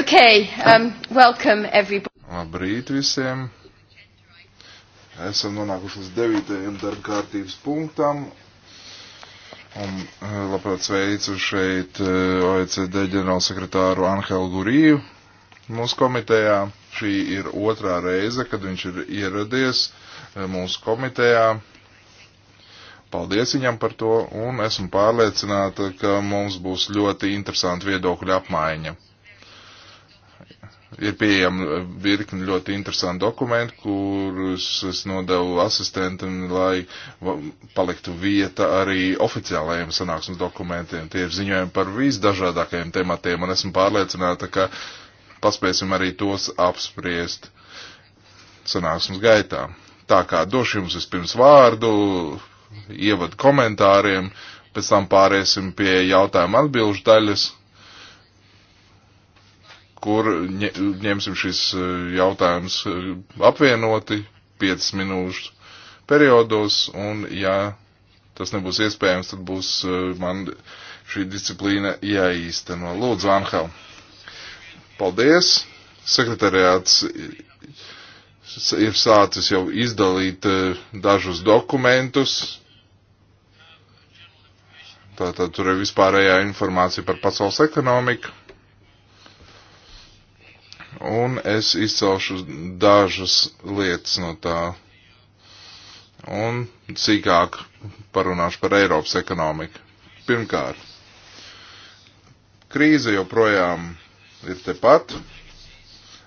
Okay, um, welcome everybody. Labrīt visiem. Esam nonākuši līdz devītajam darba kārtības punktam. Un eh, labprāt sveicu šeit eh, OECD ģenerālsekretāru Anhelu Guriju. Mūsu komitejā šī ir otrā reize, kad viņš ir ieradies eh, mūsu komitejā. Paldies viņam par to, un esmu pārliecināta, ka mums būs ļoti interesanti viedokļu apmaiņa ir pieejama eh, virkni ļoti interesanti dokumenti, kurus es nodevu asistentam, lai paliktu vieta arī oficiālajiem sanāksmes dokumentiem. Tie ir ziņojumi par visdažādākajiem tematiem, un esmu pārliecināta, ka paspēsim arī tos apspriest sanāksmes gaitā. Tā kā došu jums vispirms vārdu, ievadu komentāriem, pēc tam pāriesim pie jautājumu atbilžu daļas kur ņemsim šis e, jautājums e, apvienoti 5 minūšu periodos, un ja tas nebūs iespējams, tad būs e, man šī disciplīna jāīsteno. Lūdzu, Anhel. Paldies. Sekretariāts ir sācis jau izdalīt dažus dokumentus. Tātad tur ir vispārējā informācija par pasaules ekonomiku un es izcelšu dažas lietas no tā. Un sīkāk parunāšu par Eiropas ekonomiku. Pirmkārt, krīze joprojām ir tepat,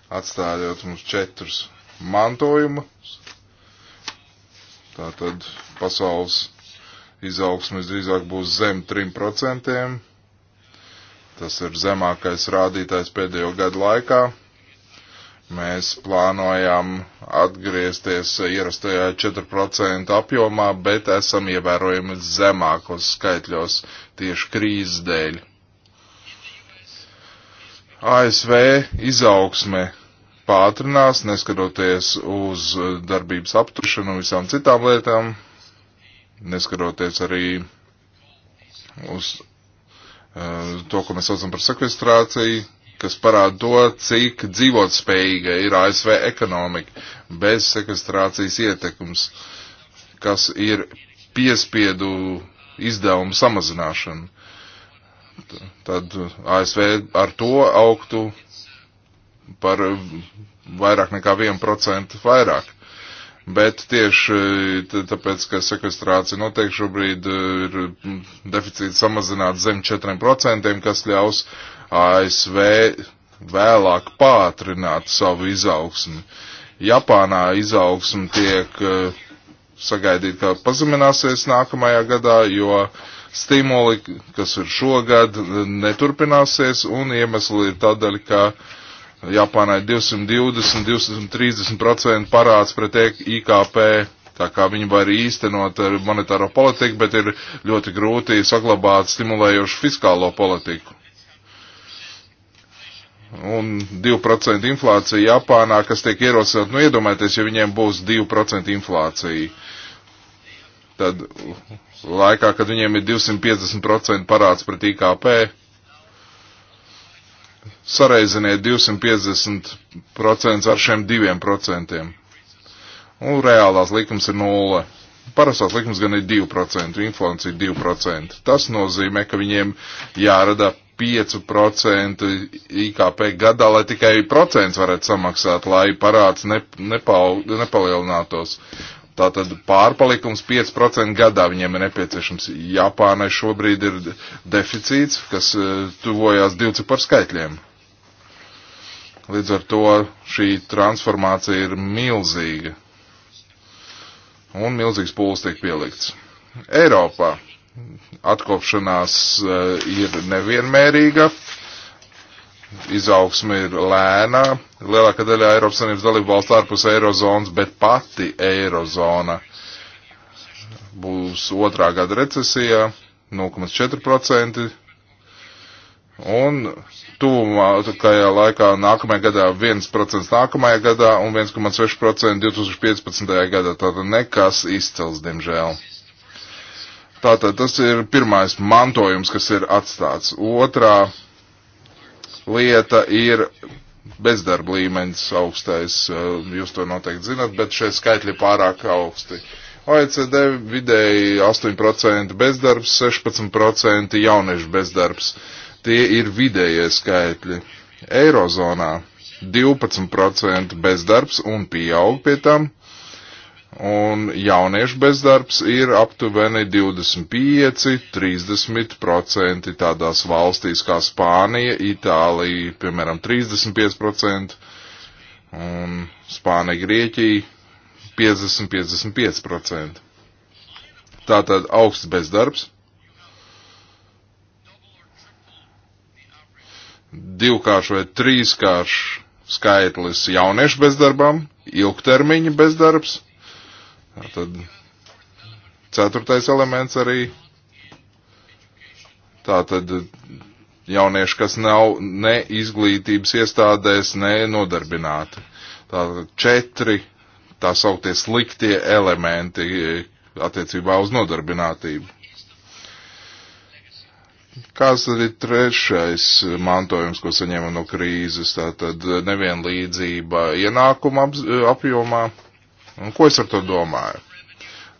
atstājot mums četrus mantojumus. Tātad pasaules izaugsmes drīzāk būs zem 3%. Tas ir zemākais rādītājs pēdējo gadu laikā Mēs plānojam atgriezties ierastajā 4% apjomā, bet esam ievērojami zemākos skaitļos tieši krīzes dēļ. ASV izaugsme pātrinās, neskatoties uz darbības apturšanu un visām citām lietām, neskatoties arī uz uh, to, ko mēs saucam par sekvestrāciju, kas parāda to, cik dzīvotspējīga ir ASV ekonomika bez sekestrācijas ietekmes, kas ir piespiedu izdevumu samazināšana. Tad ASV ar to augtu par vairāk nekā 1% vairāk. Bet tieši tāpēc, ka sekvestrācija noteikti šobrīd ir deficīts samazināts zem 4%, kas ļaus ASV vēlāk pātrināt savu izaugsmi. Japānā izaugsme tiek e, sagaidīt, ka pazemināsies nākamajā gadā, jo stimuli, kas ir šogad, neturpināsies, un iemesli ir tādēļ, ka Japānai 220, 230% parāds pret IKP, tā kā viņi var īstenot monetāro politiku, bet ir ļoti grūti saglabāt stimulējošu fiskālo politiku un 2% inflācija Japānā, kas tiek ierosināt, nu iedomājieties, ja viņiem būs 2% inflācija, tad laikā, kad viņiem ir 250% parāds pret IKP, sareiziniet 250% ar šiem 2%. Un nu, reālās likums ir nulle. Parastās likums gan ir 2%, inflācija 2%. Tas nozīmē, ka viņiem jārada 5% IKP gadā, lai tikai procents varētu samaksāt, lai parāds ne, nepau, nepalielinātos. Tātad pārpalikums 5% gadā viņiem ir nepieciešams. Japānai šobrīd ir deficīts, kas e, tuvojās divciparu skaitļiem. Līdz ar to šī transformācija ir milzīga. Un milzīgs pūles tiek pielikts. Eiropā atkopšanās eh, ir nevienmērīga, izaugsme ir lēna, lielākā daļa Eiropas Savienības dalību valsts ārpus Eirozonas, bet pati Eirozona būs otrā gada recesijā 0,4%. Un tuvākajā laikā nākamajā gadā 1% nākamajā gadā un 1,6% 2015. gadā. Tātad nekas izcels, diemžēl. Tātad tas ir pirmais mantojums, kas ir atstāts. Otrā lieta ir bezdarba līmenis augstais. Eh, jūs to noteikti zinat, bet šie skaitļi pārāk augsti. OECD vidēji 8% bezdarbs, 16% jauniešu bezdarbs. Tie ir vidējie skaitļi. Eirozonā 12% bezdarbs un pieaug pie tam un jauniešu bezdarbs ir aptuveni 25-30% tādās valstīs kā Spānija, Itālija, piemēram, 35%, un Spānija, Grieķija 50-55%. Tātad augsts bezdarbs. Divkārš vai trīskārš skaitlis jauniešu bezdarbam, ilgtermiņa bezdarbs Tad ceturtais elements arī. Tā tad jaunieši, kas nav ne izglītības iestādēs, ne nodarbināti. Tā četri tā sauktie sliktie elementi attiecībā uz nodarbinātību. Kāds tad ir trešais mantojums, ko saņemam no krīzes? Tā tad nevienlīdzība ienākuma apjomā. Ap Un ko es ar to domāju?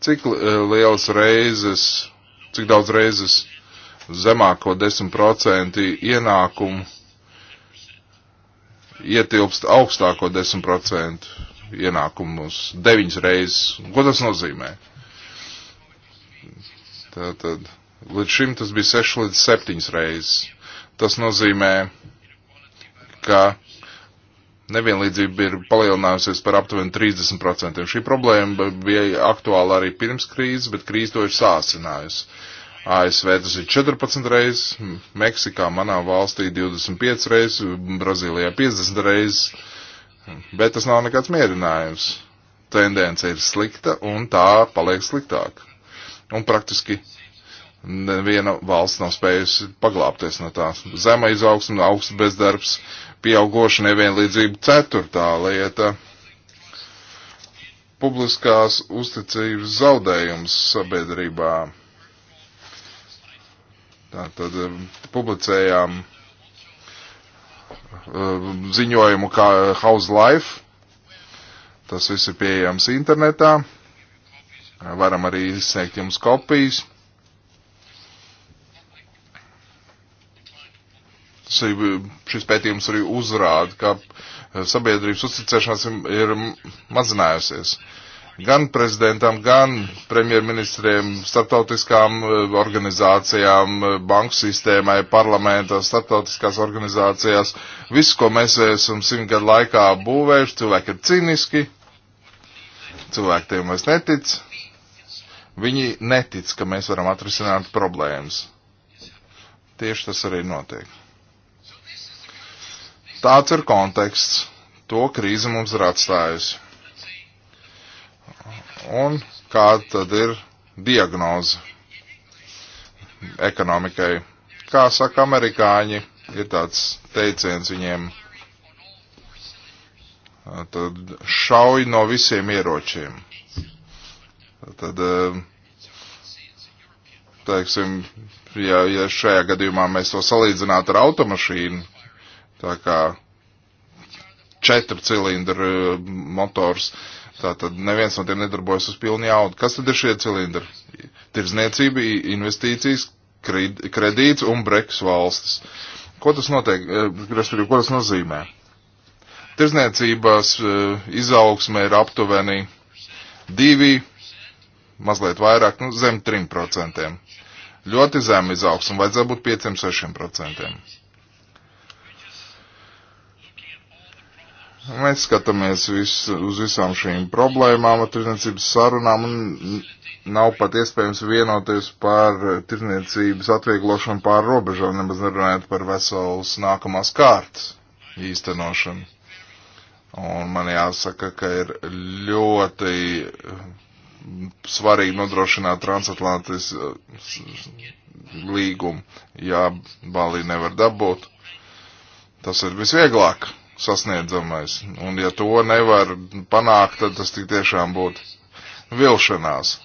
Cik eh, liels reizes, cik daudz reizes zemāko 10% ienākumu ietilpst augstāko 10% ienākumus deviņas reizes. Ko tas nozīmē? Tātad, līdz šim tas bija 6 līdz 7 reizes. Tas nozīmē, ka Nevienlīdzība ir palielinājusies par aptuveni 30%. Šī problēma bija aktuāla arī pirms krīzes, bet krīze to ir sāsinājusi. ASV tas ir 14 reizes, Meksikā, manā valstī 25 reizes, Brazīlijā 50 reizes, bet tas nav nekāds mierinājums. Tendence ir slikta un tā paliek sliktāka. Un praktiski neviena valsts nav spējusi paglāpties no tās. Zema izaugsme, augsts bezdarbs, pieaugoša nevienlīdzība. Ceturtā lieta - publiskās uzticības zaudējums sabiedrībā. Tātad um, publicējām um, ziņojumu kā House Life. Tas viss ir pieejams internetā. Varam arī izsniegt jums kopijas. šis pētījums arī uzrāda, ka eh, sabiedrības uzticēšanās ir mazinājusies. Gan prezidentam, gan premjerministriem, starptautiskām eh, organizācijām, eh, banku sistēmai, parlamentā, starptautiskās organizācijās. Viss, ko mēs esam simt gadu laikā būvējuši, cilvēki ir cīniski, cilvēki tiem vairs netic. Viņi netic, ka mēs varam atrisināt problēmas. Tieši tas arī notiek. Tāds ir konteksts. To krīze mums ir atstājusi. Un kā tad ir diagnoze ekonomikai? Kā saka amerikāņi, ir tāds teiciens viņiem, tad šauj no visiem ieročiem. Tad, eh, teiksim, ja, ja šajā gadījumā mēs to salīdzinātu ar automašīnu, Tā kā četru cilindru eh, motors. Tātad neviens no tiem nedarbojas uz pilnu jaudu. Kas tad ir šie cilindri? Tirzniecība, investīcijas, kredīts un breks valstis. Ko tas notiek, eh, respektīvi, ko tas nozīmē? Tirzniecības eh, izaugsme ir aptuveni 2, mazliet vairāk, nu, zem 3%. Ļoti zem izaugsme, vajadzētu būt 5-6%. Mēs skatāmies vis, uz visām šīm problēmām, tirdzniecības sarunām, un nav pat iespējams vienoties par tirdzniecības atvieglošanu pār robežām, nemaz nerunājot par veselas nākamās kārtas īstenošanu. Un man jāsaka, ka ir ļoti eh, svarīgi nodrošināt transatlantis eh, līgumu, ja Balī nevar dabūt. Tas ir visvieglāk sasniedzamais. Un ja to nevar panākt, tad tas tik tiešām būtu vilšanās.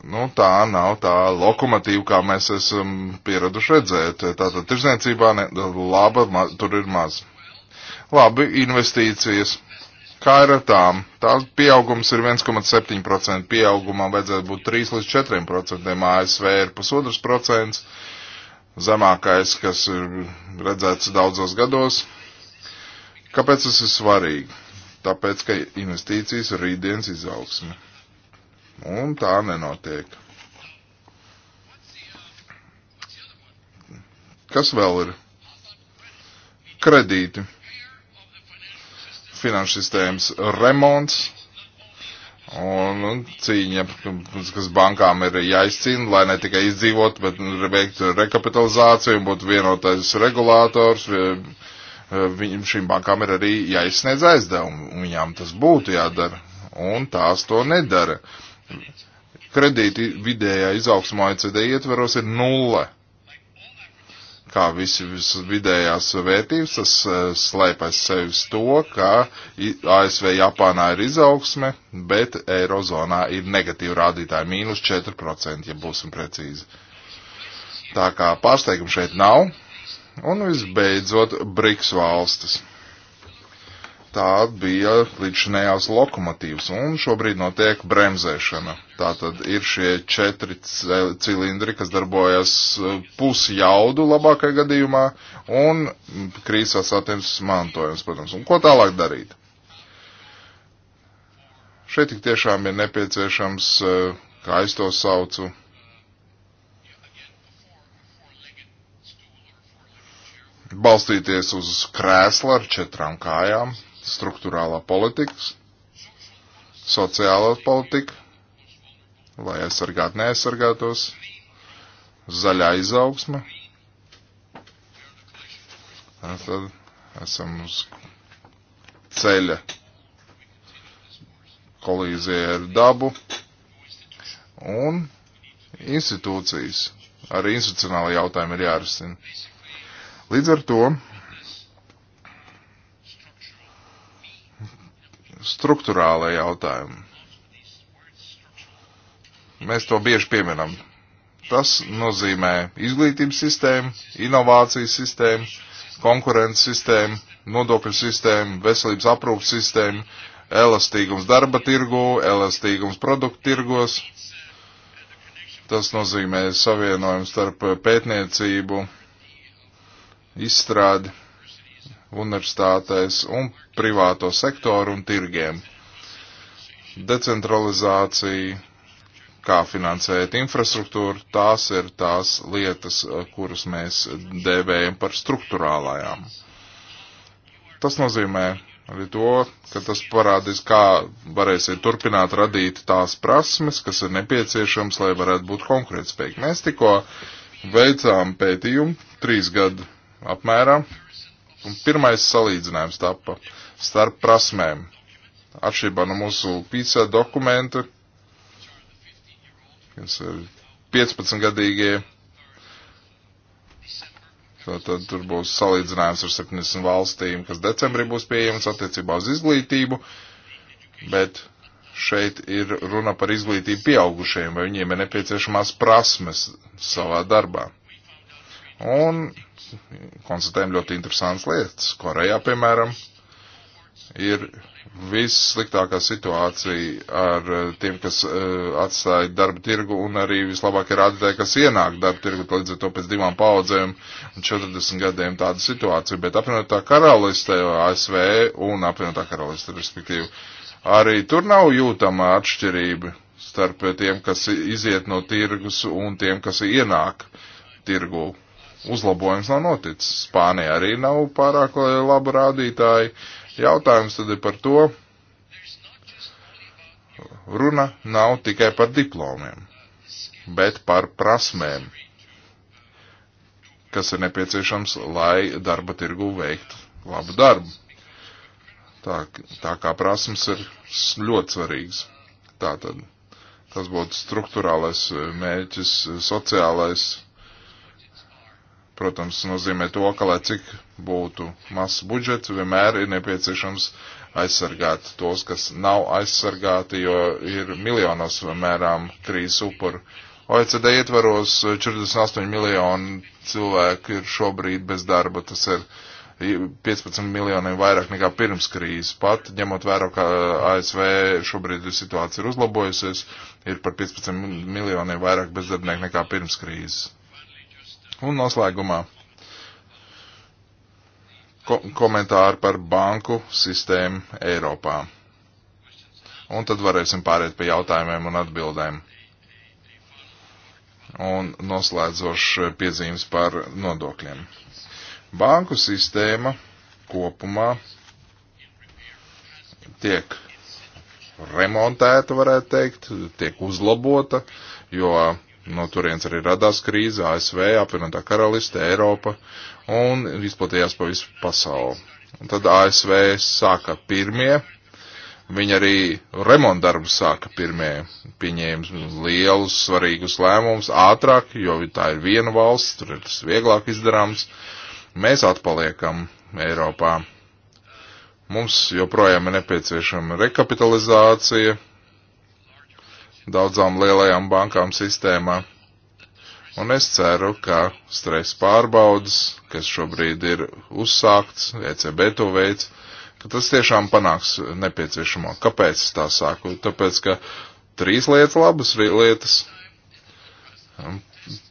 Nu, tā nav tā lokomotīva, kā mēs esam pieraduši redzēt. Tātad tirzniecībā ne, laba, ma, tur ir maz. Labi, investīcijas. Kā ir ar tām? Tās pieaugums ir 1,7%, pieaugumam vajadzētu būt 3 līdz 4%, ASV ir pusotrs procents. Uh, zemākais, kas ir redzēts daudzos gados. Kāpēc tas ir svarīgi? Tāpēc, ka investīcijas ir rītdienas izaugsme. Un tā nenotiek. Kas vēl ir? Kredīti. Finanšu sistēmas remonts Un, un nu, cīņa, kas bankām ir jāizcīna, lai ne tikai izdzīvot, bet veiktu rekapitalizāciju un būtu vienotais regulators, e, e, viņam šīm bankām ir arī jāizsniedz aizdevumi, un viņām tas būtu jādara, un tās to nedara. Kredīti vidējā izaugsmā OECD ietveros ir nulle kā visi vidējās vērtības, tas eh, slēp aiz sevis to, ka ASV Japānā ir izaugsme, bet Eirozonā ir negatīva rādītāja mīnus 4%, ja būsim precīzi. Tā kā pārsteigumu šeit nav. Un visbeidzot, BRICS valstis tā bija līdzinējās lokomotīvas, un šobrīd notiek bremzēšana. Tātad ir šie četri cilindri, kas darbojas uh, pusi jaudu labākajā gadījumā, un krīsās attiems mantojums, protams. Un ko tālāk darīt? Šeit tik tiešām ir nepieciešams, uh, kā es to saucu, balstīties uz krēsla ar četrām kājām, struktūrālā politikas, sociālā politika, lai aizsargātu neaizsargātos, zaļā izaugsme. Tad esam uz ceļa kolīzija ar dabu un institūcijas. Arī institucionāli jautājumi ir jārisina. Līdz ar to struktūrālai jautājumi. Mēs to bieži pieminam. Tas nozīmē izglītības sistēmu, inovācijas sistēmu, konkurences sistēmu, nodokļu sistēmu, veselības aprūpas sistēmu, elastīgums darba tirgu, elastīgums produktu tirgos. Tas nozīmē savienojumu starp pētniecību, izstrādi universitātēs un privāto sektoru un tirgiem. Decentralizācija, kā finansēt infrastruktūru, tās ir tās lietas, kuras mēs dēvējam par struktūrālajām. Tas nozīmē arī to, ka tas parādīs, kā varēsiet turpināt radīt tās prasmes, kas ir nepieciešams, lai varētu būt konkurētspējīgi. Mēs tikko veicām pētījumu, trīs gadu apmērā, Un pirmais salīdzinājums tapa starp prasmēm. Atšķirībā no mūsu pīcē dokumenta, kas ir 15-gadīgie, tad tur būs salīdzinājums ar 70 valstīm, kas decembrī būs pieejams attiecībā uz izglītību, bet šeit ir runa par izglītību pieaugušajiem, vai viņiem ir nepieciešamās prasmes savā darbā. Un konstatējam ļoti interesantas lietas. Korejā, piemēram, ir vissliktākā situācija ar eh, tiem, kas uh, atstāja darba tirgu, un arī vislabākie rādītāji, kas ienāk darba tirgu, līdz ar to pēc divām paudzēm un 40 gadiem tāda situācija. Bet apvienotā karaliste, ASV un apvienotā karaliste, respektīvi, arī tur nav jūtama atšķirība starp tiem, kas iziet no tirgus un tiem, kas ienāk tirgu uzlabojums nav noticis. Spānija arī nav pārāk laba rādītāja. Jautājums tad ir par to, runa nav tikai par diplomiem, bet par prasmēm, kas ir nepieciešams, lai darba tirgu veiktu labu darbu. Tā, tā kā prasmes ir ļoti svarīgas. Tātad tas būtu struktūrālais mērķis, sociālais mērķis protams, nozīmē to, ka, lai cik būtu mazs budžets, vienmēr ir nepieciešams aizsargāt tos, kas nav aizsargāti, jo ir miljonos mērām krīzes upuru. OECD ietvaros 48 miljoni cilvēku ir šobrīd bez darba, tas ir 15 miljoniem vairāk nekā pirms krīzes pat, ņemot vērā, ka ASV šobrīd situācija ir uzlabojusies, ir par 15 miljoniem vairāk bezdarbnieku nekā pirms krīzes. Un noslēgumā ko komentāri par banku sistēmu Eiropā. Un tad varēsim pāriet pie jautājumiem un atbildēm. Un noslēdzošs piezīmes par nodokļiem. Banku sistēma kopumā tiek remontēta, varētu teikt, tiek uzlabota, jo No turienes arī radās krīze ASV, apvienotā karaliste, Eiropa un izplatījās pa visu pasauli. Un tad ASV sāka pirmie, viņi arī remontdarbu sāka pirmie, pieņēma lielus, svarīgus lēmumus ātrāk, jo tā ir viena valsts, tur ir tas vieglāk izdarāms. Mēs atpaliekam Eiropā. Mums joprojām ir nepieciešama rekapitalizācija, daudzām lielajām bankām sistēmā. Un es ceru, ka stresa pārbaudas, kas šobrīd ir uzsākts, ECB to veids, ka tas tiešām panāks nepieciešamo. Kāpēc es tā saku? Tāpēc, ka trīs lietas labas lietas.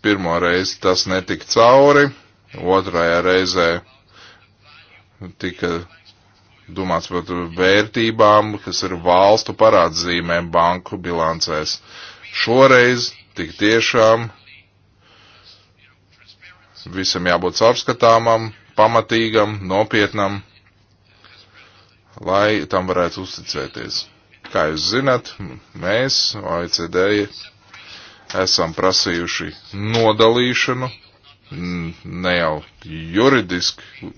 Pirmo reizi tas netika cauri, otrajā reizē tika domāts par vērtībām, kas ir valstu parādzīmēm banku bilancēs. Šoreiz tik tiešām visam jābūt caurskatāmam, pamatīgam, nopietnam, lai tam varētu uzticēties. Kā jūs zinat, mēs, OECD, esam prasījuši nodalīšanu, ne jau juridiski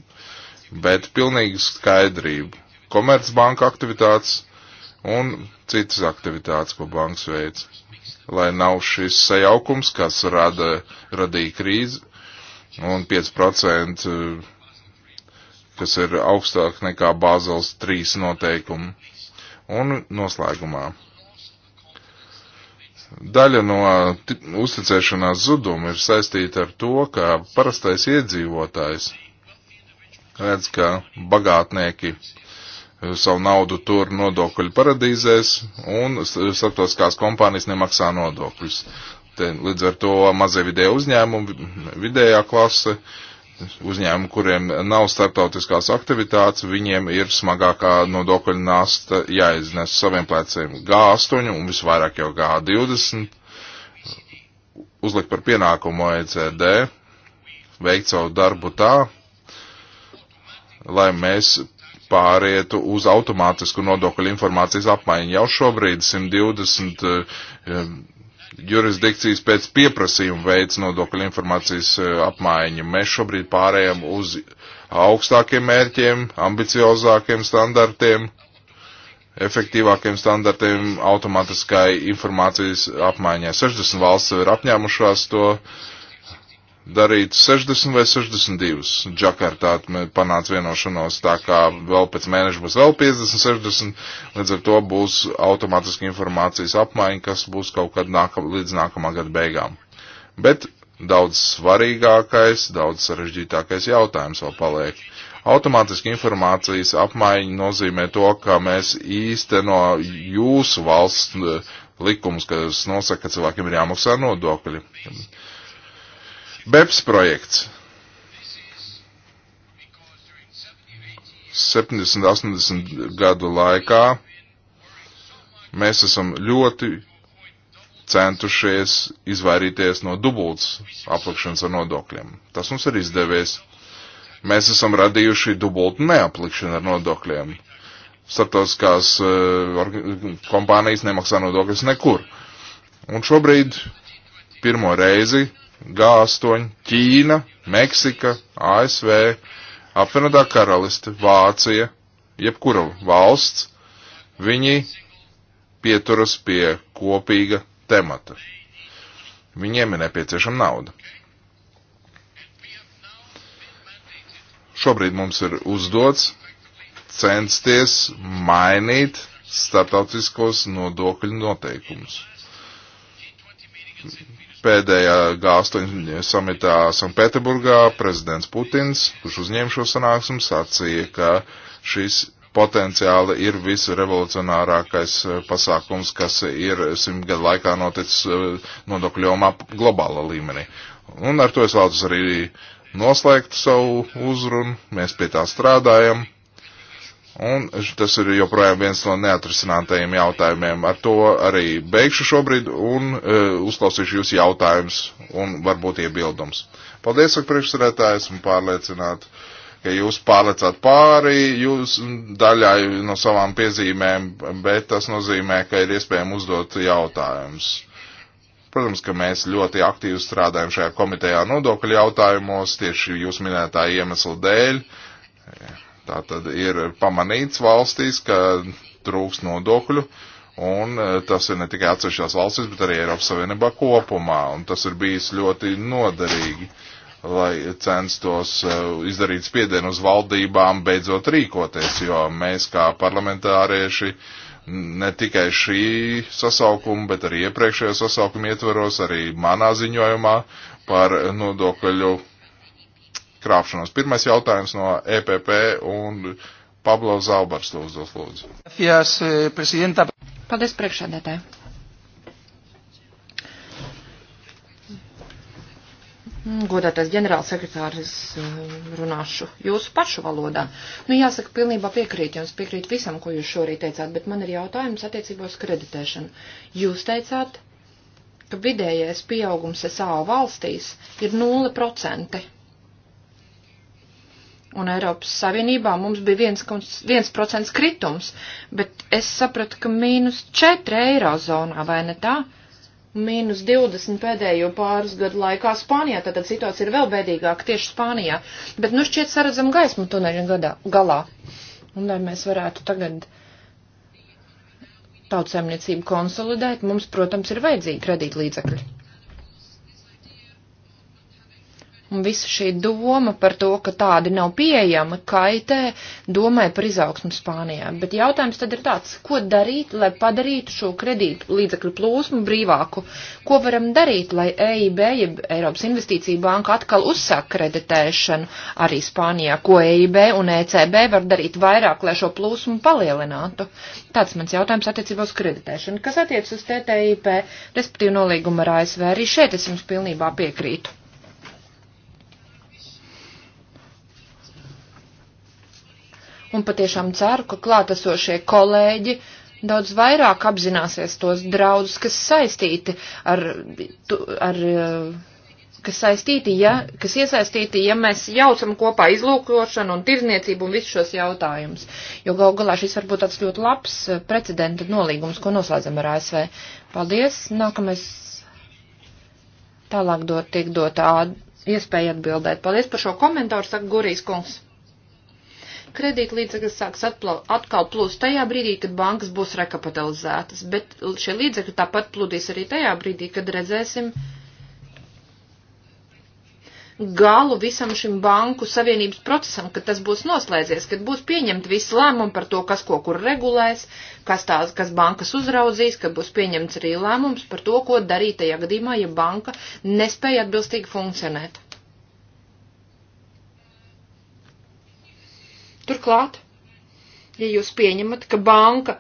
bet pilnīgi skaidrību. Komercbanka aktivitātes un citas aktivitātes, ko banks veic. Lai nav šis sajaukums, kas rada, radīja krīzi, un 5%, kas ir augstāk nekā Bāzels 3 noteikumi. Un noslēgumā. Daļa no uzticēšanās zuduma ir saistīta ar to, ka parastais iedzīvotājs redz, ka bagātnieki eh, savu naudu tur nodokļu paradīzēs un starptautiskās kompānijas nemaksā nodokļus. Te, līdz ar to mazie vidēja uzņēmumi, vidējā klase, uzņēmumi, kuriem nav starptautiskās aktivitātes, viņiem ir smagākā nodokļu nasta jāiznes saviem pleciem G8 un visvairāk jau G20 uzlikt par pienākumu OECD, veikt savu darbu tā, lai mēs pārietu uz automātisku nodokļu informācijas apmaiņu. Jau šobrīd 120 eh, jurisdikcijas pēc pieprasījuma veids nodokļu informācijas eh, apmaiņu. Mēs šobrīd pārējām uz augstākiem mērķiem, ambiciozākiem standartiem, efektīvākiem standartiem automātiskai informācijas apmaiņai. 60 valsts ir apņēmušās to uh, darīt 60 vai 62. Džakartā panāca vienošanos, tā kā vēl pēc mēneša būs vēl 50, 60, līdz ar to būs automātiski informācijas apmaiņa, kas būs kaut kad nākam, līdz nākamā gada beigām. Bet daudz svarīgākais, daudz sarežģītākais jautājums vēl paliek. Automātiski informācijas apmaiņa nozīmē to, ka mēs īsteno jūsu valsts eh, likumus, kas nosaka, ka cilvēkiem ir jāmaksā nodokļi. BEPS projekts. 70, 80 gadu laikā mēs esam ļoti centušies izvairīties no dubultas aplikšanas ar nodokļiem. Tas mums ir izdevies. Mēs esam radījuši dubultu neaplikšanu ar nodokļiem. Startautiskās uh, kompānijas nemaksā nodokļus nekur. Un šobrīd pirmo reizi G8, Ķīna, Meksika, ASV, apvienotā karaliste, Vācija, jebkura valsts, viņi pieturas pie kopīga temata. Viņiem ir nepieciešama nauda. Šobrīd mums ir uzdots censties mainīt starptautiskos nodokļu noteikumus pēdējā G8 samitā Sanktpēterburgā prezidents Putins, kurš uzņēma šo sanāksmu, sacīja, ka šis potenciāli ir visrevolucionārākais eh, pasākums, kas ir simt gadu laikā noticis eh, nodokļu jomā globāla līmenī. Un ar to es vēlos arī noslēgt savu uzrunu. Mēs pie tā strādājam. Un tas ir joprojām viens no neatrisinātajiem jautājumiem. Ar to arī beigšu šobrīd un e, uzklausīšu jūs jautājumus un varbūt iebildums. Paldies, saka priekšsarētāji, esmu pārliecināti, ka jūs pārlecāt pāri jūs daļai no savām piezīmēm, bet tas nozīmē, ka ir iespējams uzdot jautājumus. Protams, ka mēs ļoti aktīvi strādājam šajā komitejā nodokļu jautājumos tieši jūs minētā iemesla dēļ. Tā tad ir pamanīts valstīs, ka trūks nodokļu, un e, tas ir ne tikai atsevišķās valstīs, bet arī Eiropas Savienībā kopumā, un tas ir bijis ļoti noderīgi, lai censtos e, izdarīt spiedienu uz valdībām beidzot rīkoties, jo mēs kā parlamentārieši ne tikai šī sasaukuma, bet arī iepriekšējo sasaukumu ietveros, arī manā ziņojumā par nodokļu krāpšanos. Pirmais jautājums no EPP un Pablo Zalbars lūdzu. lūdzu. Eh, Paldies, priekšsēdētāji. Godātais ģenerālsekretārs, eh, runāšu jūsu pašu valodā. Nu, jāsaka, pilnībā piekrīt jums, piekrīt visam, ko jūs šorīt teicāt, bet man ir jautājums attiecībos kreditēšanu. Jūs teicāt, ka vidējais pieaugums SAO valstīs ir 0% un Eiropas Savienībā mums bija viens, viens procents kritums, bet es sapratu, ka mīnus 4 eirozonā, vai ne tā? Mīnus 20 pēdējo pāris gadu laikā Spānijā, tātad situācija ir vēl bēdīgāka tieši Spānijā, bet nu šķiet saredzam gaismu tuneļa galā. Un lai mēs varētu tagad tautsēmniecību konsolidēt, mums, protams, ir vajadzīgi kredīt līdzekļi. Un visa šī doma par to, ka tādi nav pieejami, kaitē domai par izaugsmu Spānijā. Bet jautājums tad ir tāds, ko darīt, lai padarītu šo kredītu līdzekļu plūsmu brīvāku? Ko varam darīt, lai EIB, jeb Eiropas Investīcija banka, atkal uzsāk kreditēšanu arī Spānijā? Ko EIB un ECB var darīt vairāk, lai šo plūsmu palielinātu? Tāds mans jautājums attiecībā uz kreditēšanu. Kas attiec uz TTIP, respektīvi nolīgumu ar ASV? Arī šeit es jums pilnībā piekrītu. un patiešām ceru, ka klātesošie kolēģi daudz vairāk apzināsies tos draudus, kas saistīti ar, ar eh, kas saistīti, ja, kas iesaistīti, ja mēs jaucam kopā izlūkošanu un tirzniecību un visus šos jautājumus. Jo gal galā šis varbūt tāds ļoti labs eh, precedenta nolīgums, ko noslēdzam ar ASV. Paldies. Nākamais tālāk dot, tiek dot iespēja atbildēt. Paldies par šo komentāru, saka Gurijas kungs kredītlīdzekļi sāks atplau, atkal plūst tajā brīdī, kad bankas būs rekapitalizētas, bet šie līdzekļi tāpat plūdīs arī tajā brīdī, kad redzēsim galu visam šim banku savienības procesam, kad tas būs noslēdzies, kad būs pieņemti visi lēmumi par to, kas ko kur regulēs, kas tās, kas bankas uzraudzīs, kad būs pieņemts arī lēmums par to, ko darīt tajā gadījumā, ja banka nespēja atbilstīgi funkcionēt. Turklāt, ja jūs pieņemat, ka banka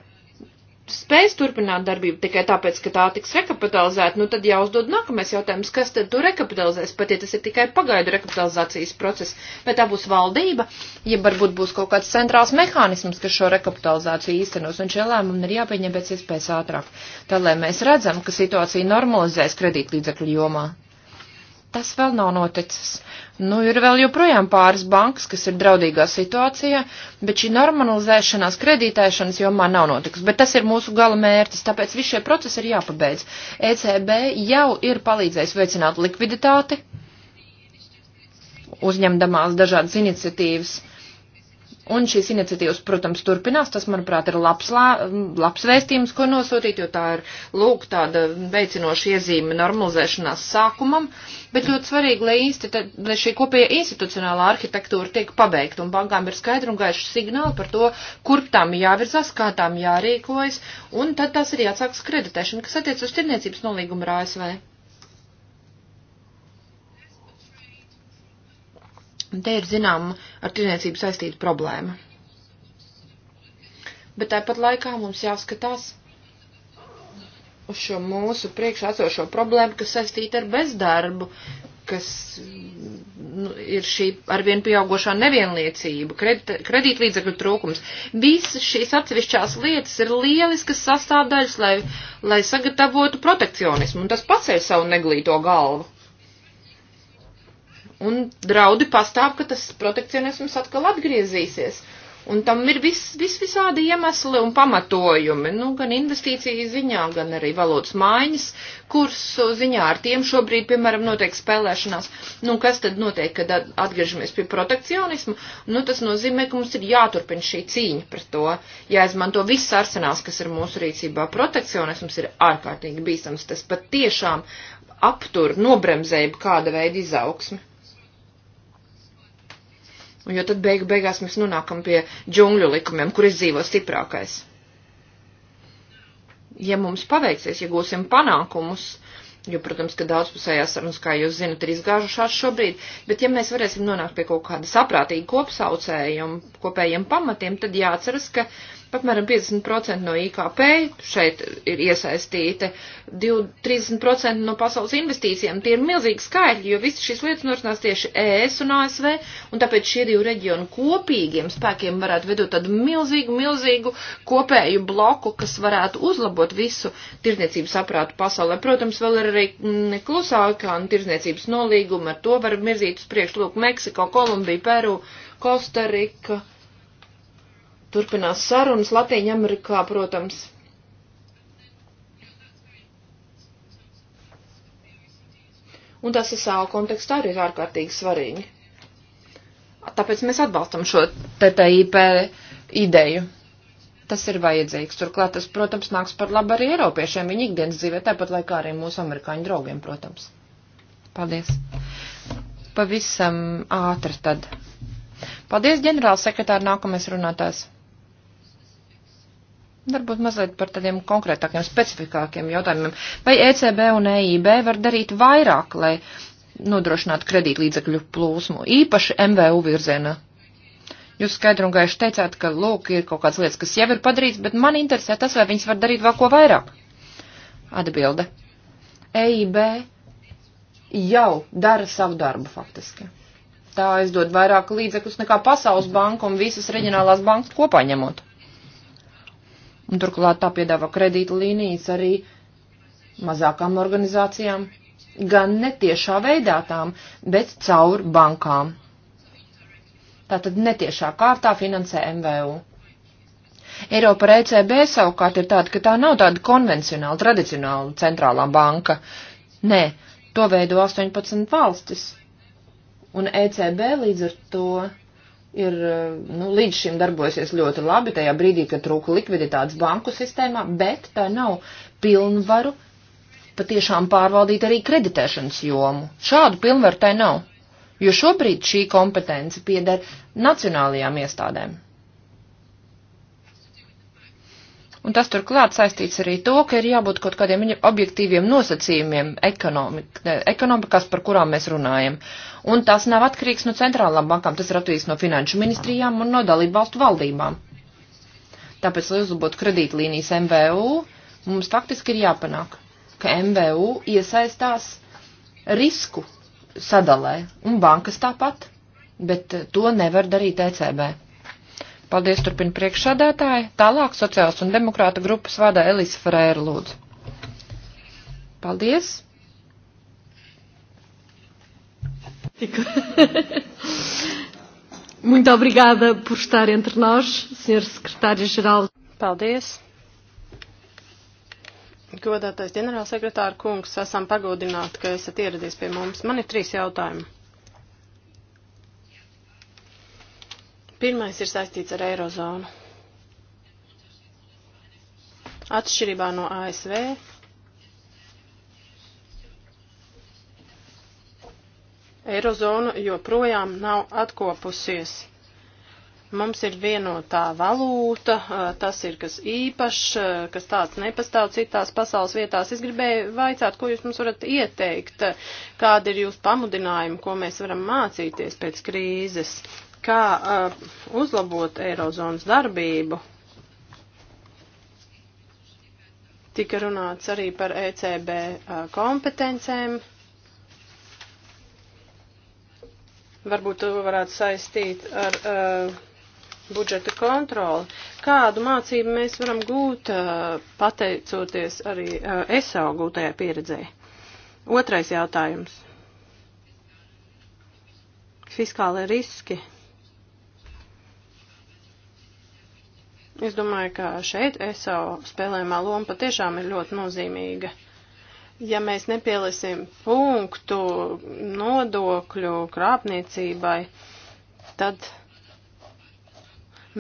spēs turpināt darbību tikai tāpēc, ka tā tiks rekapitalizēta, nu tad jāuzdod nākamais jautājums, kas tad to rekapitalizēs, pat ja tas ir tikai pagaidu rekapitalizācijas process, vai tā būs valdība, ja varbūt būs kaut kāds centrāls mehānisms, kas šo rekapitalizāciju īstenos, un šie lēmumi ir jāpieņem pēc iespējas ātrāk, tā lai mēs redzam, ka situācija normalizēs kredītlīdzekļu jomā. Tas vēl nav noticis. Nu, ir vēl joprojām pāris bankas, kas ir draudīgā situācijā, bet šī normalizēšanās kredītēšanas jomā nav notikusi. Bet tas ir mūsu gala mērķis, tāpēc visi šie procesi ir jāpabeidz. ECB jau ir palīdzējis veicināt likviditāti, uzņemdamās dažādas iniciatīvas Un šīs iniciatīvas, protams, turpinās. Tas, manuprāt, ir labs, lā, labs vēstījums, ko nosūtīt, jo tā ir, lūk, tāda veicinoša iezīme normalizēšanās sākumam. Bet ļoti svarīgi, lai, institu, lai šī kopēja institucionālā arhitektūra tiek pabeigta. Un bankām ir skaidri un gaiši signāli par to, kurp tām jāvirzās, kā tām jārīkojas. Un tad tas ir jāatsāks kreditēšana, kas attiec uz tirniecības nolīgumu ar ASV. Un te ir zinām ar tirniecību saistīta problēma. Bet tāpat laikā mums jāskatās uz šo mūsu priekšā esošo problēmu, kas saistīta ar bezdarbu, kas nu, ir šī arvien pieaugošā nevienliecība, kredit, kredītlīdzekļu trūkums. Visas šīs atsevišķās lietas ir lieliskas sastāvdaļas, lai, lai sagatavotu protekcionismu, un tas paceļ savu neglīto galvu. Un draudi pastāv, ka tas protekcionisms atkal atgriezīsies. Un tam ir vis, vis visādi iemesli un pamatojumi, nu, gan investīciju ziņā, gan arī valodas maiņas kursu ziņā. Ar tiem šobrīd, piemēram, notiek spēlēšanās. Nu, kas tad notiek, kad atgriežamies pie protekcionismu? Nu, tas nozīmē, ka mums ir jāturpina šī cīņa par to. Jāizmanto viss arsenāls, kas ir mūsu rīcībā. Protekcionisms ir ārkārtīgi bīstams. Tas pat tiešām aptur, nobremzēja kāda veida izaugsmi. Jo tad beigu beigās mēs nonākam pie džungļu likumiem, kur izdzīvo stiprākais. Ja mums paveiksies, ja gūsim panākumus, jo, protams, ka daudzpusējās sarunas, kā jūs zinat, ir izgāžušās šobrīd, bet ja mēs varēsim nonākt pie kaut kāda saprātīga kopsaucējuma, kopējiem pamatiem, tad jāatceras, ka uh, apmēram 50% no IKP šeit ir iesaistīta, 30% no pasaules investīcijām. Tie ir milzīgi skaitļi, jo visas šīs lietas norisinās tieši ES un ASV, un tāpēc šie divi reģioni kopīgiem spēkiem varētu vedot tādu milzīgu, milzīgu kopēju bloku, kas varētu uzlabot visu tirdzniecības aprātu pasaulē. Protams, vēl ir arī mm, klusā okeāna tirdzniecības nolīguma, ar to var mirzīt uz priekšu, lūk, Meksiko, Kolumbija, Peru, Kostarika turpinās sarunas Latīņa Amerikā, protams. Un tas SAO kontekstā arī ir ārkārtīgi svarīgi. Tāpēc mēs atbalstam šo TTIP ideju. Tas ir vajadzīgs. Turklāt tas, protams, nāks par labu arī Eiropiešiem viņa ikdienas dzīvē, tāpat laikā arī mūsu amerikāņu draugiem, protams. Paldies. Pavisam ātri tad. Paldies, ģenerālsekretāri, nākamais runātājs. Varbūt mazliet par tādiem konkrētākiem, specifikākiem jautājumiem. Vai ECB un EIB var darīt vairāk, lai nodrošinātu kredītlīdzekļu plūsmu, īpaši MVU virzienā? Jūs skaidri un gaiši teicāt, ka, lūk, ir kaut kādas lietas, kas jau ir padarīts, bet man interesē tas, vai viņas var darīt vēl ko vairāk. Atbilde. EIB jau dara savu darbu faktiski. Tā aizdod vairāk līdzekļus nekā Pasaules banka un visas reģionālās bankas kopā ņemot. Un turklāt tā piedāvā kredīta līnijas arī mazākām organizācijām, gan netiešā veidā tām, bet caur bankām. Tātad netiešā kārtā finansē MVU. Eiropa ar ECB savukārt ir tāda, ka tā nav tāda konvencionāla, tradicionāla centrālā banka. Nē, to veido 18 valstis. Un ECB līdz ar to ir eh, nu, līdz šim darbojusies ļoti labi tajā brīdī, kad trūka likviditātes banku sistēmā, bet tā nav pilnvaru patiešām pārvaldīt arī kreditēšanas jomu. Šādu pilnvaru tai nav, jo šobrīd šī kompetence pieder nacionālajām iestādēm. Un tas turklāt saistīts arī to, ka ir jābūt kaut kādiem objektīviem nosacījumiem ekonomikās, par kurām mēs runājam. Un tas nav atkarīgs no centrālām bankām, tas ir atkarīgs no finanšu ministrijām un no dalību valstu valdībām. Tāpēc, lai uzlabotu kredītlīnijas MVU, mums faktiski ir jāpanāk, ka MVU iesaistās risku sadalē un bankas tāpat, bet to nevar darīt ECB. Paldies, turpina priekšsādātāji. Tālāk sociāls un demokrāta grupas vārdā Elisa Ferēra lūdzu. Paldies. Muito obrigada por estar entre nós, Sr. Secretário-Geral. Paldies. Godātais ģenerālsekretāra kungs, esam pagodināti, ka esat ieradies pie mums. Man ir trīs jautājumi. Pirmais ir saistīts ar Eirozonu. Atšķirībā no ASV Eirozona joprojām nav atkopusies. Mums ir vienotā valūta, tas ir kas īpašs, kas tāds nepastāv citās pasaules vietās. Es gribēju vaicāt, ko jūs mums varat ieteikt, kādi ir jūsu pamudinājumi, ko mēs varam mācīties pēc krīzes kā uh, uzlabot Eirozonas darbību. Tika runāts arī par ECB uh, kompetencēm. Varbūt to varētu saistīt ar uh, budžeta kontroli. Kādu mācību mēs varam gūt, uh, pateicoties arī uh, ESO gūtajā pieredzē? Otrais jautājums. Fiskālai riski. Es domāju, ka šeit ESO spēlējumā loma patiešām ir ļoti nozīmīga. Ja mēs nepielisim punktu nodokļu krāpniecībai, tad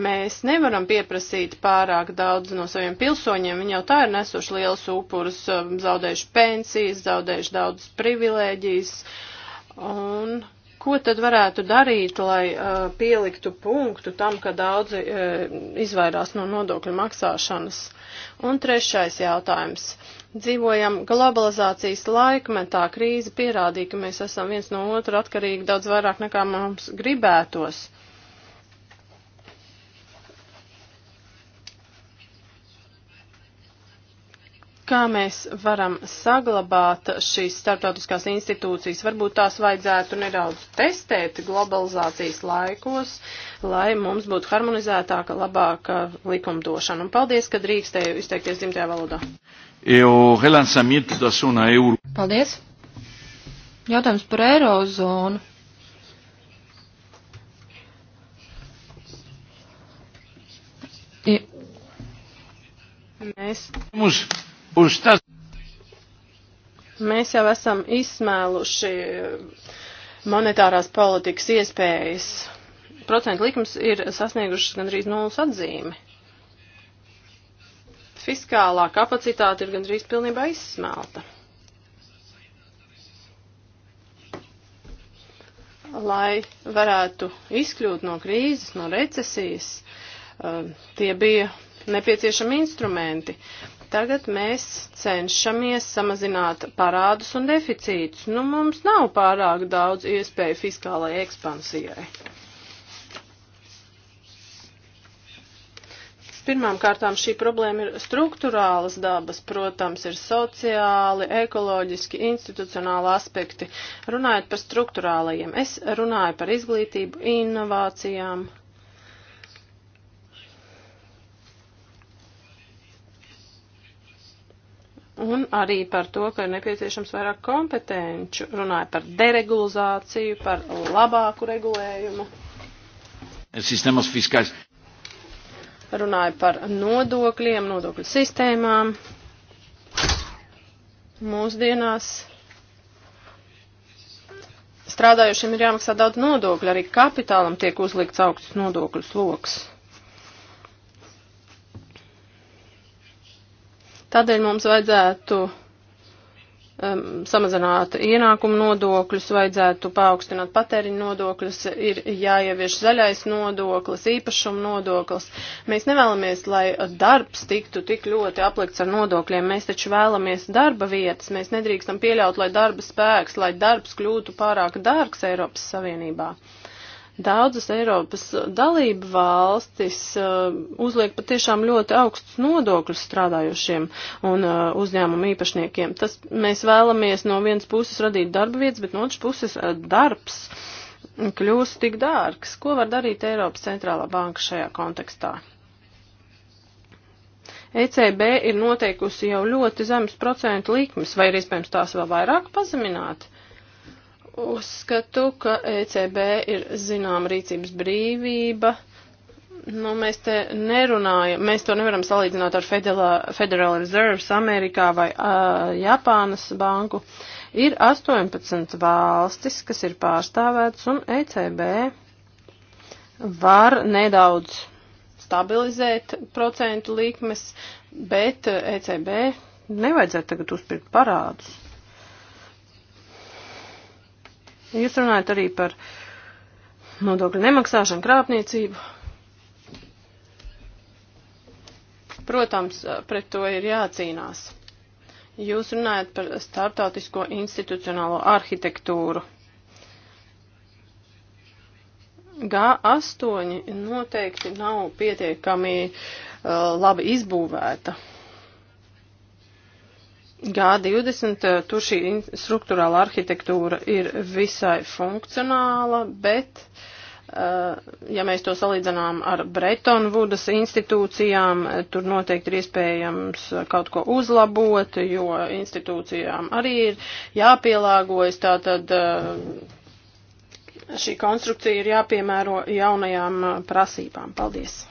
mēs nevaram pieprasīt pārāk daudz no saviem pilsoņiem. Viņi jau tā ir nesuši liels upurus, zaudējuši pensijas, zaudējuši daudz privilēģijas. Un Ko tad varētu darīt, lai uh, pieliktu punktu tam, ka daudzi uh, izvairās no nodokļu maksāšanas? Un trešais jautājums. Dzīvojam globalizācijas laikmetā. Krīze pierādīja, ka mēs esam viens no otra atkarīgi daudz vairāk nekā mums gribētos. Uh, kā mēs varam saglabāt šīs starptautiskās institūcijas. Varbūt tās vajadzētu nedaudz testēt globalizācijas laikos, lai mums būtu harmonizētāka, labāka likumdošana. Un paldies, ka drīkstēju izteikties dzimtajā valodā. Paldies. Jautājums par eirozonu. Mēs. Mums Uz tas. Mēs jau esam izsmēluši monetārās politikas iespējas. Procentu likums ir sasniegušas gandrīz nulles atzīmi. Fiskālā kapacitāte ir gandrīz pilnībā izsmelta. Lai varētu izkļūt no krīzes, no recesijas, eh, tie bija nepieciešami instrumenti tagad mēs cenšamies samazināt parādus un deficītus. Nu, mums nav pārāk daudz iespēju fiskālajai ekspansijai. Pirmām kārtām šī problēma ir struktūrālas dabas, protams, ir sociāli, ekoloģiski, institucionāli aspekti. Runājot par struktūrālajiem, es runāju par izglītību, inovācijām, Un arī par to, ka ir nepieciešams vairāk kompetenču. Runāja par deregulizāciju, par labāku regulējumu. Sistēmas fiskāls. Runāja par nodokļiem, nodokļu sistēmām. Mūsdienās strādājošiem ir jāmaksā daudz nodokļu, arī kapitālam tiek uzlikts augsts nodokļu sloks. Tādēļ mums vajadzētu um, samazināt ienākumu nodokļus, vajadzētu paaugstināt patēriņu nodokļus, ir jāievieš zaļais nodoklis, īpašuma nodoklis. Mēs nevēlamies, lai darbs tiktu tik ļoti aplikts ar nodokļiem, mēs taču vēlamies darba vietas, mēs nedrīkstam pieļaut, lai darba spēks, lai darbs kļūtu pārāk dārgs Eiropas Savienībā. Daudzas Eiropas dalību valstis uh, uzliek patiešām ļoti augstus nodokļus strādājošiem un uh, uzņēmumu īpašniekiem. Tas mēs vēlamies no vienas puses radīt darba vietas, bet no otras puses uh, darbs kļūst tik dārgs. Ko var darīt Eiropas centrālā banka šajā kontekstā? ECB ir noteikusi jau ļoti zemes procentu likmes, vai ir iespējams tās vēl vairāk pazemināt? Uh, Uzskatu, ka ECB ir zinām rīcības brīvība. Nu, mēs te nerunājam, mēs to nevaram salīdzināt ar Federal Reserve Amerikā vai uh, Japānas banku. Ir 18 valstis, kas ir pārstāvētas, un ECB var nedaudz stabilizēt procentu likmes, bet ECB nevajadzētu tagad uzpirkt parādus. Jūs runājat arī par nodokļu nemaksāšanu, krāpniecību. Protams, pret to ir jācīnās. Jūs runājat par startautisko institucionālo arhitektūru. G8 noteikti nav pietiekami uh, labi izbūvēta. G20 eh, tur šī struktūrāla arhitektūra ir visai funkcionāla, bet, eh, ja mēs to salīdzinām ar Bretonvudas institūcijām, eh, tur noteikti ir iespējams kaut ko uzlabot, jo institūcijām arī ir jāpielāgojas, tātad šī konstrukcija ir jāpiemēro jaunajām prasībām. Paldies!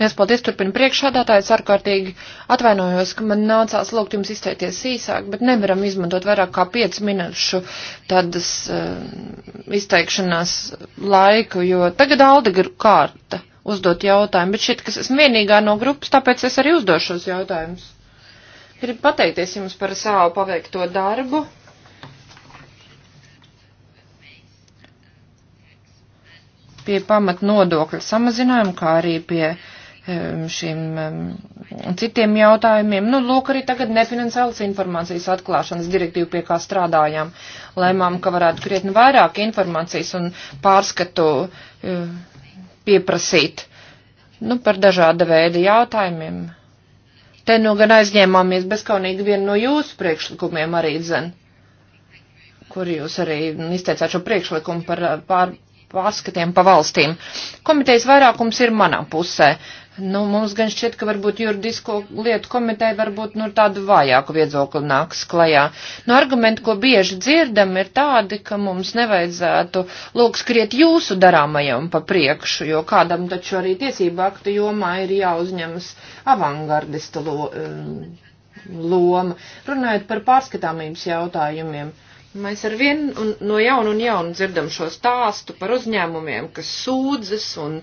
Mēs paldies turpinu priekšādātājs ārkārtīgi atvainojos, ka man nācās lūgt jums izteikties īsāk, bet nevaram izmantot vairāk kā 5 minūšu tādas uh, izteikšanās laiku, jo tagad Alde ir kārta uzdot jautājumu, bet šit, kas esmu vienīgā no grupas, tāpēc es arī uzdošos jautājumus. Gribu pateikties jums par savu paveikto darbu. pie pamat nodokļa samazinājuma, kā arī pie šiem citiem jautājumiem. Nu, lūk, arī tagad nefinanciālas informācijas atklāšanas direktīvu, pie kā strādājām. Lēmām, ka varētu krietni vairāk informācijas un pārskatu eh, pieprasīt nu, par dažāda veida jautājumiem. Te nu gan aizņēmāmies bezkaunīgi vienu no jūsu priekšlikumiem arī dzen, kur jūs arī izteicāt šo priekšlikumu par eh, pār, pārskatiem pa valstīm. Komitejas vairākums ir manā pusē. Nu, mums gan šķiet, ka varbūt juridisko lietu komiteja varbūt nu, tādu vājāku viedzokli nāks klajā. Nu, argumenti, ko bieži dzirdam, ir tādi, ka mums nevajadzētu lūk skriet jūsu darāmajam pa priekšu, jo kādam taču arī tiesību aktu jomā ir jāuzņemas avangardista lo, eh, loma. Runājot par pārskatāmības jautājumiem. Uh, Mēs ar vienu no jaunu un jaunu dzirdam šo stāstu par uzņēmumiem, kas sūdzas un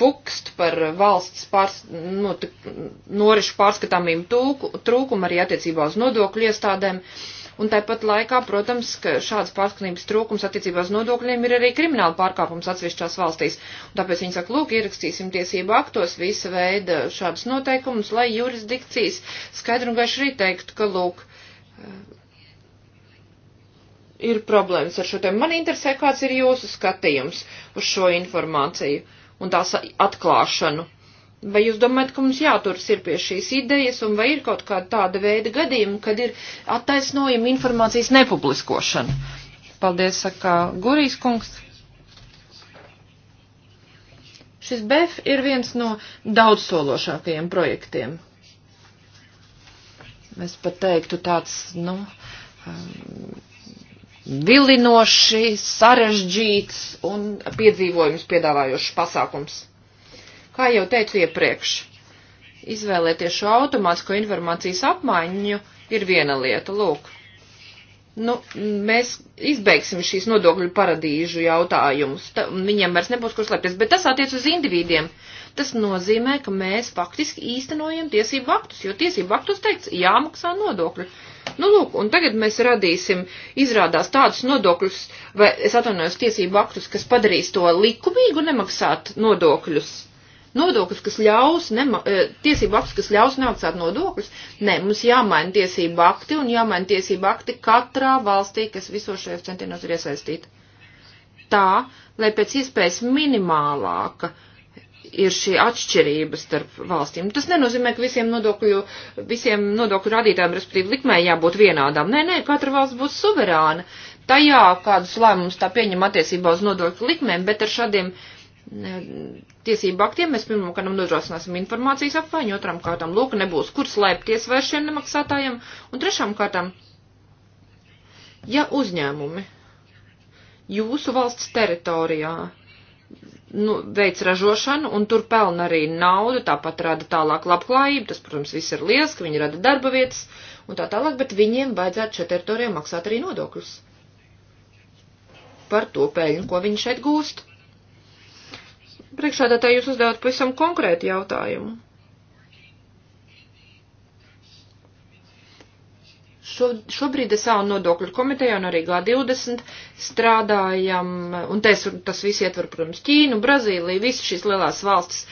pukst par valsts pārs, nu, norišu pārskatāmību trūkumu arī attiecībā uz nodokļu iestādēm. Un tāpat laikā, protams, ka šāds pārskatības trūkums attiecībā uz nodokļiem ir arī krimināla pārkāpums atsevišķās valstīs. Un tāpēc viņi saka, lūk, ierakstīsim tiesību aktos visa veida šādas noteikumus, lai jurisdikcijas skaidri un gaiši arī teiktu, ka, lūk, ir problēmas ar šo tēmu. Man interesē, kāds ir jūsu skatījums uz šo informāciju un tās atklāšanu. Vai jūs domājat, ka mums jāturas ir pie šīs idejas, un vai ir kaut kāda tāda veida gadījuma, kad ir attaisnojama informācijas nepubliskošana? Paldies, saka Gurijas kungs. Šis BEF ir viens no daudzsološākajiem projektiem. Es pat teiktu tāds, nu, um, vilinoši, sarežģīts un piedzīvojums piedāvājošs pasākums. Kā jau teicu iepriekš, izvēlēties šo automātisko informācijas apmaiņu ir viena lieta, lūk. Nu, mēs izbeigsim šīs nodokļu paradīžu jautājumus, Ta, viņiem vairs nebūs kur slēpties, bet tas attiec uz individiem tas nozīmē, ka mēs faktiski īstenojam tiesību aktus, jo tiesību aktus teikts jāmaksā nodokļi. Nu, lūk, un tagad mēs radīsim, izrādās tādus nodokļus, vai es atvainojos tiesību aktus, kas padarīs to likumīgu nemaksāt nodokļus. Nodokļus, kas ļaus, nema, eh, tiesību aktus, kas ļaus nemaksāt nodokļus. Nē, mums jāmaina tiesību akti un jāmaina tiesību akti katrā valstī, kas visos šajos centienos ir iesaistīta. Tā, lai pēc iespējas minimālāka ir šī atšķirība starp valstīm. Tas nenozīmē, ka visiem nodokļu, visiem nodokļu radītājiem, respektīvi likmē, jābūt vienādām. Nē, nē, katra valsts būs suverāna. Tajā kādus lēmumus tā pieņem attiecībā uz nodokļu likmēm, bet ar šādiem tiesību aktiem mēs pirmam kādam nodrošināsim informācijas apmaiņu, otram kārtam lūk, nebūs kur slēpties vairs šiem nemaksātājiem, un trešām kārtam, ja uzņēmumi jūsu valsts teritorijā nu, veic ražošanu un tur pelna arī naudu, tāpat rada tālāk labklājību, tas, protams, viss ir liels, ka viņi rada darba vietas un tā tālāk, bet viņiem vajadzētu šeit teritorijā maksāt arī nodokļus par to peļņu, ko viņi šeit gūst. Priekšādā tā jūs uzdevāt pavisam konkrētu jautājumu. Šo, šobrīd es savu nodokļu komiteju un arī G20 strādājam, un tas, tas viss ietver, protams, Ķīnu, Brazīliju, visas šīs lielās valstis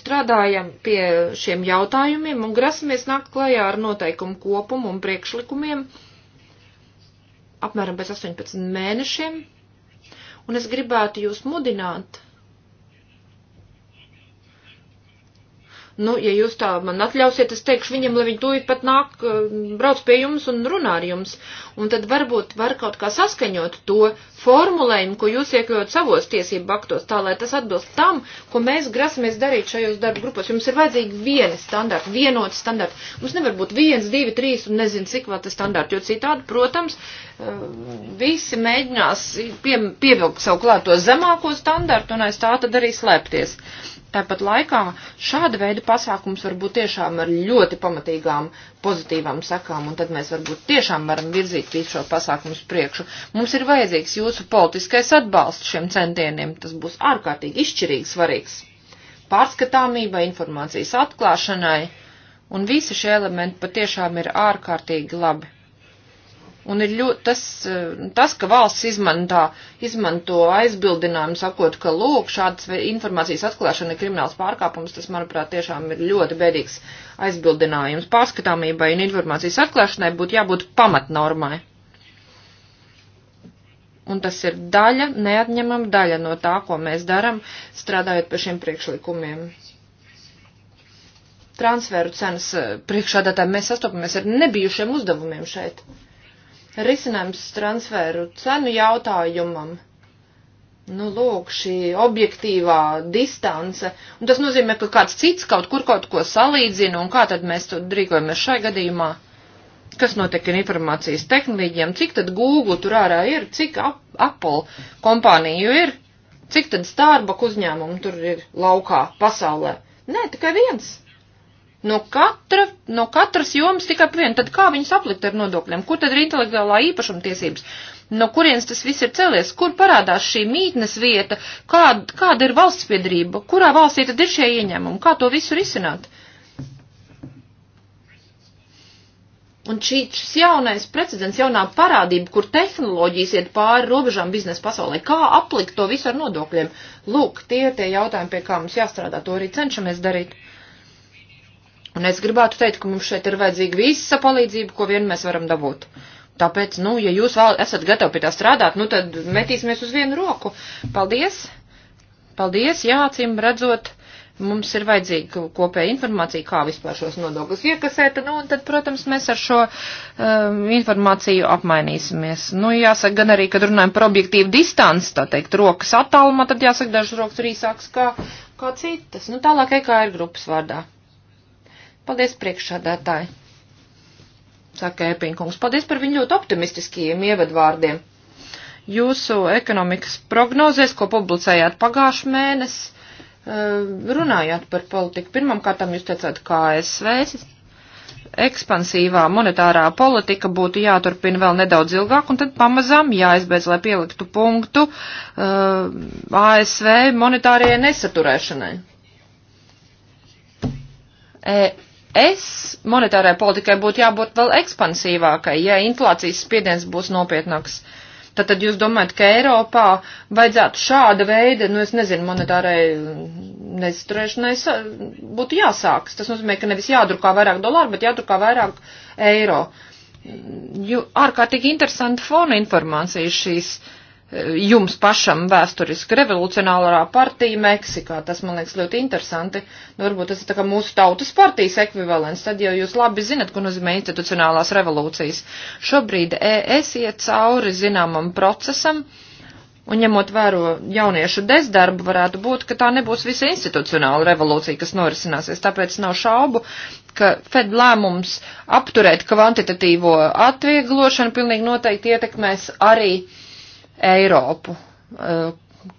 strādājam pie šiem jautājumiem un grasamies nākt klajā ar noteikumu kopumu un priekšlikumiem apmēram pēc 18 mēnešiem. Un es gribētu jūs mudināt Nu, ja jūs tā man atļausiet, es teikšu viņam, lai viņi tūlīt pat nāk, brauc pie jums un runā ar jums. Un tad varbūt var kaut kā saskaņot to formulējumu, ko jūs iekļaut savos tiesību aktos, tā lai tas atbilst tam, ko mēs grasamies darīt šajos darba grupos. Jums ir vajadzīgi vieni standarti, vienoti standarti. Mums nevar būt viens, divi, trīs un nezinu, cik vēl te standarti, jo citādi, protams, eh, visi mēģinās pie, pievilkt savu klāto zemāko standartu un aiz tā tad arī slēpties. Uh, Tāpat laikā šāda veida pasākums var būt tiešām ar ļoti pamatīgām pozitīvām sakām, un tad mēs varbūt tiešām varam virzīt visu šo pasākumu uz priekšu. Mums ir vajadzīgs jūsu politiskais atbalsts šiem centieniem, tas būs ārkārtīgi izšķirīgi svarīgs. Pārskatāmība, informācijas atklāšanai, un visi šie elementi patiešām ir ārkārtīgi labi Un ir ļoti tas, eh, tas ka valsts izmantā, izmanto aizbildinājumu, sakot, ka lūk, šādas informācijas atklāšana ir krimināls pārkāpums, tas, manuprāt, tiešām ir ļoti bēdīgs aizbildinājums. Pārskatāmībai un informācijas atklāšanai būtu jābūt pamatnormai. Un tas ir daļa, neatņemama daļa no tā, ko mēs daram, strādājot pie šiem priekšlikumiem. Transferu cenas eh, priekšādātājiem mēs sastopamies ar nebijušiem uzdevumiem šeit risinājums transferu cenu jautājumam. Nu, lūk, šī objektīvā distance. Un tas nozīmē, ka kāds cits kaut kur kaut ko salīdzina, un kā tad mēs to rīkojamies šai gadījumā? Kas notiek ar informācijas tehnoloģijām? Cik tad Google tur ārā ir? Cik Apple kompāniju ir? Cik tad Starbucks uzņēmumu tur ir laukā, pasaulē? Nē, tikai viens. No, katra, no katras jomas tikai pa vienu. Tad kā viņus aplikt ar nodokļiem? Kur tad ir intelektuālā īpašuma tiesības? No kurienes tas viss ir cēlies? Kur parādās šī mītnes vieta? Kāda, kāda ir valsts piedrība? Kurā valstī tad ir šie ieņēmumi? Kā to visu risināt? Un šī, šis jaunais precedents, jaunā parādība, kur tehnoloģijas iet pāri robežām biznesa pasaulē, kā aplikt to visu ar nodokļiem? Lūk, tie ir tie jautājumi, pie kā mums jāstrādā, to arī cenšamies darīt. Uh, Un es gribētu teikt, ka mums šeit ir vajadzīga visa palīdzība, ko vien mēs varam dabūt. Tāpēc, nu, ja jūs vēl esat gatavi pie tā strādāt, nu tad metīsimies uz vienu roku. Paldies! Paldies, jā, acīm redzot, mums ir vajadzīga kopēja informācija, kā vispār šos nodokļus iekasēt, nu, un tad, protams, mēs ar šo um, informāciju apmainīsimies. Nu, jāsaka gan arī, kad runājam par objektīvu distanci, tā teikt, rokas attālumā, tad jāsaka, dažas rokas ir īsākas kā, kā citas. Nu, tālāk, e kā ir grupas vārdā. Paldies priekšādātāji, saka Epinkungs. Paldies par viņu ļoti optimistiskajiem ievadvārdiem. Jūsu ekonomikas prognozēs, ko publicējāt pagājuši mēnesi, eh, runājāt par politiku. Pirmkārtām jūs teicāt, kā ASV ekspansīvā monetārā politika būtu jāturpina vēl nedaudz ilgāk, un tad pamazām jāizbeidz, lai pieliktu punktu uh, eh, ASV monetārajai nesaturēšanai. E es monetārai politikai būtu jābūt vēl ekspansīvākai, ja inflācijas spiediens būs nopietnāks. Tad, tad jūs domājat, ka Eiropā vajadzētu šāda veida, nu es nezinu, monetārai neizturēšanai būtu jāsāks. Tas nozīmē, ka nevis jādrukā vairāk dolāru, bet jādrukā vairāk eiro. Jo ārkārtīgi interesanta fona informācija šīs uh, jums pašam vēsturiski revolucionālā partija Meksikā. Tas man liekas ļoti interesanti. Nu, varbūt tas ir tā kā mūsu tautas partijas ekvivalents. Tad jau jūs labi zinat, ko nozīmē institucionālās revolūcijas. Šobrīd ES iet cauri zināmam procesam. Un ņemot vēro jauniešu bezdarbu, varētu būt, ka tā nebūs visa institucionāla revolūcija, kas norisināsies. Tāpēc nav šaubu, ka Fed lēmums apturēt kvantitatīvo atvieglošanu pilnīgi noteikti ietekmēs arī uh, Eiropu, eh,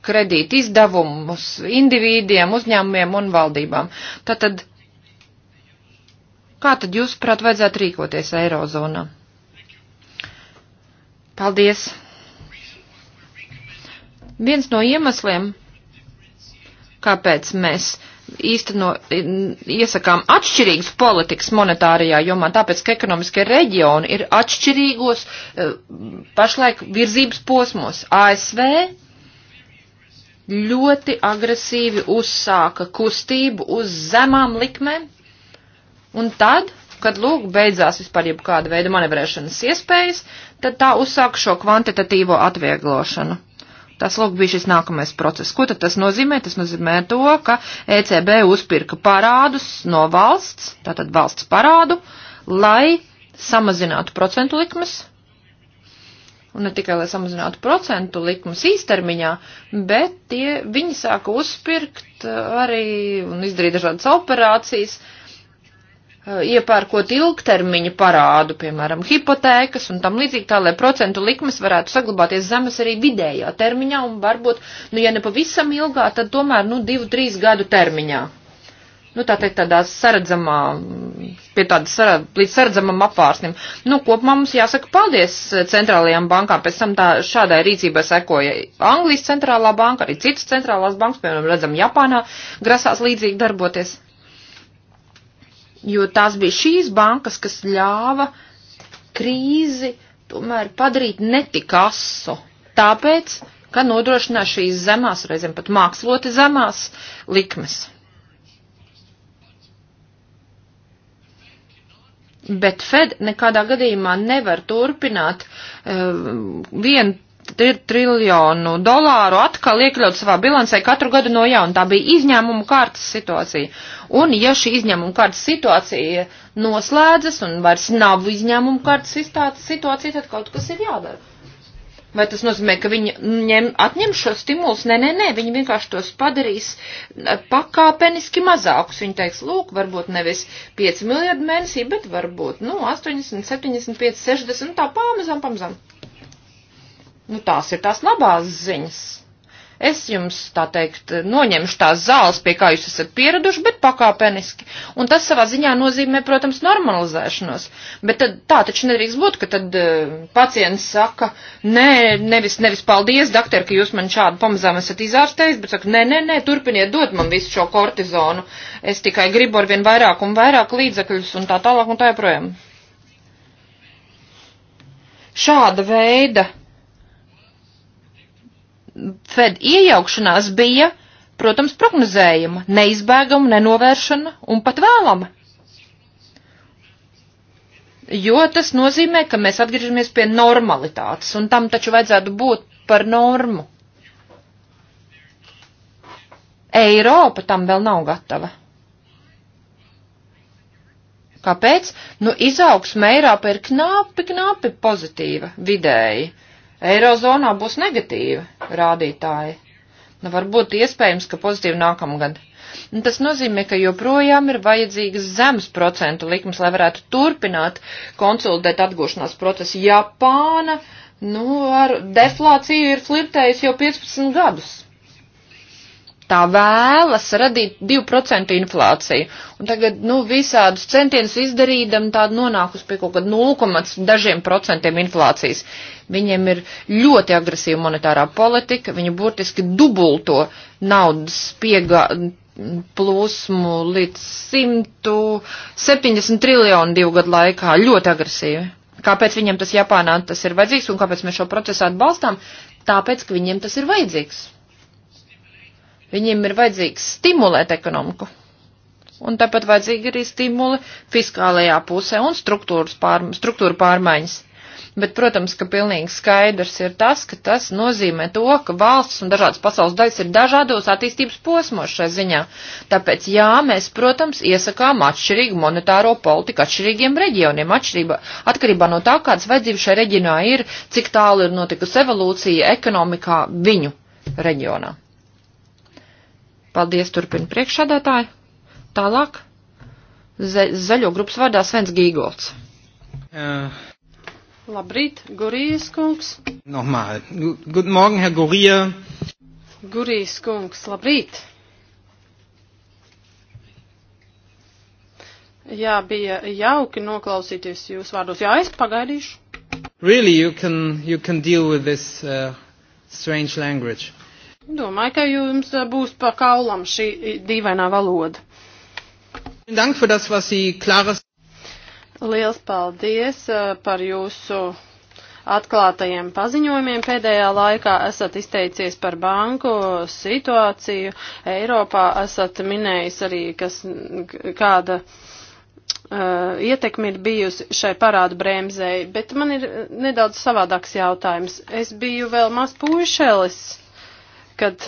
kredīt izdevumus individiem, uzņēmumiem un valdībām. Tātad, kā tad jūs, prāt, vajadzētu rīkoties Eirozonā? Paldies! Viens no iemesliem, kāpēc mēs īsteno, iesakām atšķirīgas politikas monetārajā jomā, tāpēc, ka ekonomiskie reģioni ir atšķirīgos eh, pašlaik virzības posmos. ASV ļoti agresīvi uzsāka kustību uz zemām likmēm, un tad, kad lūk beidzās vispār jebkāda veida manevrēšanas iespējas, tad tā uzsāka šo kvantitatīvo atvieglošanu. Tas, lūk, bija šis nākamais process. Ko tad tas nozīmē? Tas nozīmē to, ka ECB uzpirka parādus no valsts, tātad valsts parādu, lai samazinātu procentu likmes. Un ne tikai, lai samazinātu procentu likmes īstermiņā, bet tie, viņi sāka uzpirkt uh, arī un izdarīja dažādas operācijas, uh, Eh, iepērkot ilgtermiņa parādu, piemēram, hipotēkas un tam līdzīgi tā, lai procentu likmes varētu saglabāties zemes arī vidējā termiņā un varbūt, nu, ja ne pavisam ilgā, tad tomēr, nu, divu, trīs gadu termiņā. Nu, tā teikt, tādā saredzamā, pie tāda sara, līdz saredzamam apvārsnim. Nu, kopumā mums jāsaka paldies eh, centrālajām bankām, pēc tam tā, šādai rīcībai sekoja Anglijas centrālā banka, arī citas centrālās bankas, piemēram, redzam, Japānā grasās līdzīgi darboties jo tās bija šīs bankas, kas ļāva krīzi tomēr padarīt netikasu. Tāpēc, ka nodrošināja šīs zemās, reizēm pat māksloti zemās likmes. Bet Fed nekādā gadījumā nevar turpināt uh, eh, vienu ir triljonu dolāru atkal iekļaut savā bilancē katru gadu no jauna. Tā bija izņēmuma kārtas situācija. Un ja šī izņēmuma kārtas situācija noslēdzas un vairs nav izņēmuma kārtas situācija, tad kaut kas ir jādara. Vai tas nozīmē, ka viņi ņem, atņem šo stimulus? Nē, nē, nē, viņi vienkārši tos padarīs eh, pakāpeniski mazākus. Viņi teiks, lūk, varbūt nevis 5 miljardu mēnesī, bet varbūt, nu, 80, 75, 60, tā pamazām, pamazām. Nu, tās ir tās labās ziņas. Es jums, tā teikt, noņemšu tās zāles, pie kā jūs esat pieraduši, bet pakāpeniski. Un tas savā ziņā nozīmē, protams, normalizēšanos. Bet tad, tā taču nedrīkst būt, ka tad uh, pacients saka, nē, nevis, nevis paldies, doktor, ka jūs man šādu pamazām esat izārstējis, bet saka, nē, nē, nē, turpiniet dot man visu šo kortizonu. Es tikai gribu ar vien vairāk un vairāk līdzekļus un tā tālāk un tā joprojām. Šāda veida Fed iejaukšanās bija, protams, prognozējama, neizbēgama, nenovēršana un pat vēlama. Jo tas nozīmē, ka mēs atgriežamies pie normalitātes, un tam taču vajadzētu būt par normu. Eiropa tam vēl nav gatava. Kāpēc? Nu, izaugsme Eiropa ir knapi, knapi pozitīva vidēji. Eirozonā būs negatīvi rādītāji. Nu, varbūt iespējams, ka pozitīvi nākamgad. Un nu, tas nozīmē, ka joprojām ir vajadzīgas zemes procentu likmes, lai varētu turpināt konsolidēt atgūšanās procesu. Japāna, nu, ar deflāciju ir flirtējusi jau 15 gadus tā vēlas radīt 2% inflāciju. Un tagad, nu, visādus centienus izdarīdam, tāda nonākus pie kaut kāda 0, dažiem procentiem inflācijas. Viņiem ir ļoti agresīva monetārā politika, viņi burtiski dubulto naudas piegā plūsmu līdz 170 triljonu divu gadu laikā. Ļoti agresīvi. Kāpēc viņiem tas Japānā tas ir vajadzīgs un kāpēc mēs šo procesu atbalstām? Tāpēc, ka viņiem tas ir vajadzīgs Viņiem ir vajadzīgs stimulēt ekonomiku. Un tāpat vajadzīgi arī stimuli fiskālajā pusē un pār, struktūra pārmaiņas. Bet, protams, ka pilnīgi skaidrs ir tas, ka tas nozīmē to, ka valsts un dažādas pasaules daļas ir dažādos attīstības posmos šai ziņā. Tāpēc, jā, mēs, protams, iesakām atšķirīgu monetāro politiku atšķirīgiem reģioniem, atšķirībā, atkarībā no tā, kādas vajadzības šai reģionā ir, cik tālu ir notikusi evolūcija ekonomikā viņu reģionā. Paldies, turpina priekšsādātāji. Tālāk. Ze zaļo grupas vārdā Svens Gīgolds. Uh. Labrīt, Gurijas kungs. Nomāli. Good morning, Herr Gurija. Gurijas kungs, labrīt. Jā, bija jauki noklausīties jūs vārdos. Jā, es pagaidīšu. Really, you can, you can deal with this uh, strange language. Domāju, ka jums būs pa kaulam šī dīvainā valoda. Dank für das, was Sie klares. Liels paldies eh, par jūsu atklātajiem paziņojumiem pēdējā laikā. Esat izteicies par banku situāciju Eiropā, esat minējis arī, kas, kāda uh, ietekme ir bijusi šai parādu bremzēji, bet man ir nedaudz savādāks jautājums. Es biju vēl maz puišelis kad.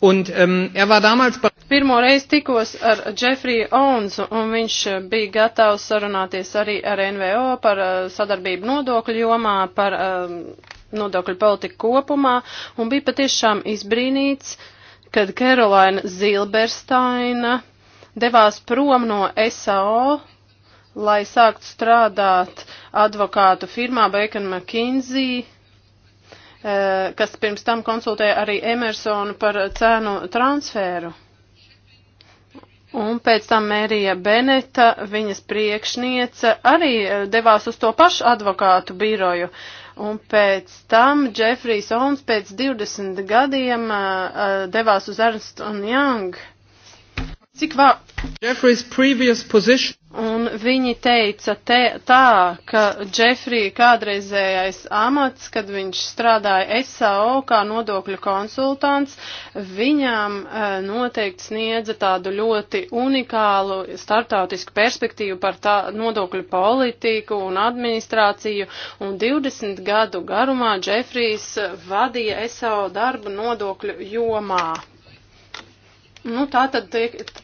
Und, um, er war damals bei pirmo reizi tikos ar Džefriju Onsu, un viņš äh, bija gatavs sarunāties arī ar NVO par uh, sadarbību nodokļu jomā, par um, nodokļu politiku kopumā, un bija patiešām izbrīnīts, kad Karolaina Zilberstaina devās prom no SAO, lai sāktu strādāt advokātu firmā Bacon McKinsey Eh, kas pirms tam konsultēja arī Emersonu par cēnu transferu. Un pēc tam Mērija Beneta, viņas priekšniece, arī eh, devās uz to pašu advokātu biroju. Un pēc tam Džefrijs Ons pēc 20 gadiem uh, devās uz Ernst un Young. Uh, Cik vā? Jeffrey's previous position. Un viņi teica te, tā, ka Džefrija kādreizējais amats, kad viņš strādāja SAO kā nodokļu konsultants, viņam e, noteikti sniedza tādu ļoti unikālu startautisku perspektīvu par tā, nodokļu politiku un administrāciju. Un 20 gadu garumā Džefrijs vadīja SAO darbu nodokļu jomā. Nu, tā tad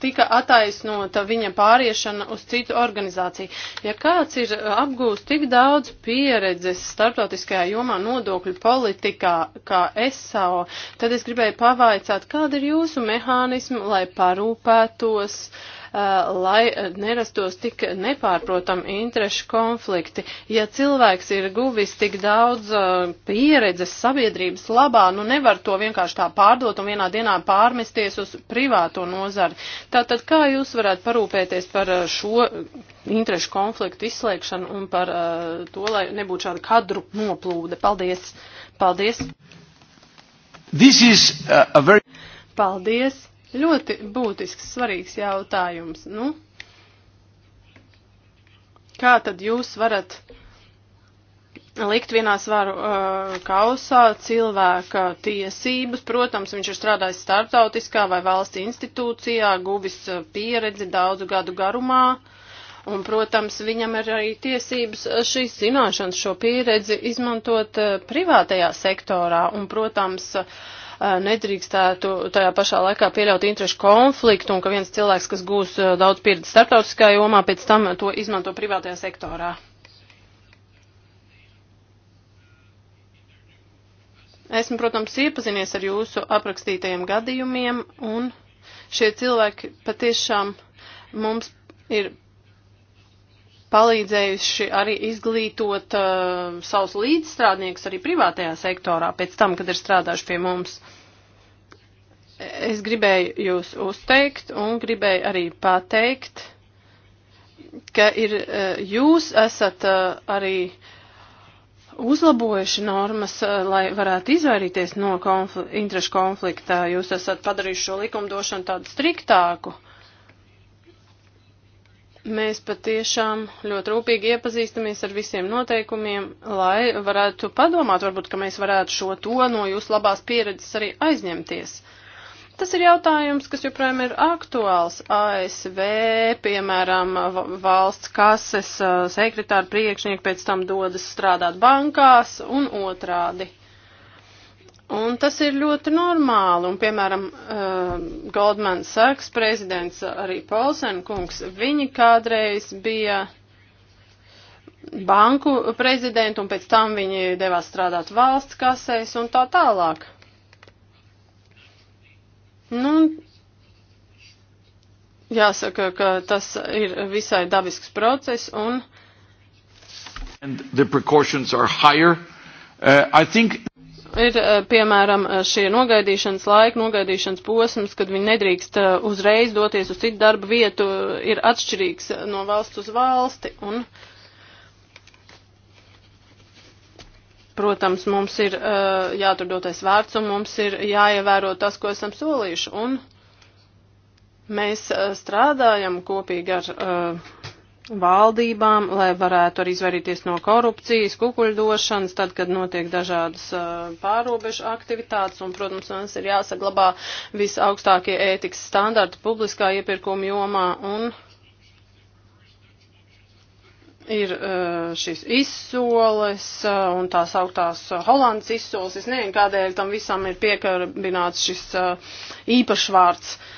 tika attaisnota viņa pāriešana uz citu organizāciju. Ja kāds ir eh, apgūst tik daudz pieredzes starptautiskajā jomā nodokļu politikā kā SAO, tad es gribēju pavaicāt, kāda ir jūsu mehānismi, lai parūpētos uh, lai nerastos tik nepārprotam interešu konflikti. Ja cilvēks ir guvis tik daudz pieredzes sabiedrības labā, nu nevar to vienkārši tā pārdot un vienā dienā pārmesties uz privāto nozari. Tātad kā jūs varētu parūpēties par šo interešu konfliktu izslēgšanu un par to, lai nebūtu šāda kadru noplūde? Paldies! Paldies! This is a very... Paldies! Ļoti būtisks, svarīgs jautājums. Nu, kā tad jūs varat likt vienā svaru uh, kausā cilvēka tiesības. Protams, viņš ir strādājis starptautiskā vai valsts institūcijā, guvis uh, pieredzi daudzu gadu garumā. Un, protams, viņam ir arī tiesības uh, šīs zināšanas, šo pieredzi izmantot uh, privātajā sektorā. Un, protams, uh, nedrīkstētu tajā pašā laikā pieļaut interešu konfliktu un ka viens cilvēks, kas gūs daudz pieredzi starptautiskā jomā, pēc tam to izmanto privātajā sektorā. Esmu, protams, iepazinies ar jūsu aprakstītajiem gadījumiem, un šie cilvēki patiešām mums ir palīdzējuši arī izglītot uh, savus līdzstrādniekus arī privātajā sektorā pēc tam, kad ir strādājuši pie mums. Es gribēju jūs uzteikt un gribēju arī pateikt, ka ir, uh, jūs esat uh, arī uzlabojuši normas, uh, lai varētu izvairīties no konfl interešu konfliktā. Jūs esat padarījuši šo likumdošanu tādu striktāku. Uh, Mēs patiešām ļoti rūpīgi iepazīstamies ar visiem noteikumiem, lai varētu padomāt, varbūt, ka mēs varētu šo to no jūsu labās pieredzes arī aizņemties. Tas ir jautājums, kas joprojām ir aktuāls. ASV, piemēram, valsts kases sekretāra priekšnieki pēc tam dodas strādāt bankās un otrādi. Un tas ir ļoti normāli, un, piemēram, uh, Goldman Sachs prezidents, arī Paulsen kungs, viņi kādreiz bija banku prezidenti, un pēc tam viņi devās strādāt valsts kasēs un tā tālāk. Nu, jāsaka, ka tas ir visai dabisks process, un. And the precautions are higher. Uh, I think Ir, eh, piemēram, eh, šie nogaidīšanas laika, nogaidīšanas posms, kad viņi nedrīkst eh, uzreiz doties uz citu darba vietu, ir atšķirīgs no valsts uz valsti. Un, protams, mums ir uh, jātur dotais vērts un mums ir jāievēro tas, ko esam solījuši. Un mēs uh, strādājam kopīgi ar. Uh, valdībām, lai varētu arī izvairīties no korupcijas, kukuļdošanas, tad, kad notiek dažādas pārobežu aktivitātes, un, protams, mums ir jāsaglabā visaugstākie ētikas standarti publiskā iepirkuma jomā, un ir šīs izsoles un tās augtās Holandas izsoles, es nezinu, kādēļ tam visam ir piekarabināts šis īpašvārds. Uh,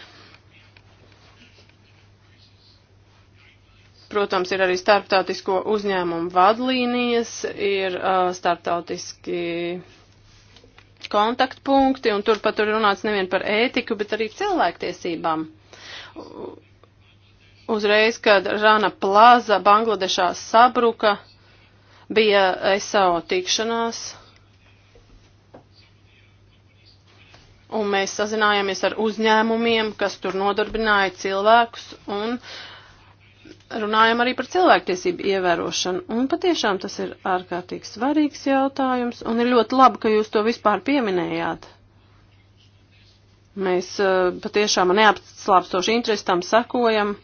Protams, ir arī starptautisko uzņēmumu vadlīnijas, ir uh, starptautiski kontaktpunkti, un turpat tur runāts nevien par ētiku, bet arī cilvēktiesībām uzreiz, kad Rana plaza Bangladešā sabruka, bija SAO tikšanās, un mēs sazinājāmies ar uzņēmumiem, kas tur nodarbināja cilvēkus, un runājam arī par cilvēktiesību ievērošanu, un patiešām tas ir ārkārtīgi svarīgs jautājums, un ir ļoti labi, ka jūs to vispār pieminējāt. Mēs eh, patiešām neapslāpstoši interesi tam sakojam,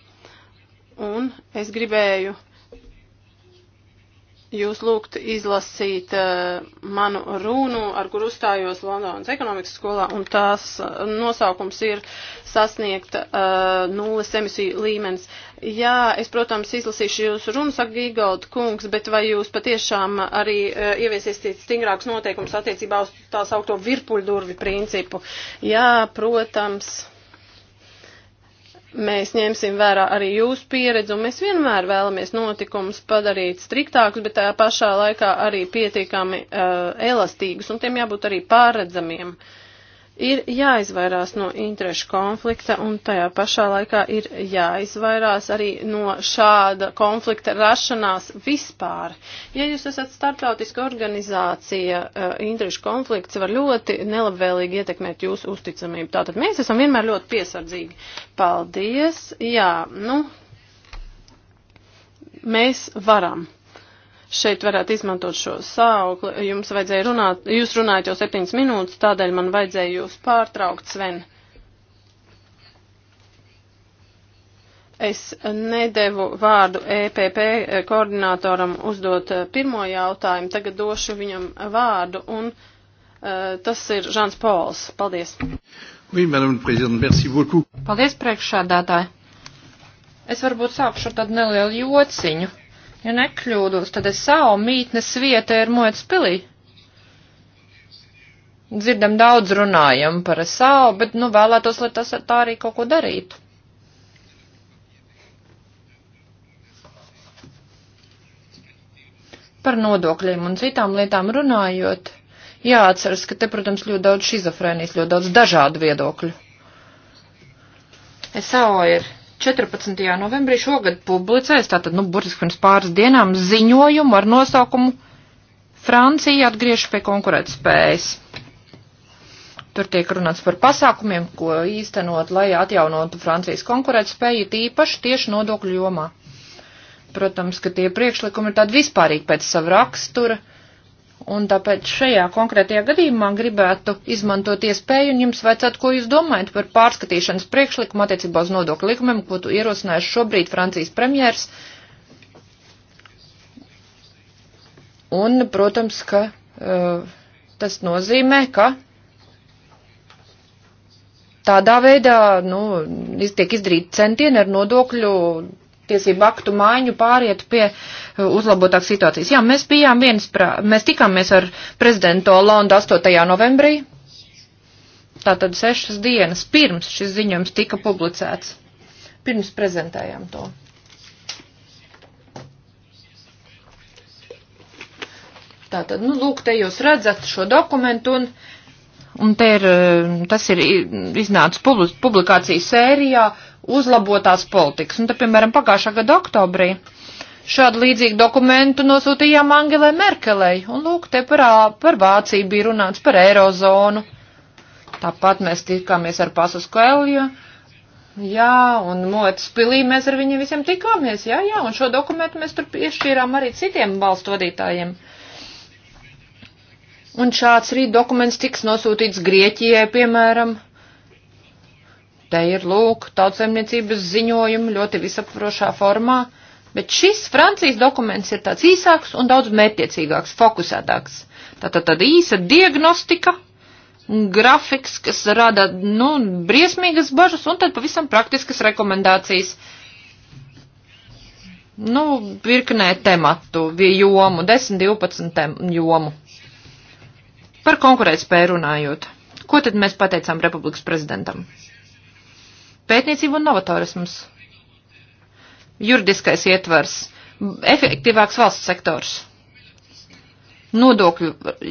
un es gribēju jūs lūgt izlasīt uh, manu runu, ar kur uzstājos Londonas ekonomikas skolā, un tās eh, nosaukums ir sasniegt uh, nulles emisiju līmenis. Jā, es, protams, izlasīšu jūsu runu, saka Gīgolda kungs, bet vai jūs patiešām arī uh, e, ieviesiesiet stingrākus noteikumus attiecībā uz tā saukto virpuļdurvi principu? Jā, protams. Mēs ņemsim vērā arī jūsu pieredzi, un mēs vienmēr vēlamies notikumus padarīt striktākus, bet tajā pašā laikā arī pietiekami uh, elastīgus, un tiem jābūt arī pāredzamiem. Uh, ir jāizvairās no interešu konflikta un tajā pašā laikā ir jāizvairās arī no šāda konflikta rašanās vispār. Ja jūs esat startautiska organizācija, eh, interešu konflikts var ļoti nelabvēlīgi ietekmēt jūsu uzticamību. Tātad mēs esam vienmēr ļoti piesardzīgi. Paldies! Jā, nu, mēs varam šeit varētu izmantot šo saukli. Jums vajadzēja runāt, jūs runājat jau septiņas minūtes, tādēļ man vajadzēja jūs pārtraukt, Sven. Es nedevu vārdu EPP koordinatoram uzdot eh, pirmo jautājumu, tagad došu viņam vārdu, un uh, tas ir Žans Pols. Paldies. Oui, Paldies, priekšsādātāji. Es varbūt sākšu ar tādu nelielu jociņu Ja nekļūdos, tad es savu mītnes vieta ir mojas pilī. Dzirdam daudz runājam par savu, bet, nu, vēlētos, lai tas tā arī kaut ko darītu. Par nodokļiem un citām lietām runājot, jāatceras, ka te, protams, ļoti daudz šizofrēnijas, ļoti daudz dažādu viedokļu. Es savu ir 14. novembrī šogad publicēs, tātad, nu, burtiski pirms pāris dienām, ziņojumu ar nosaukumu Francija atgriež pie konkurētspējas. Tur tiek runāts par pasākumiem, ko īstenot, lai atjaunotu Francijas konkurētspēju, tīpaši tieši nodokļu jomā. Protams, ka tie priekšlikumi ir tādi vispārīgi pēc sava rakstura. Uh, Un tāpēc šajā konkrētajā gadījumā gribētu izmantot iespēju un jums vajadzētu, ko jūs domājat par pārskatīšanas priekšlikumu attiecībā uz nodokļu likumiem, ko tu ierosinājuši šobrīd Francijas premjērs. Un, protams, ka uh, tas nozīmē, ka tādā veidā, nu, tiek izdarīti centieni ar nodokļu tiesību aktu maiņu pāriet pie uh, uzlabotākas situācijas. Jā, mēs bijām viens, prā, mēs tikāmies ar prezidentu Olandu 8. novembrī, tātad sešas dienas pirms šis ziņojums tika publicēts, pirms prezentējām to. Tātad, nu, lūk, te jūs redzat šo dokumentu un, un te ir, uh, tas ir iznācis publikācijas sērijā, uzlabotās politikas. Un nu, te, piemēram, pagājušā gada oktobrī šādu līdzīgu dokumentu nosūtījām Angelai Merkelei. Un lūk, te par, par Vāciju bija runāts par Eirozonu. Tāpat mēs tikāmies ar Pasas Koelju. Jā, un Moetas pilī mēs ar viņiem visiem tikāmies. Jā, jā, un šo dokumentu mēs tur piešķīrām arī citiem valstu vadītājiem. Un šāds rīt dokuments tiks nosūtīts Grieķijai, piemēram. Te ir lūk tautsemniecības ziņojumi ļoti visaptvarošā formā, bet šis Francijas dokuments ir tāds īsāks un daudz mērķiecīgāks, fokusētāks. Tātad tāda īsa diagnostika, grafiks, kas rada, nu, briesmīgas bažas un tad pavisam praktiskas rekomendācijas. Nu, virknē tematu, jomu, 10-12 tem, jomu. Par konkurētspēju runājot. Ko tad mēs pateicām Republikas prezidentam? Pētniecība un novatorisms. Juridiskais ietvers. Efektīvāks valsts sektors nodokļu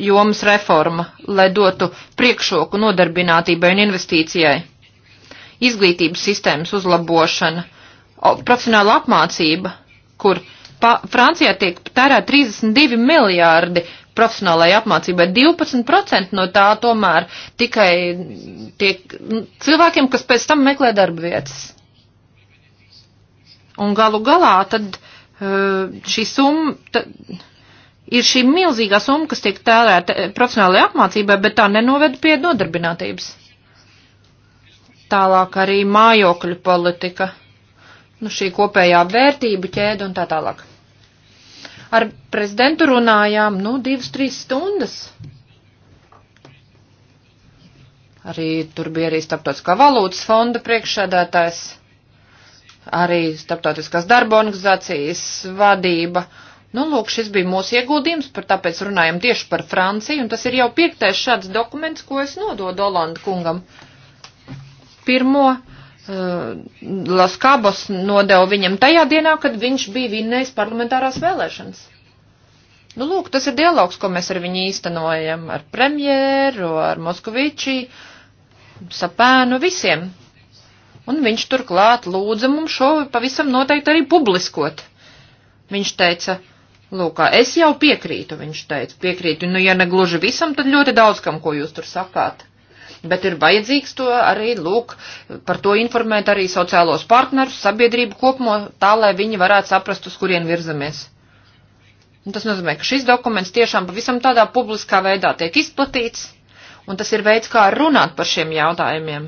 jomas reforma, lai dotu priekšroku nodarbinātībai un investīcijai, izglītības sistēmas uzlabošana, profesionāla apmācība, kur pa, Francijā tiek tērē 32 miljārdi profesionālai apmācībai. 12% no tā tomēr tikai tiek nu, cilvēkiem, kas pēc tam meklē darba vietas. Un galu galā tad uh, šī summa. Tad, Ir šī milzīgā summa, kas tiek tērēta profesionālajā apmācībā, bet tā nenoved pie nodarbinātības. Tālāk arī mājokļu politika, nu šī kopējā vērtību ķēda un tā tālāk. Ar prezidentu runājām, nu, divas, trīs stundas. Arī tur bija arī starptautiskā valūtas fonda priekšsēdētājs, arī starptautiskās darba organizācijas vadība. Nu, lūk, šis bija mūsu ieguldījums, par tāpēc runājam tieši par Franciju, un tas ir jau piektais šāds dokuments, ko es nododu Olanda kungam. Pirmo Eh, Las Kabos nodeva viņam tajā dienā, kad viņš bija vinnējis parlamentārās vēlēšanas. Nu, lūk, tas ir dialogs, ko mēs ar viņu īstenojam, ar premjeru, ar Moskovičī, sapēnu, visiem. Un viņš turklāt lūdza mums šo pavisam noteikti arī publiskot. Viņš teica, lūk, es jau piekrītu, viņš teica, piekrītu, nu, ja ne gluži visam, tad ļoti daudz kam, ko jūs tur sakāt bet ir vajadzīgs to arī, lūk, par to informēt arī sociālos partnerus, sabiedrību kopumā, tā, lai viņi varētu saprast, uz kurien virzamies. Un tas nozīmē, ka šis dokuments tiešām pavisam tādā publiskā veidā tiek izplatīts, un tas ir veids, kā runāt par šiem jautājumiem.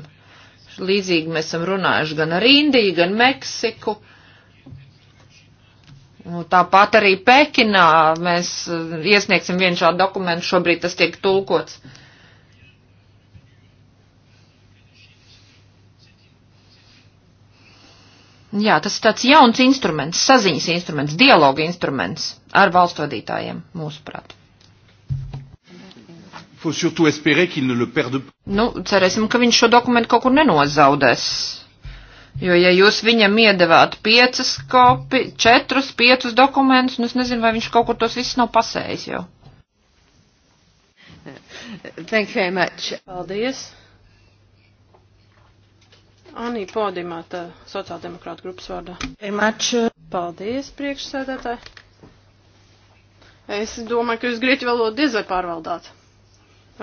Līdzīgi mēs esam runājuši gan ar Indiju, gan Meksiku. Tāpat arī Pekinā mēs uh, iesniegsim vienu šādu dokumentu, šobrīd tas tiek tulkots. Uh, Jā, tas ir tāds jauns instruments, saziņas instruments, dialoga instruments ar valstu vadītājiem, mūsuprāt. Nu, cerēsim, ka viņš šo dokumentu kaut kur nenozaudēs. Jo, ja jūs viņam iedavāt piecas kopi, četrus, piecus dokumentus, nu es nezinu, vai viņš kaut kur tos visus nav pasējis jau. Thank you very much. Paldies. Anī Podimata, sociāldemokrāta grupas vārdā. Paldies, priekšsēdētāji. Es domāju, ka jūs grieķu valodu diez vai pārvaldāt.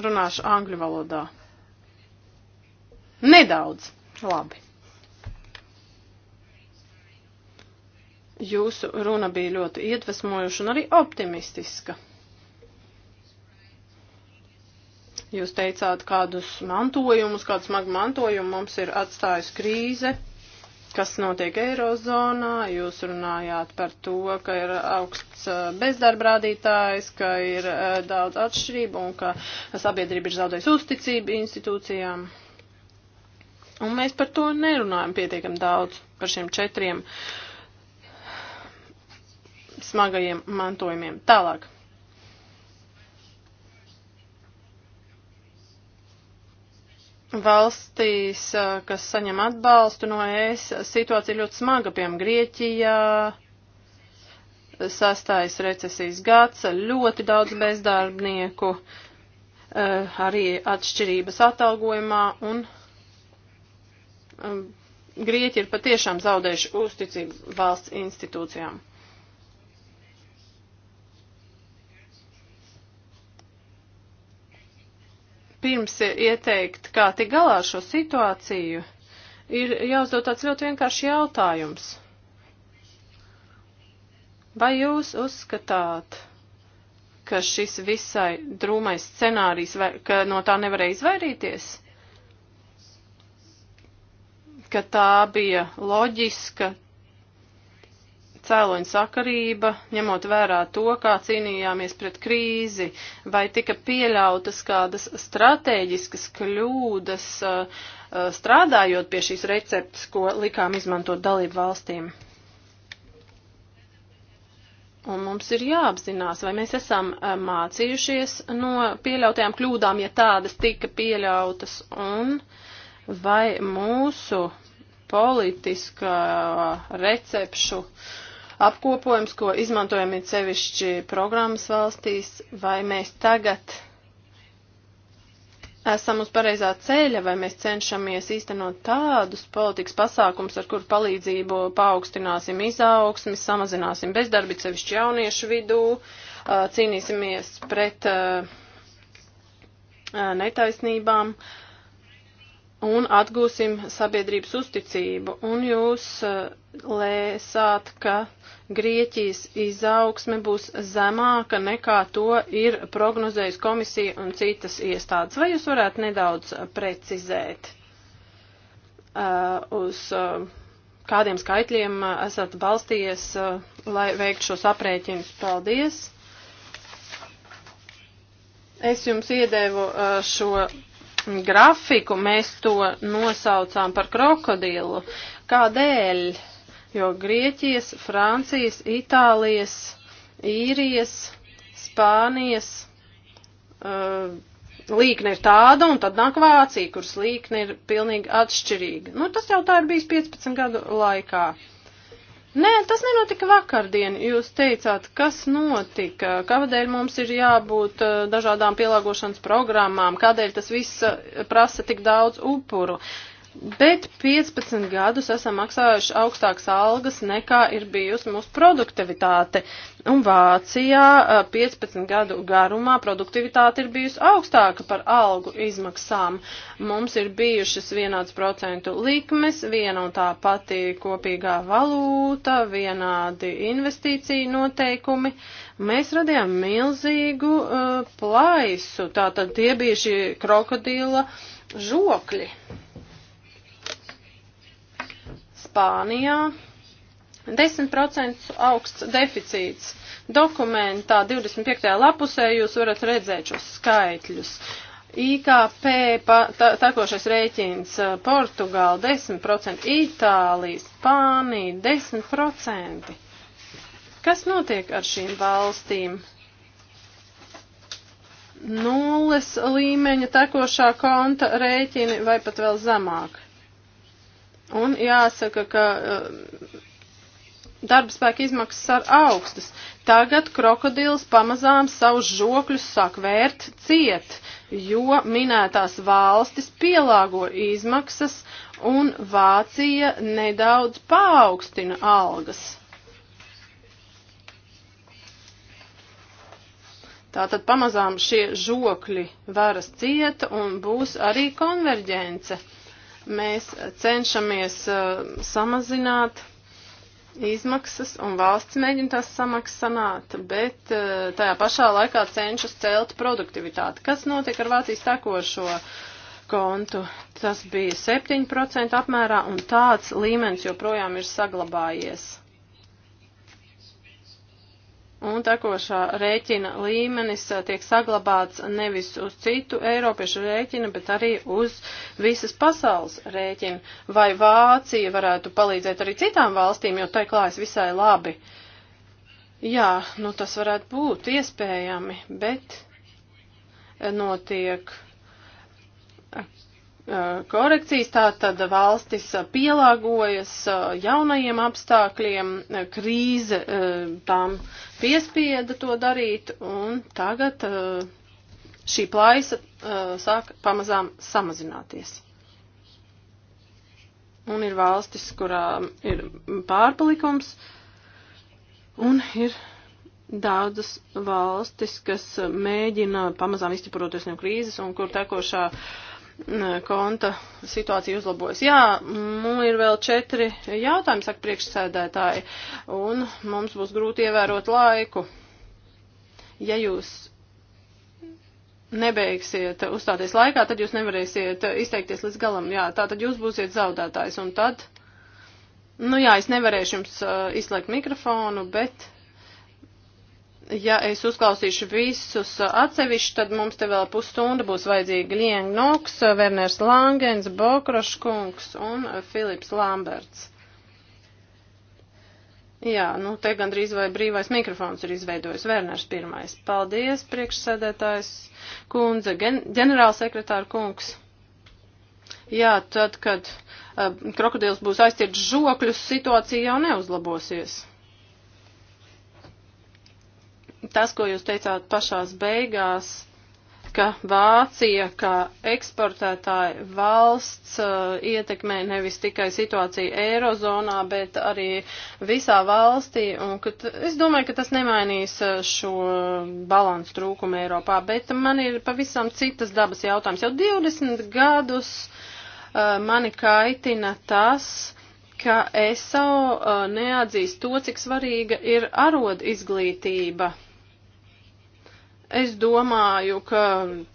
Runāšu angļu valodā. Nedaudz. Labi. Jūsu runa bija ļoti iedvesmojuša un arī optimistiska. Jūs teicāt, kādus mantojumus, kādu smagu mantojumu mums ir atstājusi krīze, kas notiek Eirozonā. Jūs runājāt par to, ka ir augsts eh, bezdarba rādītājs, ka ir eh, daudz atšķirību un ka sabiedrība ir zaudējusi uzticību institūcijām. Un mēs par to nerunājam pietiekam daudz, par šiem četriem smagajiem mantojumiem. Tālāk. valstīs, kas saņem atbalstu no ES, situācija ļoti smaga, piemēram, Grieķijā, sastājas recesijas gads, ļoti daudz bezdarbnieku, arī atšķirības atalgojumā, un Grieķi ir patiešām zaudējuši uzticību valsts institūcijām. pirms ieteikt, kā tik galā ar šo situāciju, ir jāuzdod tāds ļoti vienkāršs jautājums. Vai jūs uzskatāt, ka šis visai drūmais scenārijs, ka no tā nevarēja izvairīties? Ka tā bija loģiska, cēloņa sakarība, ņemot vērā to, kā cīnījāmies pret krīzi, vai tika pieļautas kādas stratēģiskas kļūdas, eh, eh, strādājot pie šīs receptes, ko likām izmantot dalību valstīm. Un mums ir jāapzinās, vai mēs esam eh, mācījušies no pieļautajām kļūdām, ja tādas tika pieļautas, un vai mūsu politiskā recepšu uh, apkopojums, ko izmantojam ir sevišķi programmas valstīs, vai mēs tagad esam uz pareizā ceļa, vai mēs cenšamies īstenot tādus politikas pasākums, ar kur palīdzību paaugstināsim izaugsmi, samazināsim bezdarbi, sevišķi jauniešu vidū, cīnīsimies pret netaisnībām un atgūsim sabiedrības uzticību. Un jūs lēsāt, ka Grieķijas izaugsme būs zemāka nekā to ir prognozējusi komisija un citas iestādes. Vai jūs varētu nedaudz precizēt uh, uz uh, kādiem skaitļiem uh, esat balstījies, uh, lai veiktu šos aprēķinus? Paldies! Es jums iedēvu uh, šo grafiku, mēs to nosaucām par krokodilu. Kādēļ? jo Grieķijas, Francijas, Itālijas, Īrijas, Spānijas uh, līkne ir tāda, un tad nāk Vācija, kuras līkne ir pilnīgi atšķirīga. Nu, tas jau tā ir bijis 15 gadu laikā. Nē, tas nenotika vakardien. Jūs teicāt, kas notika, kādēļ mums ir jābūt eh, dažādām pielāgošanas programmām, kādēļ tas viss eh, prasa tik daudz upuru bet 15 gadus esam maksājuši augstākas algas nekā ir bijusi mūsu produktivitāte. Un Vācijā 15 gadu garumā produktivitāte ir bijusi augstāka par algu izmaksām. Mums ir bijušas vienāds procentu likmes, viena un tā pati kopīgā valūta, vienādi investīcija noteikumi. Mēs radījām milzīgu uh, plaisu, tātad tie bija šie krokodila žokļi. Spānijā 10% augsts deficīts. Dokumentā 25. lapusē jūs varat redzēt šos skaitļus. IKP tekošais rēķins eh, Portugāla 10%, Itālija, Spānija 10%. Kas notiek ar šīm valstīm? Nulles līmeņa tekošā konta rēķini vai pat vēl zamāk. Un jāsaka, ka eh, darba spēka izmaksas ir augstas. Tagad krokodils pamazām savus žokļus sāk vērt ciet, jo minētās valstis pielāgo izmaksas un Vācija nedaudz paaugstina algas. Tātad pamazām šie žokļi varas cieta un būs arī konverģence. Mēs cenšamies uh, samazināt izmaksas un valsts mēģina tās samaksāt, bet uh, tajā pašā laikā cenšas celt produktivitāti. Kas notiek ar Vācijas tekošo kontu? Tas bija 7% apmērā un tāds līmenis joprojām ir saglabājies un tekošā rēķina līmenis tiek saglabāts nevis uz citu Eiropiešu rēķina, bet arī uz visas pasaules rēķina. Vai Vācija varētu palīdzēt arī citām valstīm, jo tai klājas visai labi? Jā, nu tas varētu būt iespējami, bet notiek Uh, korekcijas, tātad valstis uh, pielāgojas uh, jaunajiem apstākļiem, krīze tām piespieda to darīt, un tagad šī plaisa sāk pamazām samazināties. Un ir valstis, kurā ir pārpalikums, un ir daudzas valstis, kas mēģina pamazām iztiproties no krīzes, un kur tekošā uh, konta situācija uzlabojas. Jā, mums ir vēl četri jautājumi, saka priekšsēdētāji, un mums būs grūti ievērot laiku. Ja jūs nebeigsiet uzstāties laikā, tad jūs nevarēsiet izteikties līdz galam. Jā, tā tad jūs būsiet zaudētājs, un tad, nu jā, es nevarēšu jums uh, izslēgt mikrofonu, bet ja es uzklausīšu visus atsevišķi, tad mums te vēl pusstunda būs vajadzīga Lieng Noks, Werners Langens, Bokraškungs un Filips Lamberts. Jā, nu te gandrīz vai brīvais mikrofons ir izveidojis Werners pirmais. Paldies, priekšsēdētājs kundze, gen, ģenerālsekretāra kungs. Jā, tad, kad uh, krokodils būs aizcirts žokļus, situācija jau neuzlabosies tas, ko jūs teicāt pašās beigās, ka Vācija kā eksportētāja valsts uh, ietekmē nevis tikai situāciju Eirozonā, bet arī visā valstī. Un, kad, es domāju, ka tas nemainīs uh, šo balansu trūkumu Eiropā, bet man ir pavisam citas dabas jautājums. Jau 20 gadus uh, mani kaitina tas, ka ESO uh, neatzīst to, cik svarīga ir arod izglītība Es domāju, ka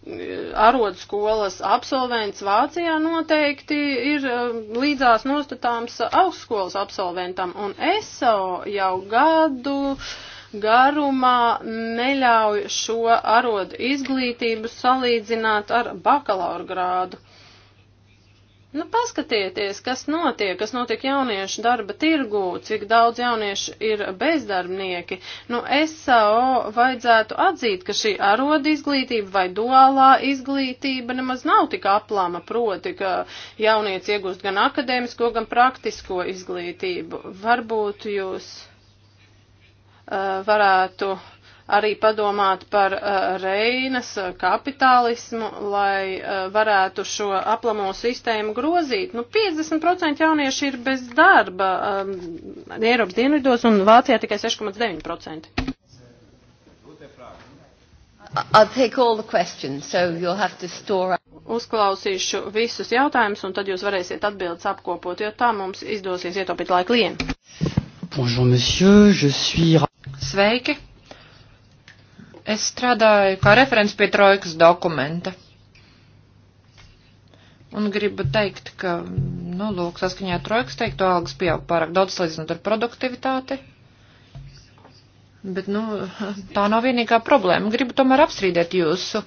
eh, arodskolas absolvents Vācijā noteikti ir eh, līdzās nostatāms augstskolas absolventam, un ESO jau gadu garumā neļauj šo arodu izglītību salīdzināt ar bakalaura grādu. Nu, paskatieties, kas notiek, kas notiek jauniešu darba tirgū, cik daudz jauniešu ir bezdarbnieki. Nu, SAO vajadzētu atzīt, ka šī aroda izglītība vai duālā izglītība nemaz nav tik aplama, proti, ka jaunieci iegūst gan akadēmisko, gan praktisko izglītību. Varbūt jūs uh, varētu arī padomāt par uh, Reinas kapitālismu, lai uh, varētu šo aplamo sistēmu grozīt. Nu, 50% jaunieši ir bez darba um, Eiropas dienvidos un Vācijā tikai 6,9%. I'll take all the questions, so you'll have to store up. Uzklausīšu visus jautājumus, un tad jūs varēsiet atbildes apkopot, jo tā mums izdosies ietaupīt laiku lien. Bonjour, monsieur, je suis... Sveiki, Es strādāju kā referents pie trojkas dokumenta. Un gribu teikt, ka, nu, lūk, saskaņā trojkas teikto algas pieaug pārāk daudz salīdzinot ar produktivitāti. Bet, nu, tā nav vienīgā problēma. Gribu tomēr apstrīdēt jūsu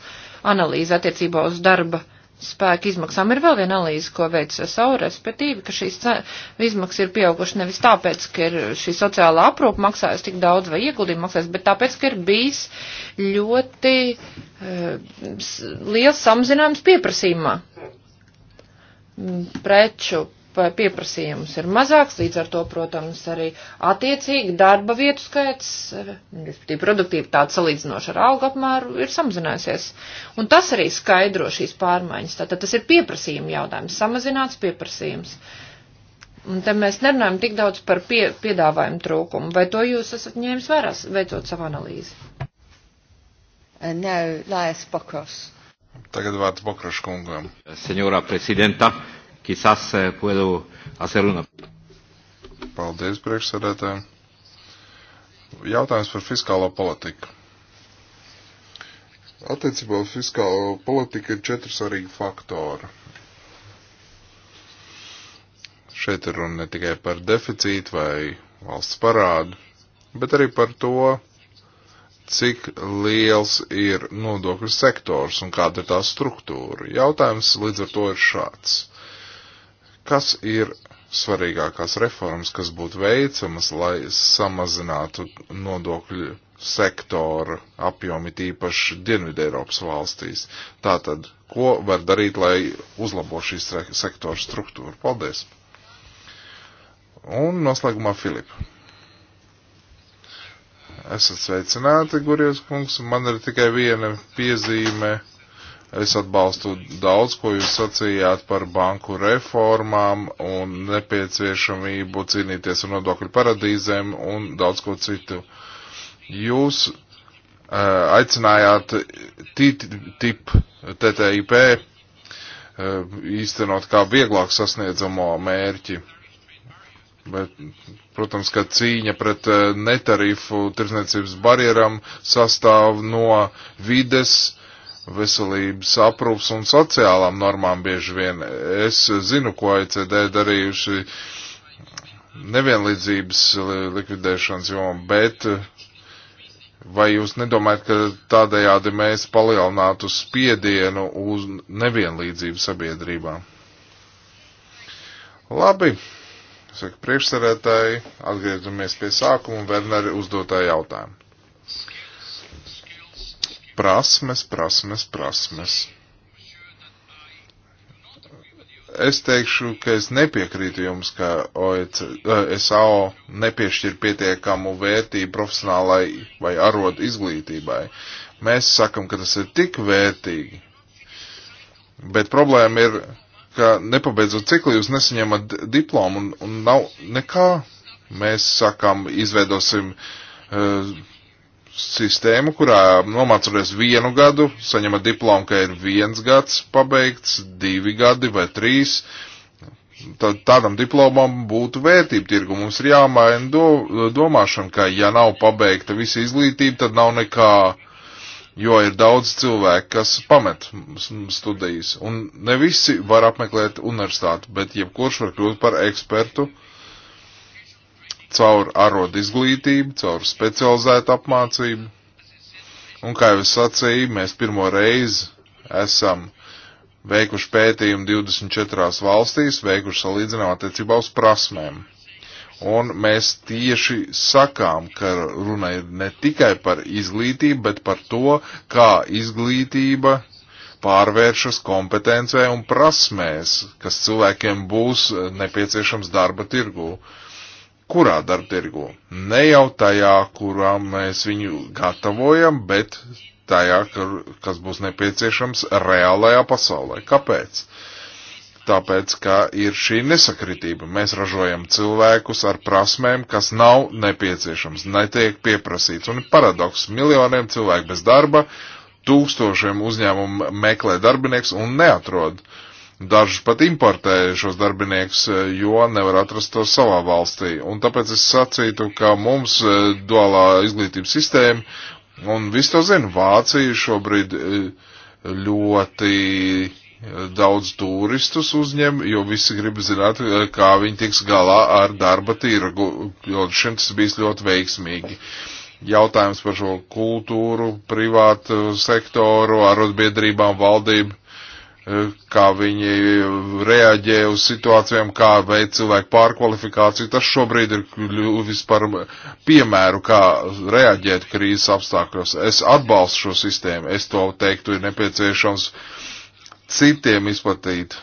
analīzi attiecībā uz darba spēka izmaksām ir vēl viena analīze, ko veic savu, respektīvi, ka šīs izmaksas ir pieaugušas nevis tāpēc, ka ir šī sociālā aprūpa maksājas tik daudz vai ieguldījuma maksājas, bet tāpēc, ka ir bijis ļoti uh, liels samazinājums pieprasījumā mm, preču pieprasījums ir mazāks, līdz ar to, protams, arī attiecīgi darba vietu skaits, eh, respektīvi produktivitāte salīdzinoši ar algu apmēru ir samazinājusies. Un tas arī skaidro šīs pārmaiņas. Tātad tas ir pieprasījuma jautājums, samazināts pieprasījums. Un te mēs nerunājam tik daudz par pie, piedāvājumu trūkumu. Vai to jūs esat ņēmis vērā, veicot savu analīzi? Uh, Nav Lājas Bokros. Tagad vārds Bokroš kungam. Senjorā prezidenta, quizás eh, puedo hacer una. Paldies, priekšsēdētāji. Jautājums par fiskālo politiku. Attiecībā uz fiskālo politiku ir četri svarīgi faktori. Šeit ir runa ne tikai par deficītu vai valsts parādu, bet arī par to, cik liels ir nodokļu sektors un kāda ir tā struktūra. Jautājums līdz ar to ir šāds Kas ir svarīgākās reformas, kas būtu veicamas, lai samazinātu nodokļu sektoru apjomi tīpaši Dienvidē Eiropas valstīs. Tātad, ko var darīt, lai uzlabo šīs sektora struktūru? Paldies! Un noslēgumā Filipa. Esat sveicināti, Guries kungs. Man ir tikai viena piezīme Es atbalstu daudz, ko jūs sacījāt par banku reformām un nepieciešamību cīnīties ar nodokļu paradīzēm un daudz ko citu. Jūs eh, aicinājāt TTIP, TTIP eh, īstenot kā vieglāk sasniedzamo mērķi. Bet, protams, ka cīņa pret eh, netarifu tirzniecības barjeram sastāv no vides, veselības aprūps un sociālām normām bieži vien. Es zinu, ko ECD darījuši nevienlīdzības likvidēšanas jomā, bet vai jūs nedomājat, ka tādējādi mēs palielinātu spiedienu uz nevienlīdzību sabiedrībā? Labi, saka priekšsarētāji, atgriezamies pie sākuma Werneri uzdotā jautājuma prasmes, prasmes, prasmes. Es teikšu, ka es nepiekrītu jums, ka OEC, eh, SAO nepiešķir pietiekamu vērtību profesionālai vai arodu izglītībai. Mēs sakam, ka tas ir tik vērtīgi, bet problēma ir, ka nepabeidzot ciklu jūs nesaņemat diplomu un, un nav nekā. Mēs sakam, izveidosim uh, sistēmu, kurā nomācoties vienu gadu, saņemat diplomu, ka ir viens gads pabeigts, divi gadi vai trīs. Tad tādam diplomam būtu vērtība tirgu. Mums ir jāmaina do, domāšana, ka ja nav pabeigta visa izglītība, tad nav nekā, jo ir daudz cilvēku, kas pamet studijas. Un ne visi var apmeklēt universitāti, bet jebkurš var kļūt par ekspertu. Uh, caur arodu izglītību, caur specializētu apmācību. Un, kā jau es sacīju, mēs pirmo reizi esam veikuši pētījumu 24 valstīs, veikuši salīdzinājumu attiecībā uz prasmēm. Un mēs tieši sakām, ka runa ir ne tikai par izglītību, bet par to, kā izglītība pārvēršas kompetencē un prasmēs, kas cilvēkiem būs nepieciešams darba tirgū. Uh, kurā darbtirgu. Ne jau tajā, kurā mēs viņu gatavojam, bet tajā, kas būs nepieciešams reālajā pasaulē. Kāpēc? Tāpēc, ka ir šī nesakritība. Mēs ražojam cilvēkus ar prasmēm, kas nav nepieciešams, netiek pieprasīts. Un paradoks - miljoniem cilvēku bez darba, tūkstošiem uzņēmumu meklē darbinieks un neatrod. Uh, Daži pat importē šos darbiniekus, e, jo nevar atrast to savā valstī. Un tāpēc es sacītu, ka mums e, duālā izglītības sistēma, un viss to zina, Vācija šobrīd e, ļoti daudz turistus uzņem, jo visi grib zināt, kā viņi tiks galā ar darba tirgu, jo šim tas bijis ļoti veiksmīgi. Jautājums par šo kultūru, privātu sektoru, arotbiedrībām, valdību kā viņi reaģē uz situācijām, kā veic cilvēku pārkvalifikāciju. Tas šobrīd ir kļuvis par piemēru, kā reaģēt krīzes apstākļos. Es atbalstu šo sistēmu, es to teiktu, ir nepieciešams citiem izplatīt.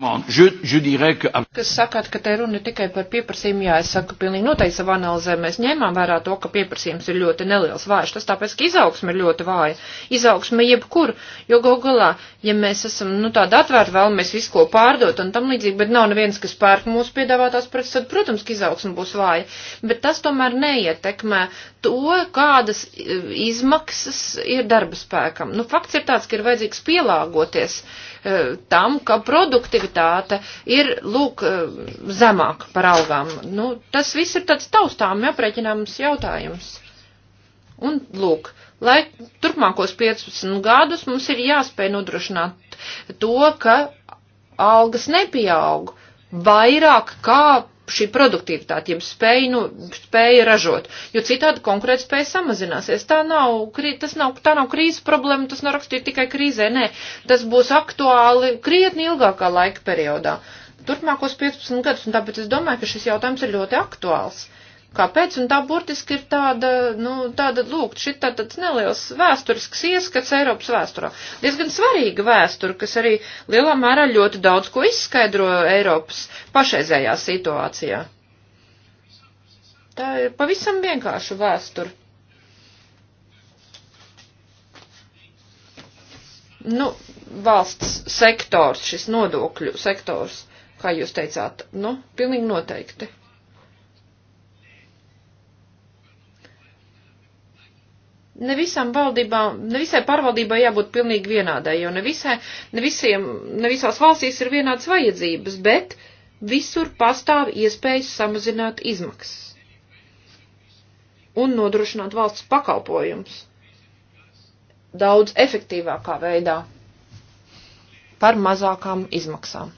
Kas sakāt, ka te runa ir tikai par pieprasījumu, jā, es saku, pilnīgi noteikti savā analizē mēs ņēmām vērā to, ka pieprasījums ir ļoti neliels vājš. Tas tāpēc, ka izaugsme ir ļoti vāja. Izaugsme jebkur, jo gogolā, ja mēs esam, nu, tāda atvērta vēlamies visu ko pārdot un tam līdzīgi, bet nav neviens, kas pērk mūsu piedāvātās preces, tad, protams, ka izaugsme būs vāja. Bet tas tomēr neietekmē to, kādas e, izmaksas ir darba spēkam. Nu, fakts ir tāds, ka ir vajadzīgs pielāgoties. Uh, Eh, tam, ka produktivitāte ir, lūk, eh, zemāk par algām. Nu, tas viss ir tāds taustām aprēķināms jautājums. Un, lūk, lai turpmākos 15 gadus mums ir jāspēj nodrošināt to, ka algas nepieaug vairāk kā šī produktivitāte, jeb spēja, nu, spēja ražot, jo citādi konkurētspēja samazināsies. Tā nav, tas nav, tā nav krīzes problēma, tas nav rakstīt tikai krīzē, nē, tas būs aktuāli krietni ilgākā laika periodā. Turpmākos 15 gadus, un tāpēc es domāju, ka šis jautājums ir ļoti aktuāls. Kāpēc? Un tā burtiski ir tāda, nu, tāda, lūk, šit tā tāds neliels vēsturisks ieskats Eiropas vēsturā. Diezgan svarīga vēstura, kas arī lielā mērā ļoti daudz ko izskaidro Eiropas pašreizējā situācijā. Tā ir pavisam vienkārša vēstura. Nu, valsts sektors, šis nodokļu sektors, kā jūs teicāt, nu, pilnīgi noteikti. ne visām valdībām, ne visai pārvaldībai jābūt pilnīgi vienādai, jo ne, visai, ne, visiem, ne visās valstīs ir vienādas vajadzības, bet visur pastāv iespējas samazināt izmaksas un nodrošināt valsts pakalpojums daudz efektīvākā veidā par mazākām izmaksām.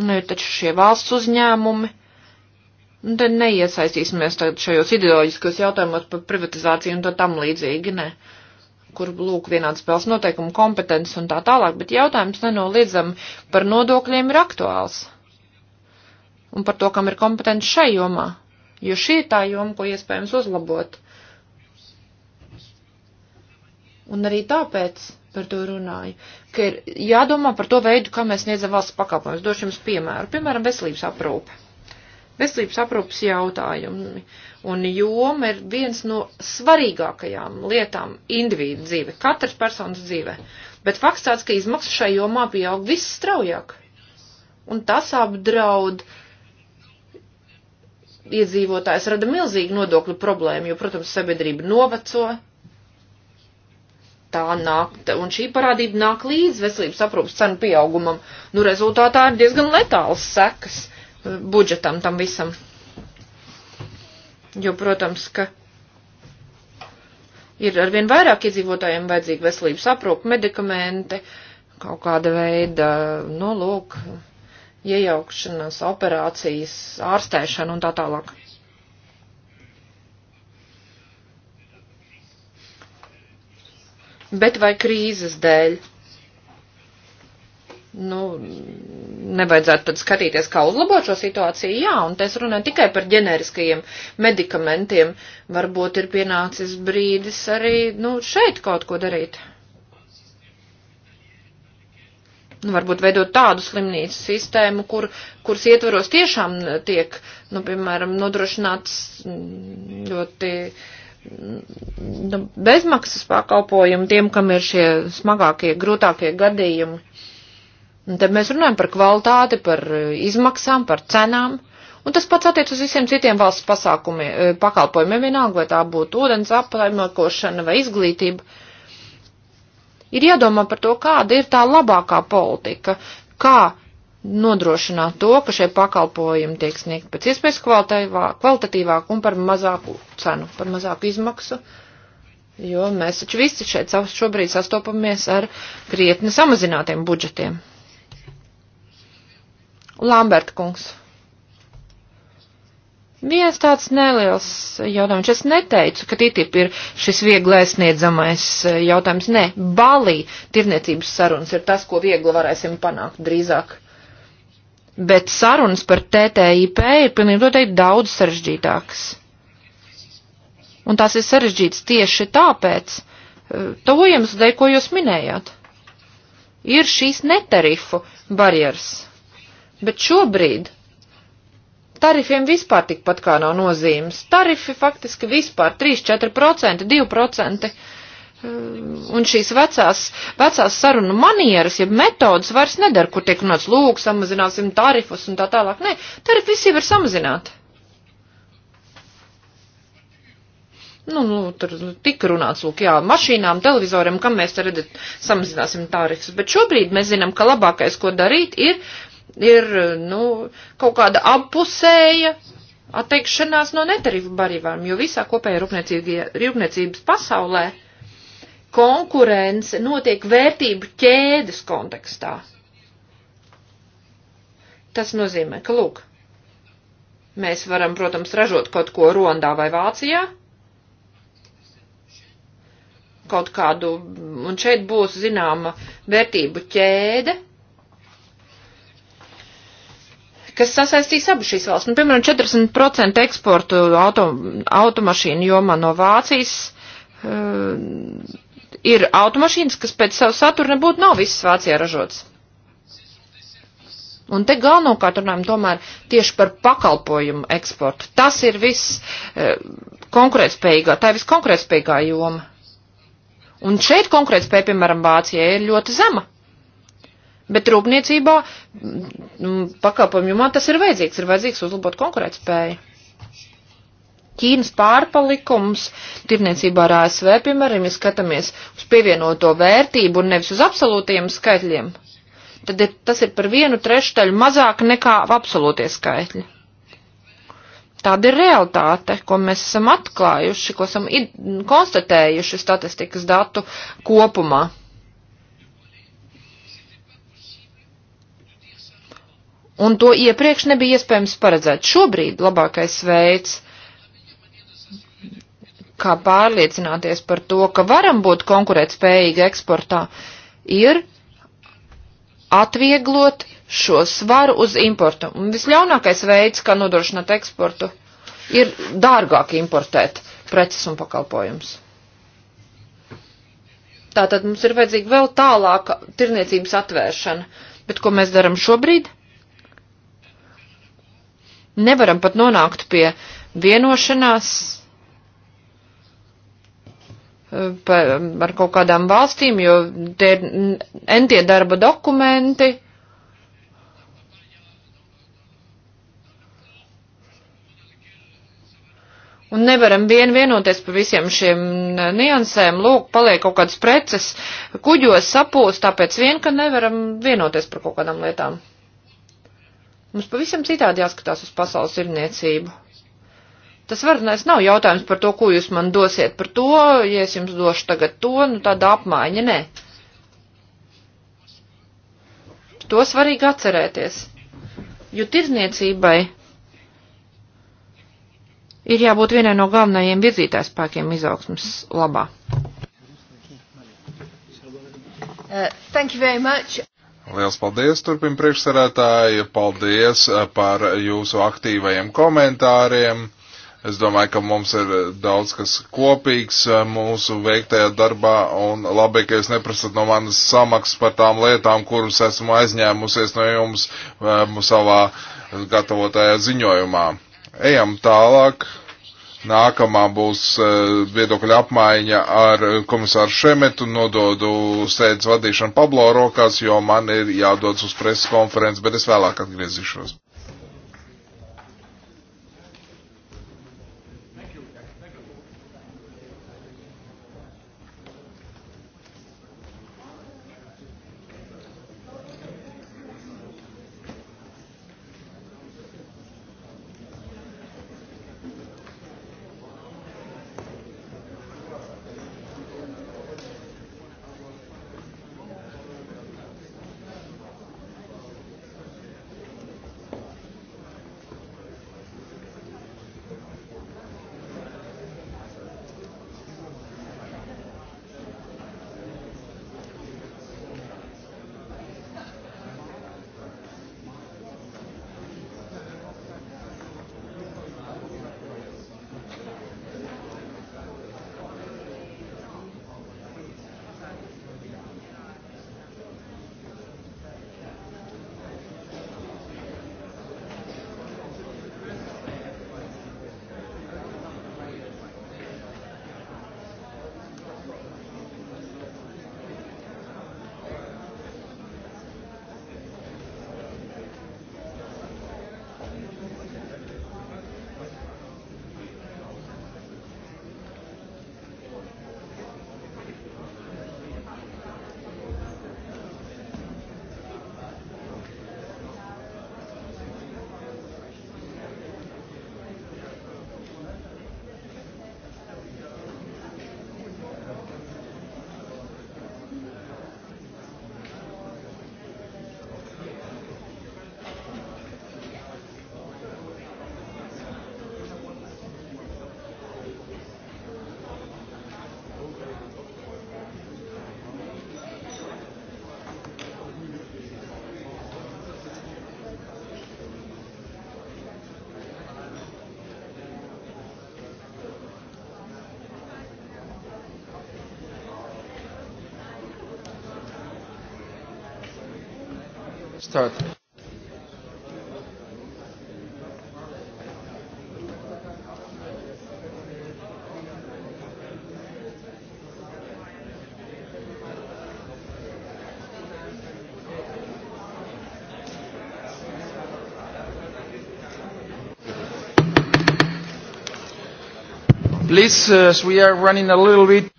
Nu, ir taču šie valsts uzņēmumi, Un nu, te neiesaistīsimies tagad šajos ideoloģiskos jautājumos par privatizāciju un tā tam līdzīgi, ne. Kur lūk vienāds spēles noteikumu kompetences un tā tālāk, bet jautājums nenoliedzam par nodokļiem ir aktuāls. Un par to, kam ir kompetence šai jomā. Jo šī ir tā joma, ko iespējams uzlabot. Un arī tāpēc par to runāju, ka ir jādomā par to veidu, kā mēs sniedzam valsts pakalpojumus. Došu jums piemēru. Piemēram, veselības aprūpe veselības aprūpas jautājumi. Un joma ir viens no svarīgākajām lietām individu dzīve, katras personas dzīve. Bet fakts tāds, ka izmaksas šai jomā pieaug viss straujāk. Un tas apdraud iedzīvotājs rada milzīgu nodokļu problēmu, jo, protams, sabiedrība noveco. Tā nāk, un šī parādība nāk līdz veselības aprūpas cenu pieaugumam. Nu, rezultātā ir diezgan letāls sekas. Uh, budžetam tam visam. Jo, protams, ka ir arvien vairāk iedzīvotājiem vajadzīga veselības aprūpa, medikamenti, kaut kāda veida, nu, lūk, iejaukšanās, operācijas, ārstēšana un tā tālāk. Bet vai krīzes dēļ? nu, nevajadzētu tad skatīties, kā uzlabot šo situāciju. Jā, un te es runāju tikai par ģeneriskajiem medikamentiem. Varbūt ir pienācis brīdis arī, nu, šeit kaut ko darīt. Nu, varbūt veidot tādu slimnīcu sistēmu, kur, kuras ietvaros tiešām tiek, nu, piemēram, nodrošināts ļoti nu, bezmaksas pakalpojumu tiem, kam ir šie smagākie, grūtākie gadījumi. Un tad mēs runājam par kvalitāti, par e, izmaksām, par cenām. Un tas pats attiec uz visiem citiem valsts pasākumiem, pakalpojumiem, vienalga, vai tā būtu ūdens apsaimniekošana vai izglītība. Ir jādomā par to, kāda ir tā labākā politika, kā nodrošināt to, ka šie pakalpojumi tiek sniegt pēc iespējas kvalitatīvāk un par mazāku cenu, par mazāku izmaksu, jo mēs taču visi šeit šobrīd sastopamies ar krietni samazinātiem budžetiem. Lambert kungs. Viens tāds neliels jautājums. Es neteicu, ka TTIP ir šis viegli aizsniedzamais eh, jautājums. Nē, Balī tirniecības sarunas ir tas, ko viegli varēsim panākt drīzāk. Bet sarunas par TTIP ir pilnīgi noteikti daudz sarežģītākas. Un tās ir sarežģītas tieši tāpēc, eh, to jums dēļ, ko jūs minējāt. Ir šīs netarifu barjeras Bet šobrīd tarifiem vispār tikpat kā nav nozīmes. Tarifi faktiski vispār 3-4%, 2%. Ehm, un šīs vecās, vecās sarunu manieras, ja metodas vairs nedara, kur tiek runāts, lūk, samazināsim tarifus un tā tālāk. Nē, tarifi visi var samazināt. Nu, nu, tur tika runāts, lūk, jā, mašīnām, televizoriem, kam mēs redzat, samazināsim tarifus. Bet šobrīd mēs zinām, ka labākais, ko darīt, ir ir, nu, kaut kāda apusēja atteikšanās no netarifu barībām, jo visā kopējā rūpniecības pasaulē konkurence notiek vērtību ķēdes kontekstā. Tas nozīmē, ka, lūk, mēs varam, protams, ražot kaut ko Rondā vai Vācijā, kaut kādu, un šeit būs zināma vērtību ķēde, kas sasaistīs abu šīs valsts. Nu, piemēram, 40% eksportu auto, automašīnu jomā no Vācijas uh, ir automašīnas, kas pēc savu saturu nebūtu nav visas Vācijā ražotas. Un te galvenokārt runājam tomēr tieši par pakalpojumu eksportu. Tas ir viss e, konkurētspējīgā, tā ir viss konkurētspējīgā joma. Un šeit konkurētspēja, piemēram, Vācijai ir ļoti zema. Bet rūpniecībā, mm, pakalpojumu jomā tas ir vajadzīgs, ir vajadzīgs uzlabot konkurētspēju. Ķīnas pārpalikums tirniecībā ar ASV, piemēram, ja skatāmies uz pievienoto vērtību un nevis uz absolūtiem skaitļiem, tad ir, tas ir par vienu trešdaļu mazāk nekā absolūtie skaitļi. Tāda ir realitāte, ko mēs esam atklājuši, ko esam konstatējuši statistikas datu kopumā. un to iepriekš nebija iespējams paredzēt. Šobrīd labākais veids, kā pārliecināties par to, ka varam būt konkurētspējīgi eksportā, ir atvieglot šo svaru uz importu. Un visļaunākais veids, kā nodrošināt eksportu, ir dārgāk importēt preces un pakalpojumus. Tātad mums ir vajadzīga vēl tālāka tirniecības atvēršana. Bet ko mēs darām šobrīd? nevaram pat nonākt pie vienošanās eh, ar kaut kādām valstīm, jo tie ir entie darba dokumenti. Un nevaram vien vienoties par visiem šiem niansēm. Lūk, paliek kaut kādas preces kuģos sapūst, tāpēc vien, ka nevaram vienoties par kaut kādām lietām. Mums pavisam citādi jāskatās uz pasaules irniecību. Tas varbūt nav jautājums par to, ko jūs man dosiet par to, ja es jums došu tagad to, nu tāda apmaiņa, nē. To svarīgi atcerēties, jo tirzniecībai ir jābūt vienai no galvenajiem virzītājspēkiem izaugsmas labā. Uh, thank you very much. Liels paldies, turpina priekšsarētāji, paldies eh, par jūsu aktīvajiem komentāriem. Es domāju, ka mums ir daudz kas kopīgs eh, mūsu veiktajā darbā, un labi, ka jūs neprasat no manas samaksas par tām lietām, kuras esmu aizņēmusies no jums eh, savā gatavotajā ziņojumā. Ejam tālāk. Nākamā būs eh, viedokļa apmaiņa ar eh, komisāru Šemetu, nododu sēdes vadīšanu Pablo rokās, jo man ir jādodas uz preses konferences, bet es vēlāk atgriezīšos. start. Please, as uh, we are running a little bit.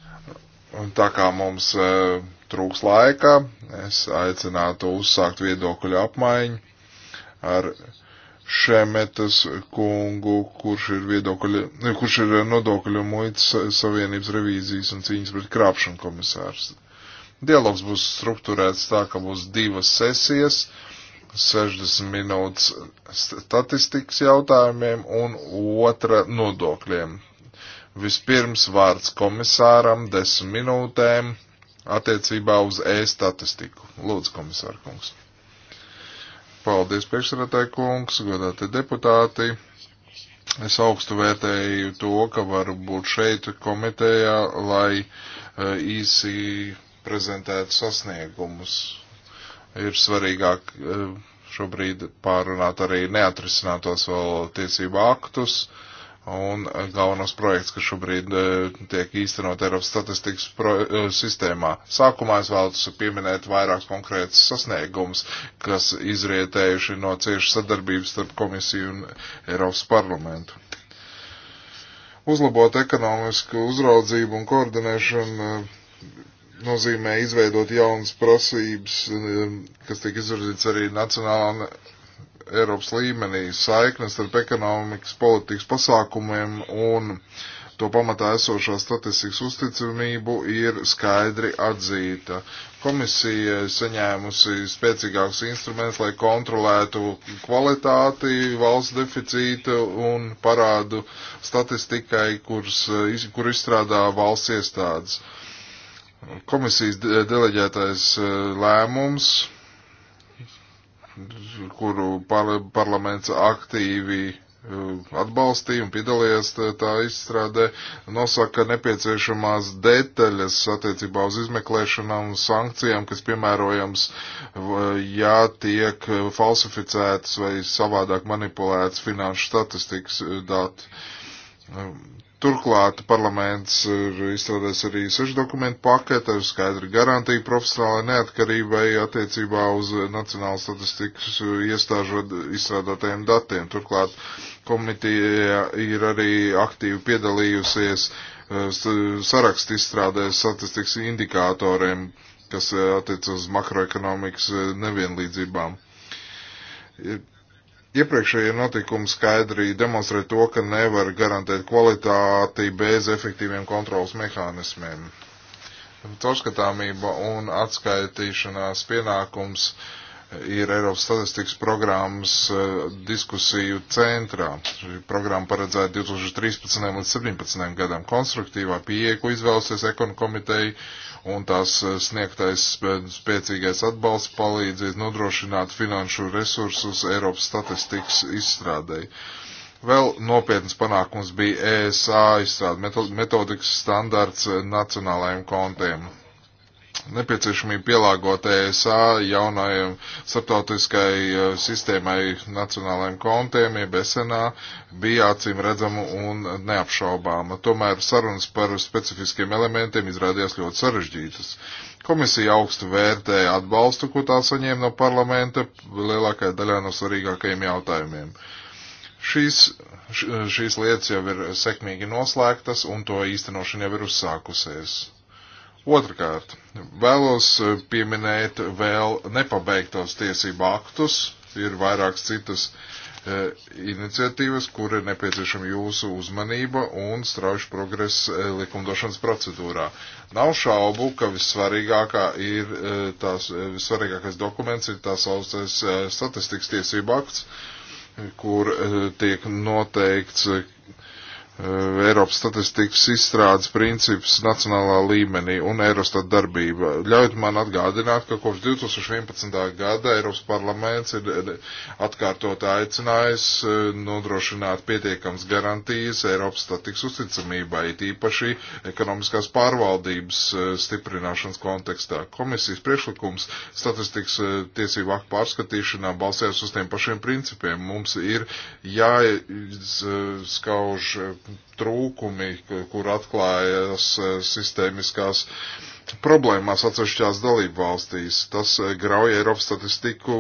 Un tā kā mums uh, trūks laika, es aicinātu uzsākt viedokļu apmaiņu ar Šemetas kungu, kurš ir, viedokļu, kurš ir nodokļu muitas savienības revīzijas un cīņas pret krāpšanu komisārs. Dialogs būs struktūrēts tā, ka būs divas sesijas, 60 minūtes statistikas jautājumiem un otra nodokļiem. Vispirms vārds komisāram 10 minūtēm attiecībā uz e-statistiku. Lūdzu, komisāra kungs. Paldies, priekšsēdētāji kungs, godātie deputāti. Es augstu vērtēju to, ka varu būt šeit komitejā, lai e, īsi prezentētu sasniegumus. Ir svarīgāk e, šobrīd pārunāt arī neatrisinātos vēl tiesību aktus. Uh, un eh, galvenos projekts, kas šobrīd eh, tiek īstenot Eiropas statistikas pro, eh, sistēmā. Sākumā es vēlos pieminēt vairākus konkrētus sasniegumus, kas izrietējuši no ciešas sadarbības starp komisiju un Eiropas parlamentu. Uzlabot ekonomisku uzraudzību un koordinēšanu nozīmē izveidot jaunas prasības, kas tiek izvirzīts arī nacionālā Eiropas līmenī saiknes ar ekonomikas politikas pasākumiem un to pamatā esošā statistikas uzticamību ir skaidri atzīta. Komisija saņēmusi spēcīgākus instrumentus, lai kontrolētu kvalitāti, valsts deficītu un parādu statistikai, kurs, kur izstrādā valsts iestādes. Komisijas deleģētais eh, lēmums kuru par, parlaments aktīvi e, atbalstīja un piedalījās tā izstrādē, nosaka nepieciešamās detaļas attiecībā uz izmeklēšanām un sankcijām, kas piemērojams, ja tiek falsificētas vai savādāk manipulētas finanšu statistikas e, dati. E, Turklāt parlaments ir izstrādājis arī sešu dokumentu paketu ar skaidru garantiju profesionālai neatkarībai attiecībā uz Nacionālas statistikas iestāžu izstrādātajiem datiem. Turklāt komitija ir arī aktīvi piedalījusies eh, sarakstu izstrādē statistikas indikatoriem, kas eh, attiec uz makroekonomikas eh, nevienlīdzībām. Ir Iepriekšējie notikumi skaidri demonstrē to, ka nevar garantēt kvalitāti bez efektīviem kontrolas mehānismiem. Caurskatāmība un atskaitīšanās pienākums uh, ir Eiropas statistikas programmas eh, diskusiju centrā. Šī programma paredzēta 2013. līdz 2017. gadam konstruktīvā pieeja, ko izvēlasies ekonu komiteja, un tās eh, sniegtais spēcīgais atbalsts palīdzēs nodrošināt finanšu resursus Eiropas statistikas izstrādēji. Vēl nopietnas panākums bija ESA izstrāde metodikas standarts eh, nacionālajiem kontiem nepieciešamību pielāgot ESA jaunajai starptautiskai e, sistēmai nacionālajiem kontiem, jeb SNA, bija acīm redzama un neapšaubāma. Tomēr sarunas par specifiskiem elementiem izrādījās ļoti sarežģītas. Komisija augstu vērtēja atbalstu, ko tā saņēma no parlamenta lielākajā daļā no svarīgākajiem jautājumiem. Šīs, šīs lietas jau ir sekmīgi noslēgtas un to īstenošana jau ir uzsākusies. Otrakārt, vēlos e, pieminēt vēl nepabeigtos tiesību aktus, ir vairākas citas e, iniciatīvas, kur ir nepieciešama jūsu uzmanība un strauši progress e, likumdošanas procedūrā. Nav šaubu, ka vissvarīgākā ir e, tās, e, vissvarīgākais dokuments ir tās augstās e, statistikas tiesību akts, kur tiek noteikts, Eh, Eiropas statistikas izstrādes princips nacionālā līmenī un Eurostat darbība. Ļaujiet man atgādināt, ka kopš 2011. gada Eiropas parlaments ir eh, atkārtot aicinājis eh, nodrošināt pietiekams garantijas Eiropas statistikas uzticamībai, tīpaši ekonomiskās pārvaldības stiprināšanas kontekstā. Komisijas priekšlikums statistikas tiesību aktu pārskatīšanā balstījās uz tiem pašiem principiem. Mums ir jāskauž trūkumi, kur atklājas e, sistēmiskās problēmās atsevišķās dalību valstīs. Tas e, grauja Eiropas statistiku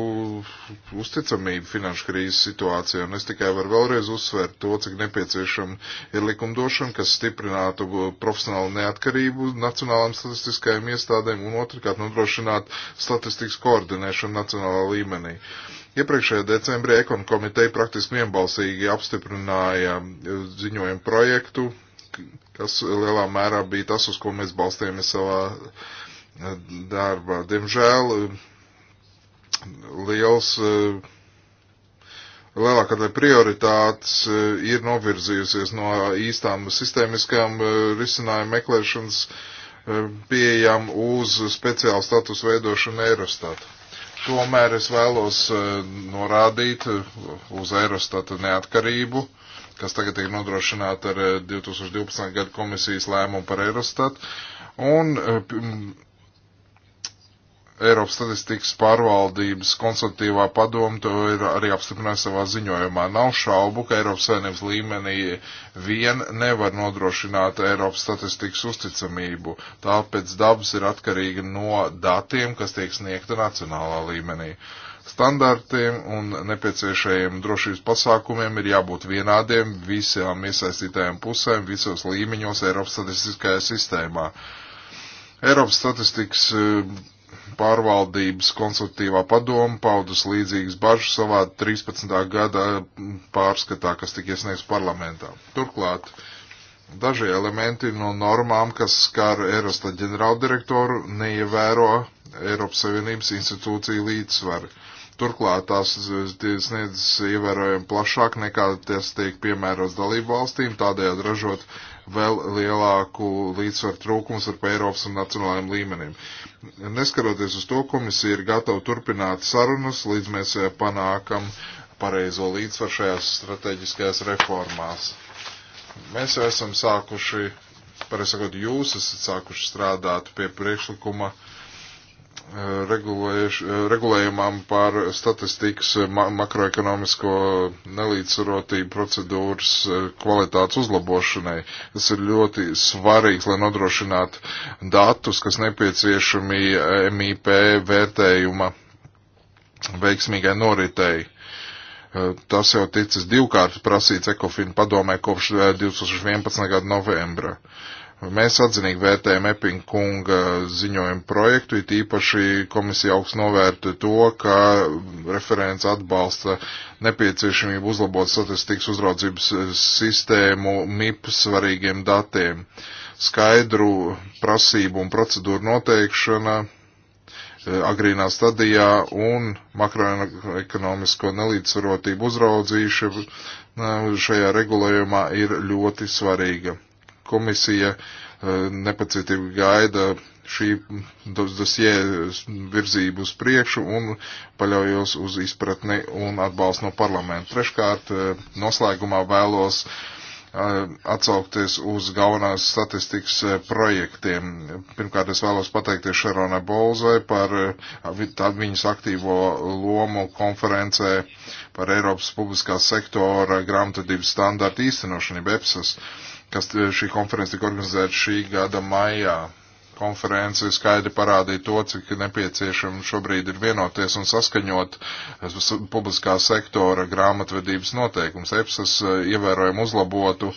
uzticamību finanšu krīzes situācijā, un es tikai varu vēlreiz uzsvērt to, cik nepieciešama ir likumdošana, kas stiprinātu profesionālu neatkarību nacionālām statistiskajām iestādēm un otrkārt nodrošinātu statistikas koordinēšanu nacionālā līmenī. Uh, Iepriekšējā decembrī ekonomikas komiteja praktiski vienbalsīgi apstiprināja e, ziņojumu projektu, kas lielā mērā bija tas, uz ko mēs balstījāmies savā e, darbā. Diemžēl e, liels, lielākā daļa prioritātes ir novirzījusies no īstām sistēmiskām risinājumu meklēšanas pieejām uz speciālu statusu veidošanu Eurostatu Tomēr es vēlos e, norādīt e, uz Eurostata neatkarību, kas tagad tiek nodrošināta ar 2012. E, gadu komisijas lēmumu par Eurostatu. Un Eiropas statistikas pārvaldības konsultatīvā padoma to ir arī apstiprinājusi savā ziņojumā. Nav šaubu, ka Eiropas saimnības līmenī vien nevar nodrošināt Eiropas statistikas uzticamību. Tā pēc dabas ir atkarīga no datiem, kas tiek sniegta nacionālā līmenī. Standartiem un nepieciešajiem drošības pasākumiem ir jābūt vienādiem visām iesaistītajām pusēm, visos līmeņos Eiropas statistiskajā sistēmā. Eiropas statistikas pārvaldības konsultatīvā padoma paudus līdzīgas bažas savā 13. gada mm, pārskatā, kas tika iesniegts parlamentā. Turklāt daži elementi no normām, kas skar Erasta ģenerāldirektoru, neievēro Eiropas Savienības institūciju līdzsvaru. Turklāt tās sniedz ievērojami plašāk nekā tas tiek piemērots dalību valstīm, tādējādi ražot vēl lielāku līdzsvaru trūkumu starp Eiropas un nacionālajiem līmenim. Neskaroties uz to, komisija ir gatava turpināt sarunas, līdz mēs eh, panākam pareizo līdzsvaru šajās strateģiskajās reformās. Mēs jau esam sākuši, pareizsakot, jūs esat sākuši strādāt pie priekšlikuma uh, regulējumam par statistikas ma makroekonomisko nelīdzsvarotību procedūras e, kvalitātes uzlabošanai. Tas ir ļoti svarīgs, lai nodrošinātu datus, kas nepieciešami e, MIP vērtējuma veiksmīgai noritei. E, tas jau ticis divkārt prasīts Ekofina padomē kopš 2011. gada novembra. Uh, Mēs atzinīgi vērtējam Epinga kunga ziņojumu projektu, it īpaši komisija augsts novērta to, ka referents atbalsta nepieciešamību uzlabot statistikas uzraudzības sistēmu MIP svarīgiem datiem, skaidru prasību un procedūru noteikšana eh, agrīnā stadijā un makroekonomisko nelīdzsvarotību uzraudzīšana eh, šajā regulējumā ir ļoti svarīga Komisija eh, nepacietīgi gaida šī dosie virzību uz priekšu un paļaujos uz izpratni un atbalstu no parlamenta. Treškārt, eh, noslēgumā vēlos eh, atsaukties uz galvenās statistikas projektiem. Pirmkārt, es vēlos pateikties Šarona Bolzai par viņas aktīvo lomu konferencē par Eiropas publiskā sektora grāmatvedības standārtu īstenošanu, EPSAS. Uh, kas eh, šī konference tika organizēta šī gada maijā. Konference skaidri parādīja to, cik nepieciešams šobrīd ir vienoties un saskaņot eh, publiskā sektora grāmatvedības noteikums. EPSAS eh, ievērojami uzlabotu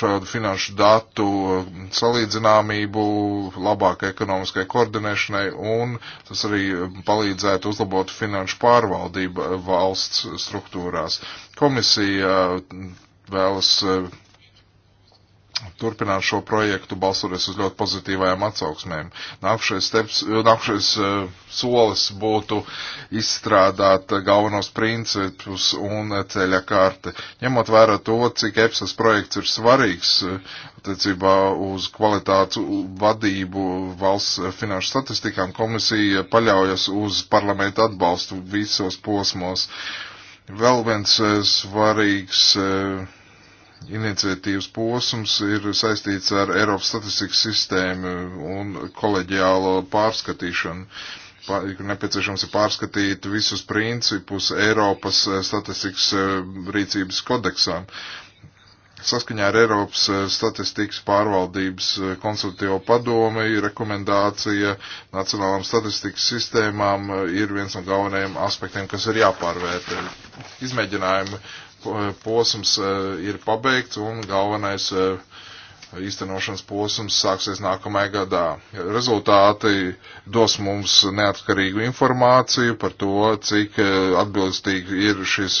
šādu finanšu datu salīdzināmību, labākai ekonomiskai koordinēšanai un tas arī palīdzētu uzlabot finanšu pārvaldību valsts struktūrās. Komisija vēlas turpināt šo projektu, balsoties uz ļoti pozitīvajām atsauksmēm. Nākušais, steps, eh, nākušais uh, eh, solis būtu izstrādāt galvenos principus un eh, ceļa karti. Ņemot vērā to, cik EPSAS projekts ir svarīgs attiecībā uz kvalitātes vadību valsts finanšu statistikām, komisija paļaujas uz parlamentu atbalstu visos posmos. Vēl viens svarīgs uh, iniciatīvas posms ir saistīts ar Eiropas statistikas sistēmu un koleģiālo pārskatīšanu. Nepieciešams ir pārskatīt visus principus Eiropas eh, statistikas eh, rīcības kodeksā. Saskaņā ar Eiropas eh, statistikas pārvaldības konsultīvo padomi rekomendācija nacionālām statistikas sistēmām ir viens no galvenajiem aspektiem, kas ir jāpārvērtē. Izmēģinājumi uh, posms e, ir pabeigts un galvenais e, īstenošanas posms sāksies nākamajā gadā. Rezultāti dos mums neatkarīgu informāciju par to, cik e, atbilstīgi ir šis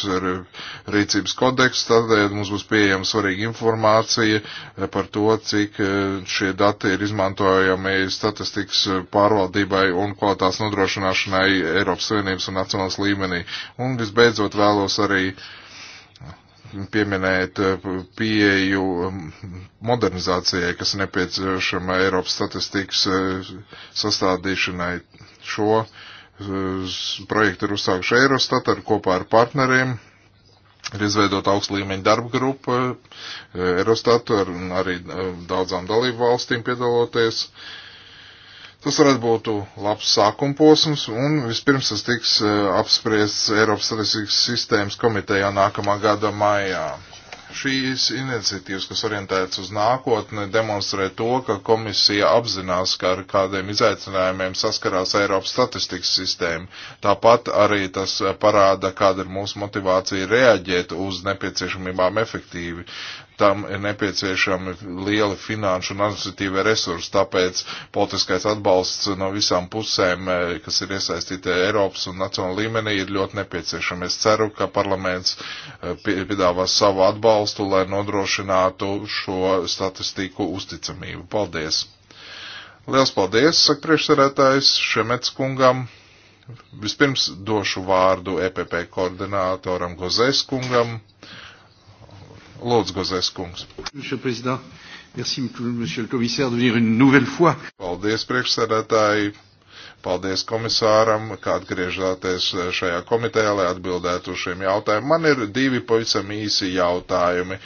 rīcības kodeks, tad mums būs pieejama svarīga informācija par to, cik šie dati ir izmantojami statistikas pārvaldībai un kvalitātes nodrošināšanai Eiropas Savienības un nacionālas līmenī. Un visbeidzot vēlos arī uh, pieminējat eh, pieeju um, modernizācijai, kas nepieciešama Eiropas statistikas eh, sastādīšanai. Šo eh, projektu ir uzsākuši Eurostat ar kopā ar partneriem. Ir izveidota augsta līmeņa darba grupa Eurostatu ar arī daudzām dalību valstīm piedaloties. Uh, Tas varētu būt labs sākuma posms, un vispirms tas tiks e, apspriests Eiropas statistikas sistēmas komitejā nākamā gada maijā. Šīs iniciatīvas, kas orientētas uz nākotni, demonstrē to, ka komisija apzinās, ka ar kādiem izaicinājumiem saskarās Eiropas statistikas sistēma. Tāpat arī tas parāda, kāda ir mūsu motivācija reaģēt uz nepieciešamībām efektīvi tam ir nepieciešami lieli finanšu un administratīvie resursi, tāpēc politiskais atbalsts no visām pusēm, eh, kas ir iesaistīti Eiropas un nacionāla līmenī, ir ļoti nepieciešams. Es ceru, ka parlaments eh, piedāvās savu atbalstu, lai nodrošinātu šo statistiku uzticamību. Paldies! Liels paldies, saka priekšsarētājs Šemets kungam. Vispirms došu vārdu EPP koordinātoram Gozēs kungam. Lūdzu, Gozēs kungs. Paldies, priekšsēdētāji. Paldies komisāram, kā atgriežāties šajā komitejā, lai atbildētu uz šiem jautājumiem. Man ir divi pavisam īsi jautājumi.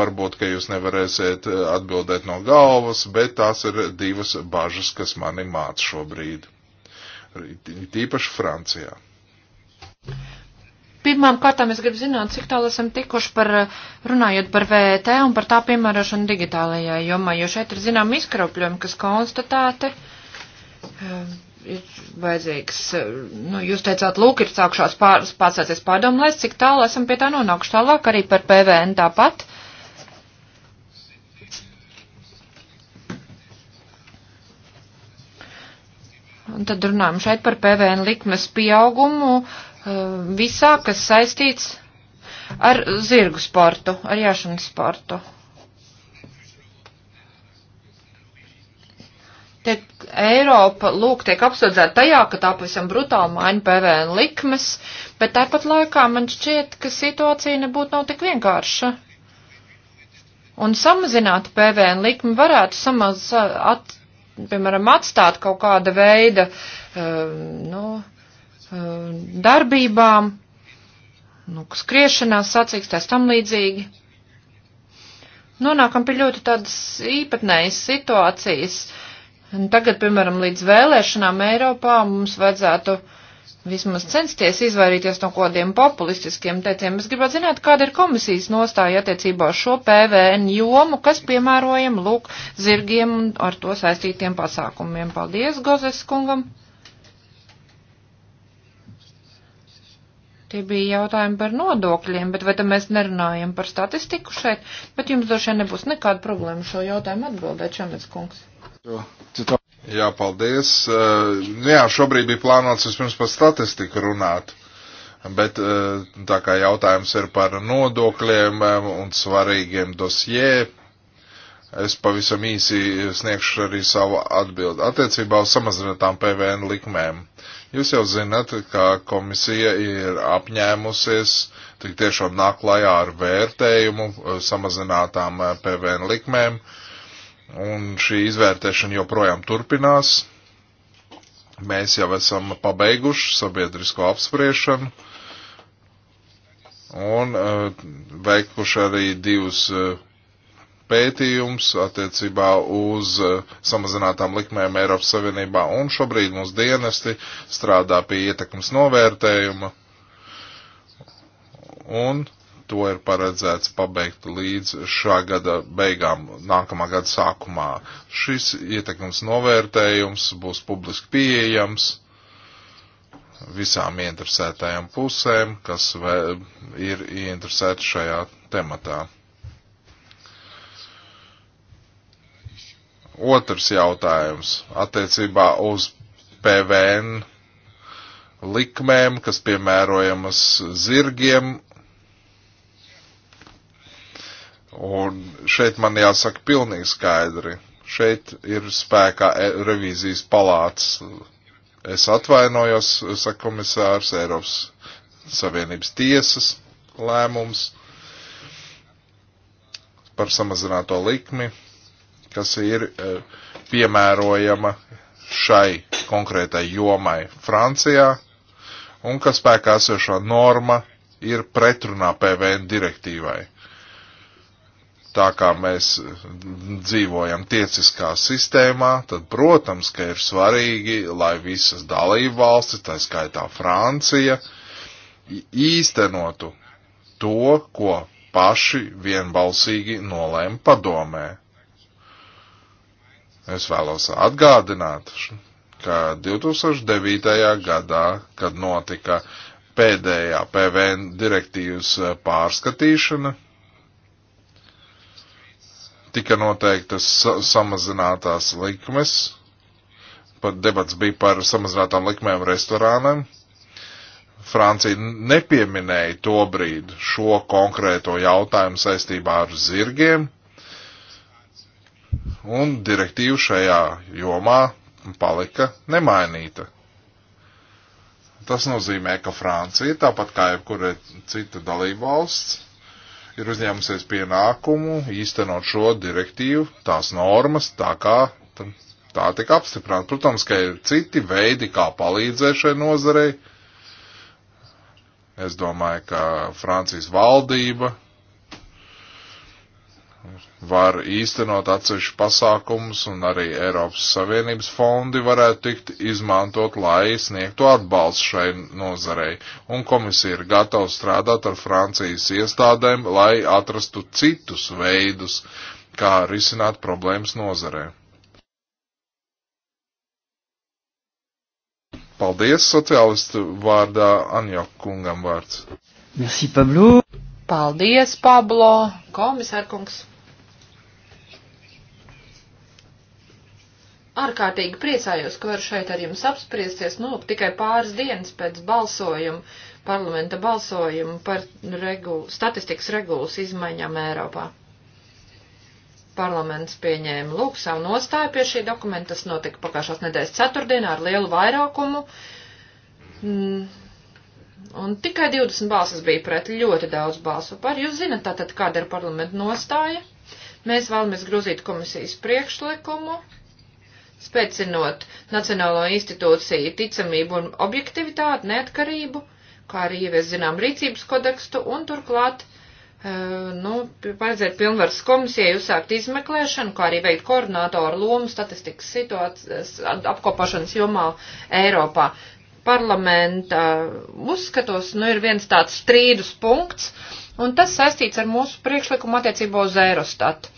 Varbūt, ka jūs nevarēsiet atbildēt no galvas, bet tās ir divas bažas, kas mani māca šobrīd. Tīpaši Francijā. Pirmām kārtām es gribu zināt, cik tālu esam tikuši par runājot par VET un par tā piemērošanu digitālajā jomā, jo šeit ir zinām izkropļojumi, kas konstatēti. Ehm, ir vajadzīgs, eh, nu, jūs teicāt, lūk, ir sākušās pār, pārsācies pārdomlēs, cik tālu esam pie tā nonākuši tālāk, arī par PVN tāpat. Un tad runājam šeit par PVN likmes pieaugumu. Uh, Ehm, visā, kas saistīts ar zirgu sportu, ar jāšanas sportu. Tiek Eiropa, lūk, tiek apsūdzēta tajā, ka tā pavisam brutāli maina PVN likmes, bet tāpat laikā man šķiet, ka situācija nebūtu nav tik vienkārša. Un samazināt PVN likmi varētu samaz, at, piemēram, atstāt kaut kāda veida, uh, nu, no, Eh, darbībām, nu, skriešanās sacīkstēs tam līdzīgi. Nonākam pie ļoti tādas īpatnējas situācijas. Tagad, piemēram, līdz vēlēšanām Eiropā mums vajadzētu vismaz censties izvairīties no kodiem populistiskiem teiciem. Es gribētu zināt, kāda ir komisijas nostāja attiecībā uz šo PVN jomu, kas piemērojam lūk zirgiem un ar to saistītiem pasākumiem. Paldies, Gozes kungam! Tie bija jautājumi par nodokļiem, bet vai tad mēs nerunājam par statistiku šeit? Bet jums droši vien nebūs nekāda problēma šo jautājumu atbildēt, Čemets kungs. Jā, paldies. Eh, nu jā, šobrīd bija plānots vispirms par statistiku runāt. Bet eh, tā kā jautājums ir par nodokļiem eh, un svarīgiem dosjē, es pavisam īsi sniegšu arī savu atbildi. Attiecībā uz samazinātām PVN likmēm. Uh, Jūs jau zinat, ka komisija ir apņēmusies tik tiešām nāk klajā ar vērtējumu eh, samazinātām eh, PVN likmēm, un šī izvērtēšana joprojām turpinās. Mēs jau esam pabeiguši sabiedrisko apspriešanu un uh, veikuši arī divus uh, pētījums attiecībā uz eh, samazinātām likmēm Eiropas Savienībā, un šobrīd mūsu dienesti strādā pie ietekmes novērtējuma, un to ir paredzēts pabeigt līdz šā gada beigām, nākamā gada sākumā. Šis ietekmes novērtējums būs publiski pieejams visām ieinteresētajām pusēm, kas ir ieinteresēti šajā tematā. Otrs jautājums attiecībā uz PVN likmēm, kas piemērojamas zirgiem. Un šeit man jāsaka pilnīgi skaidri. Šeit ir spēkā e, revīzijas palāts. Es atvainojos, saka komisārs, Eiropas Savienības tiesas lēmums par samazināto likmi kas ir e, piemērojama šai konkrētai jomai Francijā un ka spēkā esošā norma ir pretrunā PVN direktīvai. Tā kā mēs dzīvojam tieciskā sistēmā, tad, protams, ka ir svarīgi, lai visas dalību valstis, tā skaitā Francija, īstenotu to, ko paši vienbalsīgi nolēma padomē. Es vēlos atgādināt, ka 2009. gadā, kad notika pēdējā PVN direktīvas pārskatīšana, tika noteiktas samazinātās likmes, pat debats bija par samazinātām likmēm restorānam. Francija nepieminēja to brīdi šo konkrēto jautājumu saistībā ar zirgiem un direktīva šajā jomā palika nemainīta. Tas nozīmē, ka Francija, tāpat kā jebkura cita dalībvalsts, ir uzņēmusies pienākumu īstenot šo direktīvu, tās normas, tā kā tā tika apstiprināta. Protams, ka ir citi veidi, kā palīdzēt šai nozarei. Es domāju, ka Francijas valdība var īstenot atsevišķu pasākumus un arī Eiropas Savienības fondi varētu tikt izmantot, lai sniegtu atbalstu šai nozarei. Un komisija ir gatava strādāt ar Francijas iestādēm, lai atrastu citus veidus, kā risināt problēmas nozarē. Paldies sociālistu vārdā Anjok kungam vārds. Merci, Pablo. Paldies, Pablo, komisārkungs. ārkārtīgi priecājos, ka varu šeit ar jums apspriesties, nu, tikai pāris dienas pēc balsojuma, parlamenta balsojuma par regulu, statistikas regulas izmaiņām Eiropā. Parlaments pieņēma lūk savu nostāju pie šī dokumenta, tas notika pagājušās nedēļas ceturtdienā ar lielu vairākumu. Mm. Un tikai 20 balsas bija pret, ļoti daudz balsu par. Jūs zinat tātad, kāda ir parlamenta nostāja? Mēs vēlamies grozīt komisijas priekšlikumu spēcinot Nacionālo institūciju ticamību un objektivitāti, neatkarību, kā arī ievies zinām rīcības kodekstu un turklāt, e, nu, paredzēt pilnvaras komisijai uzsākt izmeklēšanu, kā arī veikt koordinātoru lomu statistikas situācijas apkopošanas jomā Eiropā. Parlamenta uzskatos, nu, ir viens tāds strīdus punkts, un tas saistīts ar mūsu priekšlikumu attiecībā uz Eirostatu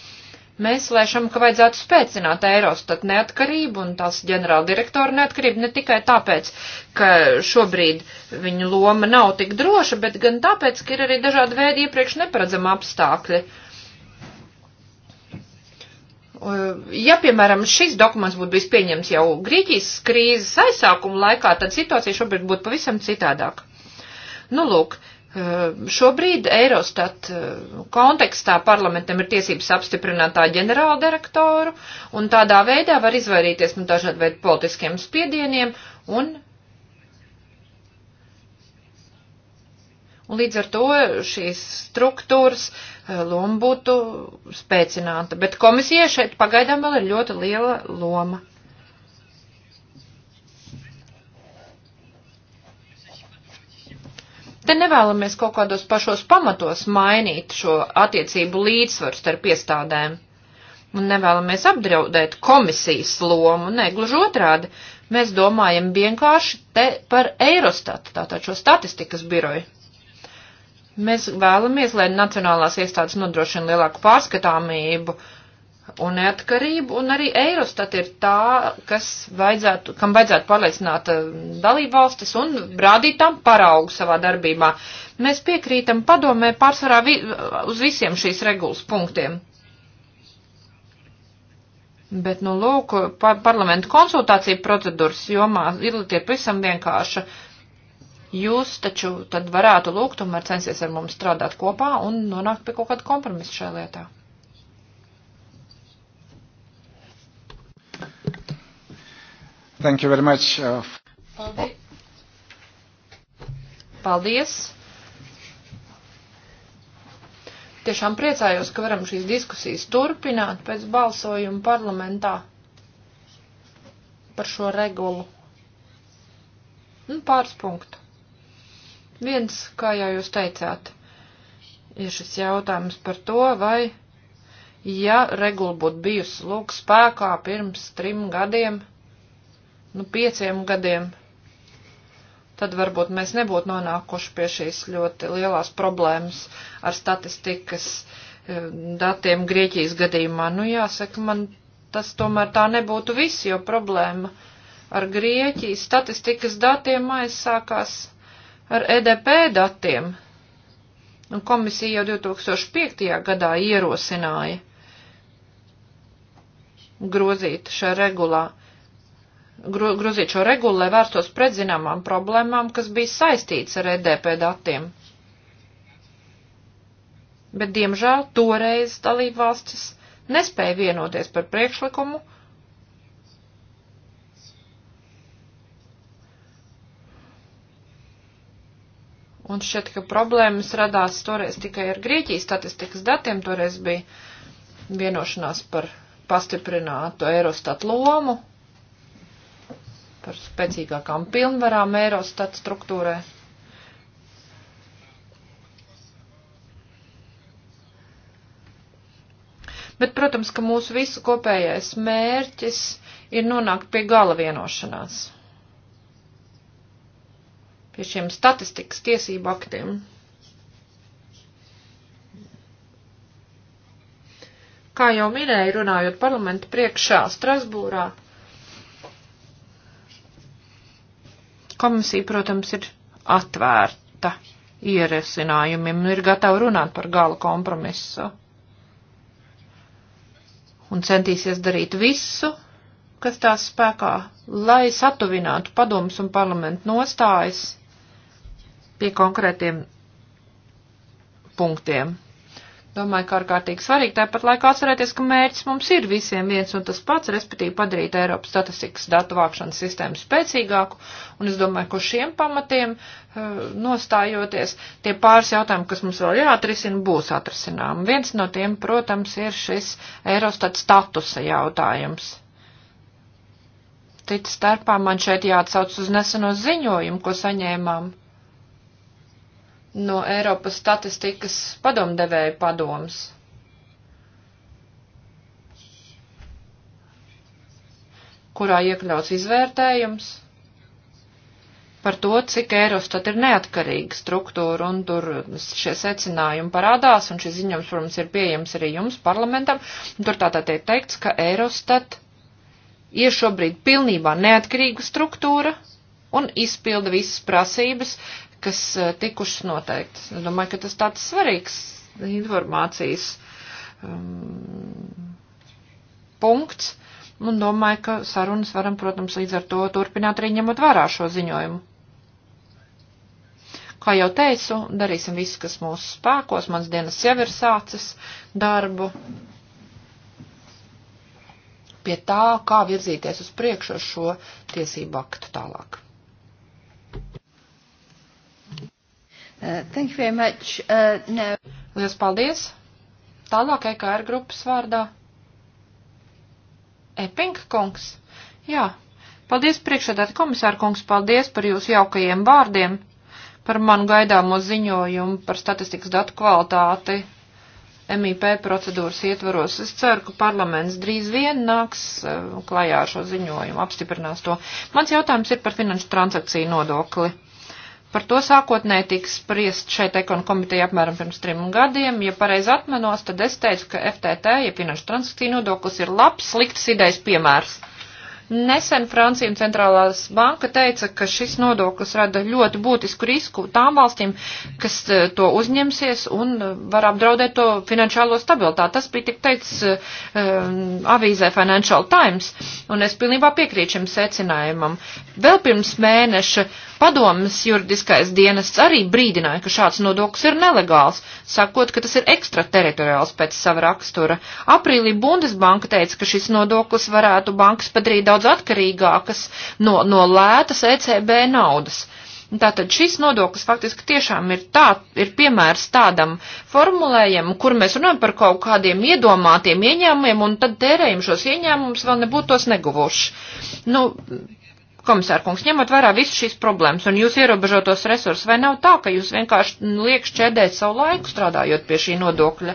Mēs lēšam, ka vajadzētu spēcināt Eirostat neatkarību un tās ģenerāla direktora neatkarību ne tikai tāpēc, ka šobrīd viņu loma nav tik droša, bet gan tāpēc, ka ir arī dažādi veidi iepriekš neparedzama apstākļi. Uh, ja, piemēram, šis dokuments būtu bijis pieņems jau Grieķijas krīzes aizsākuma laikā, tad situācija šobrīd būtu pavisam citādāka. Nu, lūk, Eh, šobrīd Eirostat eh, kontekstā parlamentam ir tiesības apstiprināt tā ģenerāldirektoru, un tādā veidā var izvairīties no dažādu veidu politiskiem spiedieniem, un, un līdz ar to šīs struktūras eh, loma būtu spēcināta. Bet komisijai šeit pagaidām vēl ir ļoti liela loma. Te nevēlamies kaut kādos pašos pamatos mainīt šo attiecību līdzsvaru starp iestādēm. Un nevēlamies apdraudēt komisijas lomu, ne gluži otrādi. Mēs domājam vienkārši te par Eirostatu, tātad šo statistikas biroju. Mēs vēlamies, lai nacionālās iestādes nodrošina lielāku pārskatāmību uh, un neatkarību, un arī Eirostat ir tā, kas vajadzētu, kam vajadzētu pārliecināt eh, dalībvalstis un rādīt tam paraugu savā darbībā. Mēs piekrītam padomē pārsvarā vi, uz visiem šīs regulas punktiem. Bet, nu, lūk, par parlamentu konsultāciju procedūras jomā ir tie pavisam vienkārša. Jūs taču tad varētu lūgt, tomēr censties ar mums strādāt kopā un nonākt pie kaut kāda kompromisa šajā lietā. Thank you very much. Uh, Paldies. Paldies. Tiešām priecājos, ka varam šīs diskusijas turpināt pēc balsojuma parlamentā par šo regulu. Nu, pāris punktu. Viens, kā jau jūs teicāt, ir šis jautājums par to, vai, ja regula būtu bijusi lūk spēkā pirms trim gadiem, nu, pieciem gadiem, tad varbūt mēs nebūtu nonākuši pie šīs ļoti lielās problēmas ar statistikas eh, datiem Grieķijas gadījumā. Nu, jāsaka, man tas tomēr tā nebūtu viss, jo problēma ar Grieķijas statistikas datiem aizsākās ar EDP datiem. Un komisija jau 2005. gadā ierosināja grozīt šā regulā gro, grozīt šo regulu, lai vērstos pret zināmām problēmām, kas bija saistīts ar EDP datiem. Bet, diemžēl, toreiz dalībvalstis nespēja vienoties par priekšlikumu, Un šķiet, ka problēmas radās toreiz tikai ar Grieķijas statistikas datiem, toreiz bija vienošanās par pastiprinātu Eurostat lomu, par spēcīgākām pilnvarām Eirostat struktūrē. Bet, protams, ka mūsu visu kopējais mērķis ir nonākt pie gala vienošanās. Pie šiem statistikas tiesību aktiem. Kā jau minēju, runājot parlamentu priekšā Strasbūrā, Komisija, protams, ir atvērta ieresinājumiem un ir gatava runāt par gala kompromisu. Un centīsies darīt visu, kas tās spēkā, lai satuvinātu padomus un parlamentu nostājas pie konkrētiem punktiem. Domāju, ka ārkārtīgi svarīgi tāpat laikā atcerēties, ka mērķis mums ir visiem viens un tas pats, respektīvi padarīt Eiropas statistikas datu vākšanas sistēmu spēcīgāku, un es domāju, ka šiem pamatiem eh, nostājoties, tie pāris jautājumi, kas mums vēl jāatrisina, būs atrisinām. Viens no tiem, protams, ir šis Eurostat statusa jautājums. Cits starpā man šeit jāatsauc uz neseno ziņojumu, ko saņēmām no Eiropas statistikas padomdevēja padoms. kurā iekļauts izvērtējums par to, cik Eurostat ir neatkarīga struktūra, un tur šie secinājumi parādās, un šis ziņojums, protams, ir pieejams arī jums, parlamentam, un tur tātad tiek teikts, ka Eurostat ir šobrīd pilnībā neatkarīga struktūra, un izpilda visas prasības, kas eh, tikušas noteiktas. Es domāju, ka tas tāds svarīgs informācijas um, punkts, un domāju, ka sarunas varam, protams, līdz ar to turpināt arī ņemot vērā šo ziņojumu. Kā jau teicu, darīsim visu, kas mūsu spēkos. Mans dienas jau ir sācis darbu pie tā, kā virzīties uz priekšu ar šo tiesību aktu tālāk. Uh, thank you very much. Uh, no. Lielas paldies. Tālāk EKR grupas vārdā. Epinga kungs. Jā. Paldies priekšādāt komisāru kungs, paldies par jūsu jaukajiem vārdiem, par manu gaidāmo ziņojumu par statistikas datu kvalitāti MIP procedūras ietvaros. Es ceru, ka parlaments drīz vien nāks uh, klajā ar šo ziņojumu, apstiprinās to. Mans jautājums ir par finanšu transakciju nodokli. Par to sākotnēji tiks spriest šeit ekonomikas komiteja apmēram pirms trim gadiem. Ja pareizi atmenos, tad es teicu, ka FTT, ja finanšu transakciju nodoklis, ir labs, slikts idejas piemērs. Nesen Francija un Centrālās banka teica, ka šis nodoklis rada ļoti būtisku risku tām valstīm, kas e, to uzņemsies un e, var apdraudēt to finanšālo stabilitāti. Tas bija tik teicis um, avīzē Financial Times, un es pilnībā piekrītu šim secinājumam. Vēl pirms mēneša padomas juridiskais dienests arī brīdināja, ka šāds nodoklis ir nelegāls, sakot, ka tas ir ekstrateritoriāls pēc sava rakstura. Aprīlī Bundesbanka teica, ka šis nodoklis varētu bankas padarīt daudz daudz atkarīgākas no, no lētas ECB naudas. Tātad šis nodoklis faktiski tiešām ir, tā, ir piemērs tādam formulējumam, kur mēs runājam par kaut kādiem iedomātiem ieņēmumiem un tad tērējam šos ieņēmumus vēl nebūtu tos neguvuši. Nu, komisārkungs, ņemot vērā visu šīs problēmas un jūs ierobežotos resursus, vai nav tā, ka jūs vienkārši liek šķēdēt savu laiku strādājot pie šī nodokļa?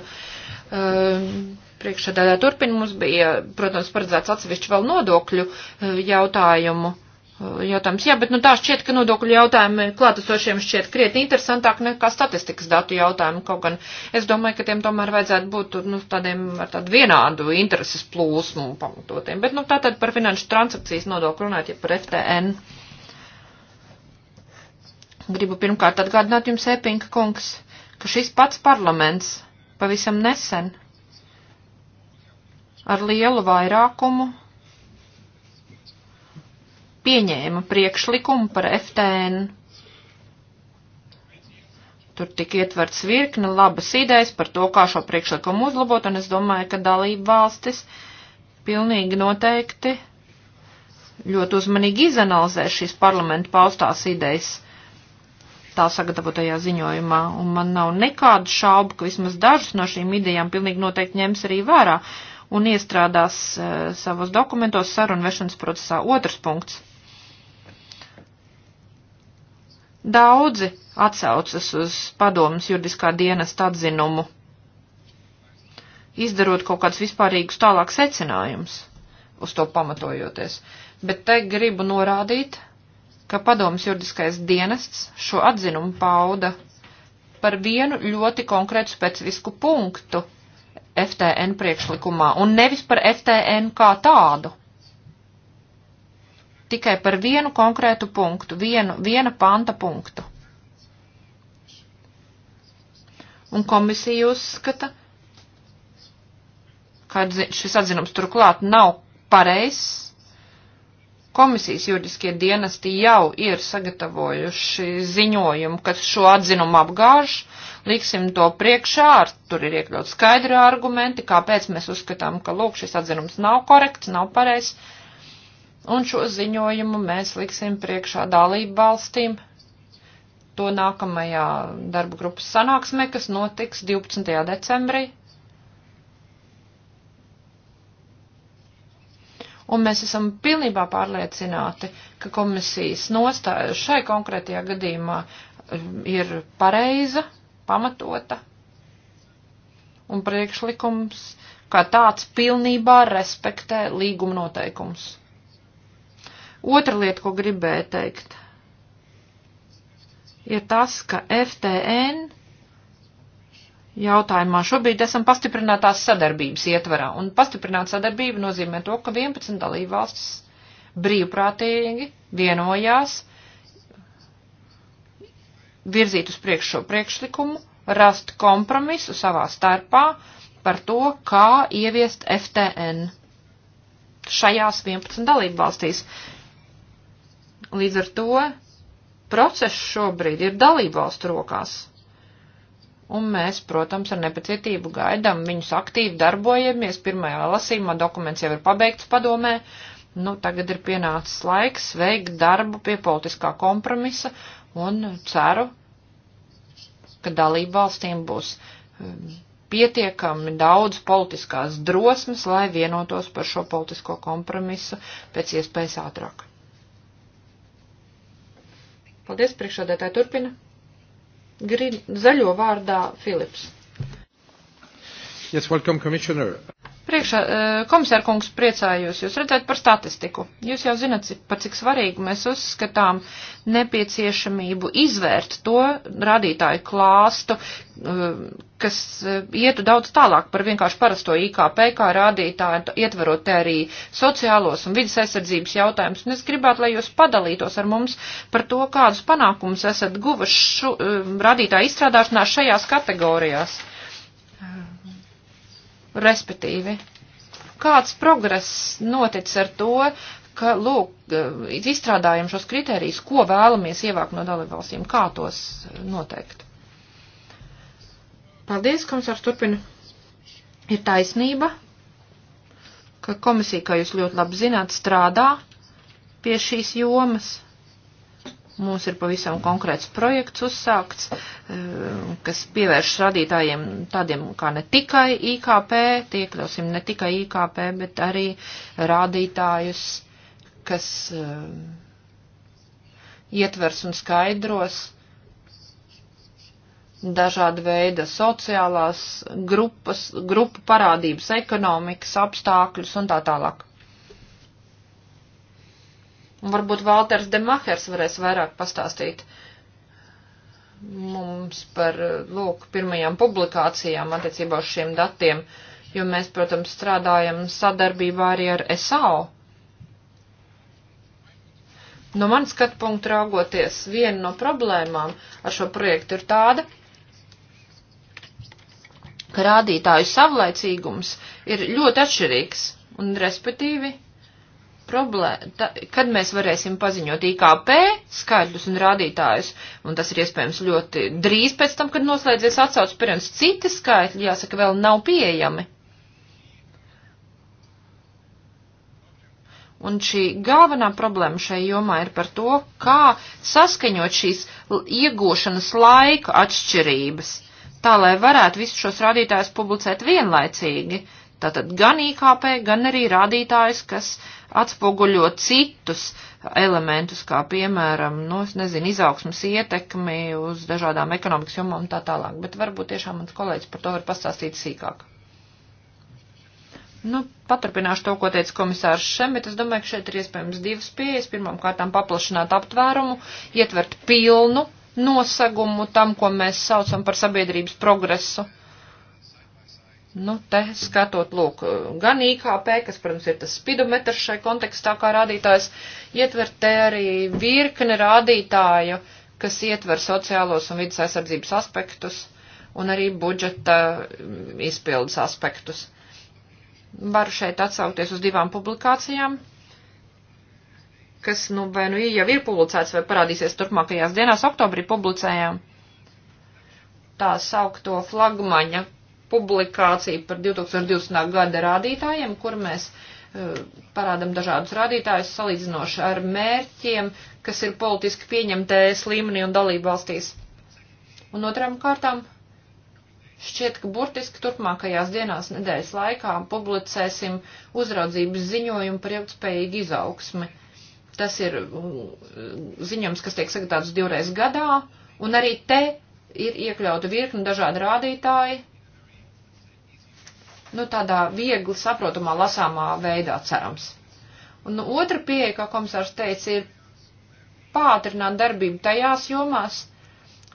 Uh, priekšsēdētāja turpina. Mums bija, protams, paredzēts atsevišķi vēl nodokļu e, jautājumu. E, jautājums, jā, bet nu tā šķiet, ka nodokļu jautājumi klātesošiem šķiet krietni interesantāk nekā statistikas datu jautājumi, kaut gan es domāju, ka tiem tomēr vajadzētu būt nu, tādiem ar tādu vienādu intereses plūsmu pamatotiem. Bet nu tā tad par finanšu transakcijas nodokļu runājot, ja par FTN. Gribu pirmkārt atgādināt jums, Epinka kungs, ka šis pats parlaments pavisam nesen ar lielu vairākumu pieņēma priekšlikumu par FTN. Tur tika ietverts virkne labas idejas par to, kā šo priekšlikumu uzlabot, un es domāju, ka dalība valstis pilnīgi noteikti ļoti uzmanīgi izanalizē šīs parlamentu paustās idejas tā sagatavotajā ziņojumā, un man nav nekādu šaubu, ka vismaz dažas no šīm idejām pilnīgi noteikti ņems arī vērā. Uh, un iestrādās eh, savos dokumentos sarunvešanas procesā. Otrs punkts. Daudzi atsaucas uz padomus juridiskā dienesta atzinumu, izdarot kaut kādus vispārīgus tālāk secinājumus, uz to pamatojoties. Bet te gribu norādīt, ka padomus juridiskais dienests šo atzinumu pauda par vienu ļoti konkrētu specifisku punktu FTN priekšlikumā, un nevis par FTN kā tādu. Tikai par vienu konkrētu punktu, vienu, viena panta punktu. Un komisija uzskata, ka šis atzinums turklāt nav pareizs, Komisijas juridiskie dienesti jau ir sagatavojuši ziņojumu, kas šo atzinumu apgāž, liksim to priekšā, ar, tur ir iekļaut skaidri argumenti, kāpēc mēs uzskatām, ka, lūk, šis atzinums nav korekts, nav pareizs, un šo ziņojumu mēs liksim priekšā dalību valstīm, to nākamajā darba grupas sanāksmē, kas notiks 12. decembrī. Un mēs esam pilnībā pārliecināti, ka komisijas nostāja šai konkrētajā gadījumā um, ir pareiza, pamatota. Un priekšlikums kā tāds pilnībā respektē līguma noteikums. Otra lieta, ko gribēju teikt, ir tas, ka FTN jautājumā. Šobrīd esam pastiprinātās sadarbības ietvarā, un pastiprināta sadarbība nozīmē to, ka 11 dalību valstis brīvprātīgi vienojās virzīt uz priekšu šo priekšlikumu, rast kompromisu savā starpā par to, kā ieviest FTN šajās 11 dalību valstīs. Līdz ar to process šobrīd ir dalību valstu rokās Un mēs, protams, ar nepacietību gaidām viņus aktīvi darbojamies. Pirmajā lasījumā dokuments jau ir pabeigts padomē. Nu, tagad ir pienācis laiks veikt darbu pie politiskā kompromisa un ceru, ka dalību valstīm būs um, pietiekami daudz politiskās drosmes, lai vienotos par šo politisko kompromisu pēc iespējas ātrāk. Paldies, priekšādētāji turpina. Gri, zaļo vārdā Filips. Yes, welcome, Commissioner. Priekšā, e, komisārkungs, priecājos jūs redzēt par statistiku. Jūs jau zinat, par cik svarīgi mēs uzskatām nepieciešamību izvērt to radītāju klāstu, e, kas e, ietu daudz tālāk par vienkārši parasto IKP, kā rādītāju, ietverot te arī sociālos un vidas aizsardzības jautājumus. Un es gribētu, lai jūs padalītos ar mums par to, kādus panākumus esat guvuši rādītāju izstrādāšanā šajās kategorijās. Uh Respektīvi, kāds progress noticis ar to, ka, lūk, izstrādājam šos kriterijus, ko vēlamies ievākt no dalībvalstīm, kā tos noteikt. Paldies, komisārs turpina. Ir taisnība, ka komisija, kā jūs ļoti labi zināt, strādā pie šīs jomas. Mums ir pavisam konkrēts projekts uzsākts, eh, kas pievērš radītājiem tādiem kā ne tikai IKP, tiekļausim ne tikai IKP, bet arī rādītājus, kas eh, ietvers un skaidros dažāda veida sociālās grupas, grupu parādības, ekonomikas apstākļus un tā tālāk. Un varbūt Vālters Demahers varēs vairāk pastāstīt mums par, lūk, pirmajām publikācijām attiecībā uz šiem datiem, jo mēs, protams, strādājam sadarbībā arī ar SAO. No manas skatu punktu raugoties, viena no problēmām ar šo projektu ir tāda, ka rādītāju savlaicīgums ir ļoti atšķirīgs, un respektīvi problēma, ta, kad mēs varēsim paziņot IKP skaidrus un rādītājus, un tas ir iespējams ļoti drīz pēc tam, kad noslēdzies atsauc pirms citi skaitļi, jāsaka, vēl nav pieejami. Un šī galvenā problēma šai jomā ir par to, kā saskaņot šīs iegūšanas laika atšķirības, tā lai varētu visus šos rādītājus publicēt vienlaicīgi Tātad gan IKP, gan arī rādītājs, kas atspoguļo citus elementus, kā piemēram, nu, es nezinu, izaugsmas ietekmi uz dažādām ekonomikas jomām un tā tālāk. Bet varbūt tiešām mans kolēģis par to var pastāstīt sīkāk. Nu, paturpināšu to, ko teica komisārs Šem, bet es domāju, ka šeit ir iespējams divas pieejas. Pirmām kārtām paplašināt aptvērumu, ietvert pilnu nosagumu tam, ko mēs saucam par sabiedrības progresu. Uh, Nu, te skatot, lūk, gan IKP, kas, protams, ir tas spidometrs šai kontekstā kā rādītājs, ietver te arī virkni rādītāju, kas ietver sociālos un vidas aizsardzības aspektus un arī budžeta mm, izpildes aspektus. Varu šeit atsaukties uz divām publikācijām, kas, nu, vai nu jau ir publicēts vai parādīsies turpmākajās dienās, oktobrī publicējām tā saukto flagmaņa publikācija par 2020. gada rādītājiem, kur mēs uh, parādam dažādus rādītājus salīdzinoši ar mērķiem, kas ir politiski pieņemtējas e līmenī un dalību valstīs. Un otram kārtām šķiet, ka burtiski turpmākajās dienās nedēļas laikā publicēsim uzraudzības ziņojumu par ilgspējīgu izaugsmi. Tas ir mm, ziņojums, kas tiek sagatavots divreiz gadā, un arī te ir iekļauta virkni dažādi rādītāji, nu, tādā viegli saprotamā, lasāmā veidā cerams. Un nu, otra pieeja, kā komisārs teica, ir pātrināt darbību tajās jomās,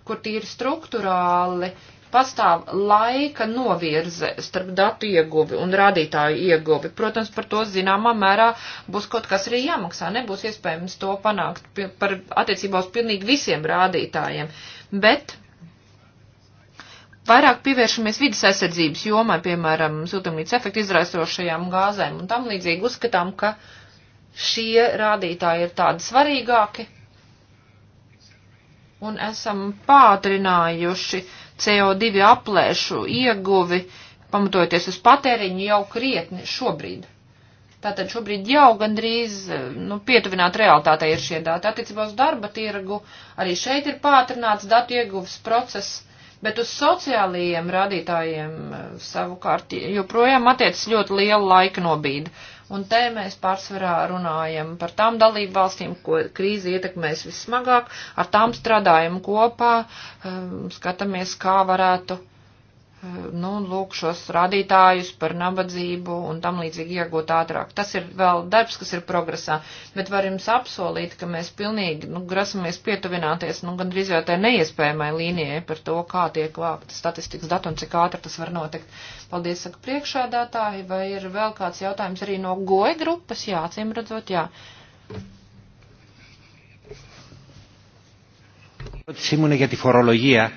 kur tīri struktūrāli pastāv laika novirze starp datu ieguvi un rādītāju ieguvi. Protams, par to zināmā mērā būs kaut kas arī jāmaksā. Nebūs iespējams to panākt par attiecībā uz pilnīgi visiem rādītājiem. Bet vairāk pievēršamies vidas aizsardzības jomai, piemēram, siltumnīca efektu izraisošajām gāzēm un tam līdzīgi uzskatām, ka šie rādītāji ir tādi svarīgāki un esam pātrinājuši CO2 aplēšu ieguvi, pamatojoties uz patēriņu jau krietni šobrīd. Tātad šobrīd jau gandrīz nu, pietuvināt realitātei ir šie dati. Attiecībā uz darba tirgu arī šeit ir pātrināts datu ieguves process bet uz sociālajiem rādītājiem eh, savukārt joprojām attiecas ļoti liela laika nobīde. Un te mēs pārsvarā runājam par tām dalību valstīm, ko krīze ietekmēs vissmagāk, ar tām strādājam kopā, eh, skatāmies, kā varētu nu, lūk, šos rādītājus par nabadzību un tam līdzīgi iegūt ātrāk. Tas ir vēl darbs, kas ir progresā, bet var jums apsolīt, ka mēs pilnīgi, nu, grasamies pietuvināties, nu, gandrīz jau tai neiespējamai līnijai par to, kā tiek vākta statistikas datu un cik ātri tas var notikt. Paldies, saka priekšādātāji, vai ir vēl kāds jautājums arī no goja grupas? Jā, acīm redzot, jā. Simone, για τη φορολογία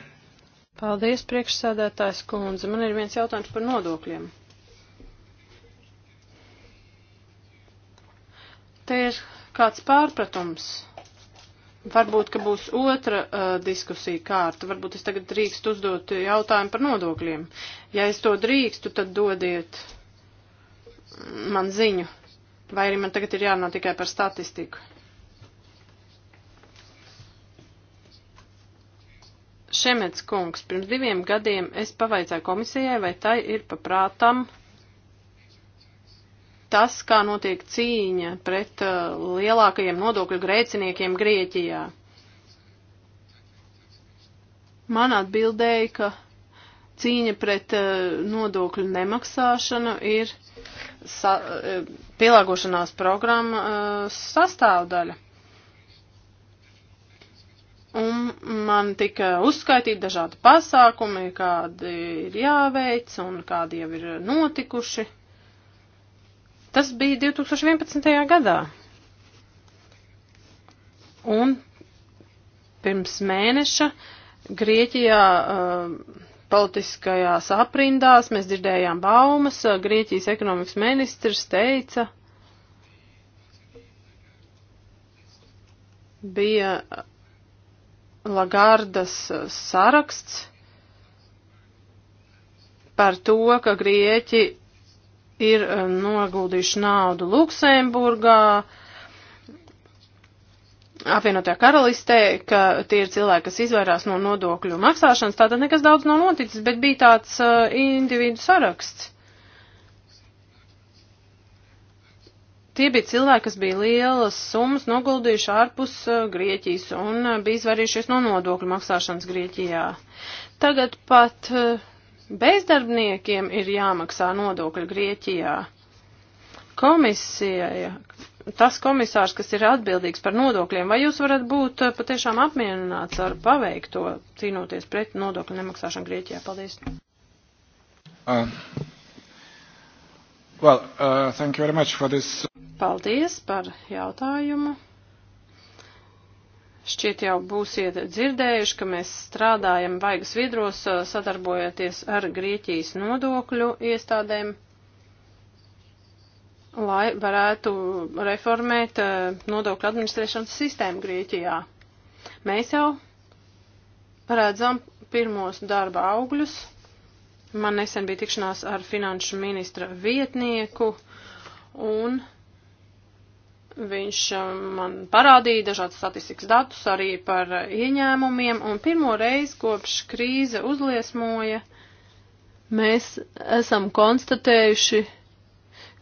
Paldies, priekšsēdētājs kundze. Man ir viens jautājums par nodokļiem. Te ir kāds pārpratums. Varbūt, ka būs otra uh, diskusija kārta. Varbūt es tagad drīkstu uzdot jautājumu par nodokļiem. Ja es to drīkstu, tad dodiet man ziņu. Vai arī man tagad ir jārunā tikai par statistiku? Šemets kungs, pirms diviem gadiem es pavaicāju komisijai, vai tai ir paprātam tas, kā notiek cīņa pret uh, lielākajiem nodokļu grēciniekiem Grieķijā. Man atbildēja, ka cīņa pret uh, nodokļu nemaksāšanu ir sa, uh, pielāgošanās programmas uh, sastāvdaļa. Un man tika uzskaitīti dažādi pasākumi, kādi ir jāveic un kādi jau ir notikuši. Tas bija 2011. gadā. Un pirms mēneša Grieķijā uh, politiskajās aprindās mēs dzirdējām baumas, uh, Grieķijas ekonomikas ministrs teica, bija Lagardas uh, saraksts par to, ka Grieķi ir uh, noguldījuši naudu Luksemburgā, apvienotajā karalistē, ka tie ir cilvēki, kas izvairās no nodokļu maksāšanas, tātad nekas daudz nav noticis, bet bija tāds uh, individu saraksts. Tie bija cilvēki, kas bija lielas summas noguldījuši ārpus uh, Grieķijas un uh, bija izvairījušies no nodokļu maksāšanas Grieķijā. Tagad pat uh, bezdarbniekiem ir jāmaksā nodokļi Grieķijā. Komisijai, tas komisārs, kas ir atbildīgs par nodokļiem, vai jūs varat būt patiešām apmierināts ar paveikto cīnoties pret nodokļu nemaksāšanu Grieķijā? Paldies! Uh. Well, uh, thank you very much for this. Paldies par jautājumu. Šķiet jau būsiet dzirdējuši, ka mēs strādājam vaigas vidros, uh, sadarbojoties ar Grieķijas nodokļu iestādēm, lai varētu reformēt uh, nodokļu administrēšanas sistēmu Grieķijā. Mēs jau redzam pirmos darba augļus Man nesen bija tikšanās ar finanšu ministra vietnieku, un viņš eh, man parādīja dažādas statistikas datus arī par eh, ieņēmumiem, un pirmo reizi kopš krīze uzliesmoja, mēs esam konstatējuši,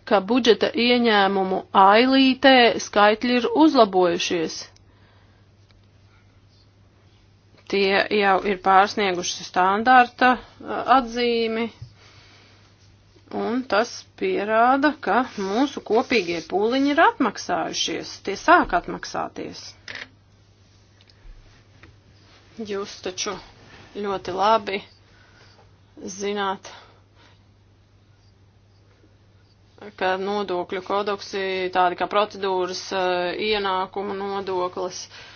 ka budžeta ieņēmumu ailītē skaitļi ir uzlabojušies tie jau ir pārsnieguši standarta eh, atzīmi, un tas pierāda, ka mūsu kopīgie pūliņi ir atmaksājušies, tie sāk atmaksāties. Jūs taču ļoti labi zināt, ka nodokļu kodoksi, tādi kā procedūras, eh, ienākuma nodoklis, uh,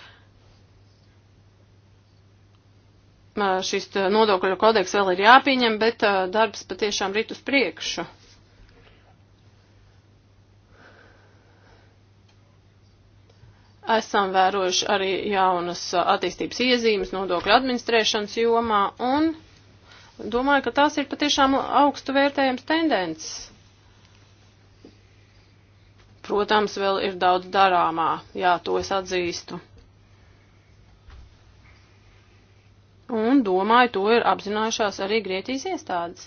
šis nodokļu kodeks vēl ir jāpieņem, bet darbs patiešām rit uz priekšu. Esam vērojuši arī jaunas attīstības iezīmes nodokļu administrēšanas jomā un domāju, ka tās ir patiešām augstu vērtējums tendences. Protams, vēl ir daudz darāmā, jā, to es atzīstu. Un domāju, to ir apzinājušās arī Grieķijas iestādes.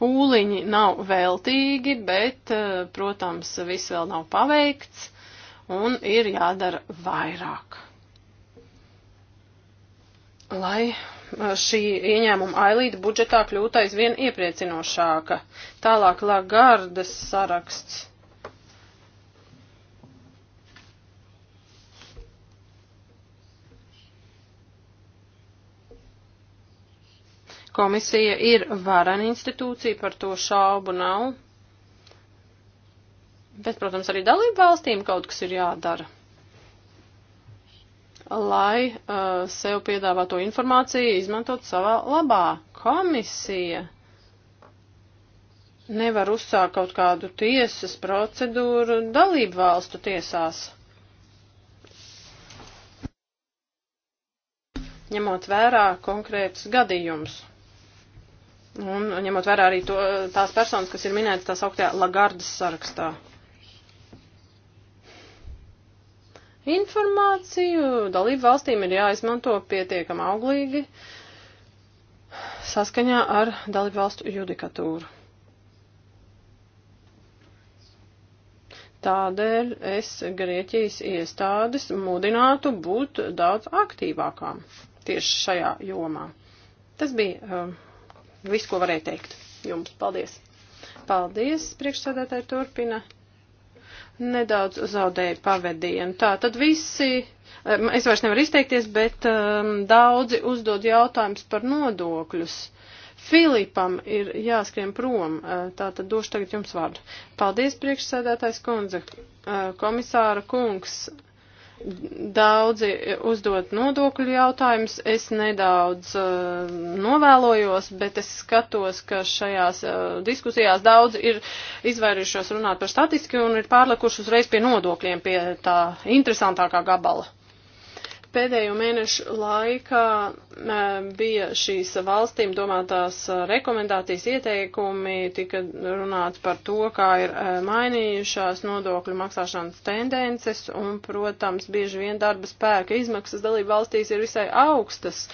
Pūliņi nav veltīgi, bet, eh, protams, viss vēl nav paveikts un ir jādara vairāk. Lai eh, šī ieņēmuma ailīta budžetā kļūtu aizvien iepriecinošāka. Tālāk Lagardas saraksts. Komisija ir varena institūcija, par to šaubu nav. Bet, protams, arī dalību valstīm kaut kas ir jādara lai uh, sev piedāvāto informāciju izmantot savā labā. Komisija nevar uzsākt kaut kādu tiesas procedūru dalību valstu tiesās. Ņemot vērā konkrētus gadījumus. Un ņemot vērā arī to, tās personas, kas ir minētas tās augtajā Lagardas sarakstā. Informāciju dalību valstīm ir jāizmanto pietiekam auglīgi saskaņā ar dalību valstu judikatūru. Tādēļ es Grieķijas iestādes mudinātu būt daudz aktīvākām tieši šajā jomā. Tas bija uh, visu, ko varēju teikt jums. Paldies! Paldies, priekšsēdētāji turpina. Nedaudz zaudēju pavadienu. Tā, tad visi, eh, es vairs nevaru izteikties, bet um, daudzi uzdod jautājumus par nodokļus. Filipam ir jāskrien prom, eh, tā tad došu tagad jums vārdu. Paldies, priekšsēdētājs kundze, eh, komisāra kungs, Daudzi uzdod nodokļu jautājumus, es nedaudz uh, novēlojos, bet es skatos, ka šajās uh, diskusijās daudzi ir izvairījušos runāt par statistiku un ir pārlikuši uzreiz pie nodokļiem, pie tā interesantākā gabala pēdējo mēnešu laikā eh, bija šīs valstīm domātās eh, rekomendācijas ieteikumi, tika runāts par to, kā ir eh, mainījušās nodokļu maksāšanas tendences, un, protams, bieži vien darba spēka izmaksas dalību valstīs ir visai augstas.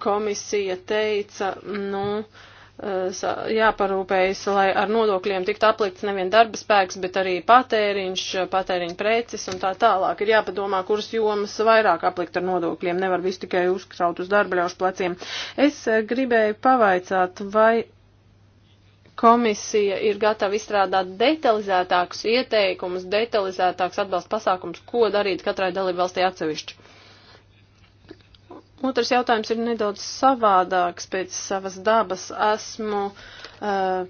Komisija teica, nu, uh, Eh, jāparūpējas, lai ar nodokļiem tiktu aplikts nevien darba spēks, bet arī patēriņš, patēriņa preces un tā tālāk. Ir jāpadomā, kuras jomas vairāk aplikt ar nodokļiem, nevar visu tikai uzkraut uz darba ļaušu pleciem. Es eh, gribēju pavaicāt, vai komisija ir gatava izstrādāt detalizētākus ieteikumus, detalizētākus atbalsta pasākums, ko darīt katrai dalībvalstī atsevišķi. Otrs jautājums ir nedaudz savādāks pēc savas dabas. Esmu uh,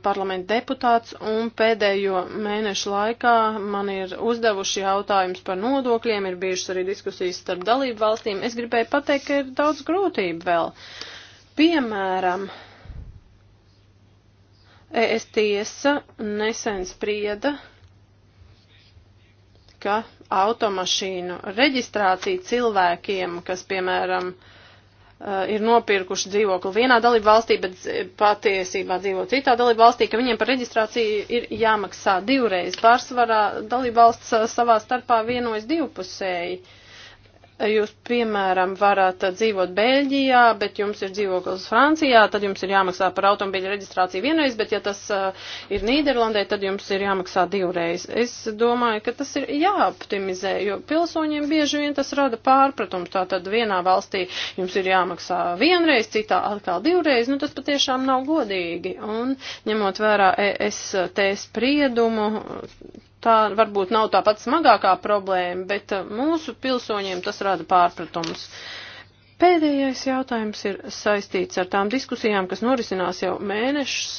parlamenta deputāts un pēdējo mēnešu laikā man ir uzdevuši jautājums par nodokļiem, ir bijušas arī diskusijas starp dalību valstīm. Es gribēju pateikt, ka ir daudz grūtību vēl. Piemēram, ES tiesa nesen sprieda, ka automašīnu reģistrācija cilvēkiem, kas, piemēram, uh, Eh, ir nopirkuši dzīvokli vienā dalību valstī, bet eh, patiesībā dzīvo citā dalību valstī, ka viņiem par reģistrāciju ir jāmaksā divreiz. Pārsvarā dalību valsts eh, savā starpā vienojas divpusēji. Uh, jūs, piemēram, varat dzīvot Beļģijā, bet jums ir dzīvoklis Francijā, tad jums ir jāmaksā par automobīļa reģistrāciju vienreiz, bet ja tas uh, ir Nīderlandē, tad jums ir jāmaksā divreiz. Es domāju, ka tas ir jāoptimizē, jo pilsoņiem bieži vien tas rada pārpratums. Tātad vienā valstī jums ir jāmaksā vienreiz, citā atkal divreiz, nu tas patiešām nav godīgi. Un ņemot vērā EST spriedumu, tā varbūt nav tā pati smagākā problēma, bet uh, mūsu pilsoņiem tas rada pārpratums. Pēdējais jautājums ir saistīts ar tām diskusijām, kas norisinās jau mēnešus,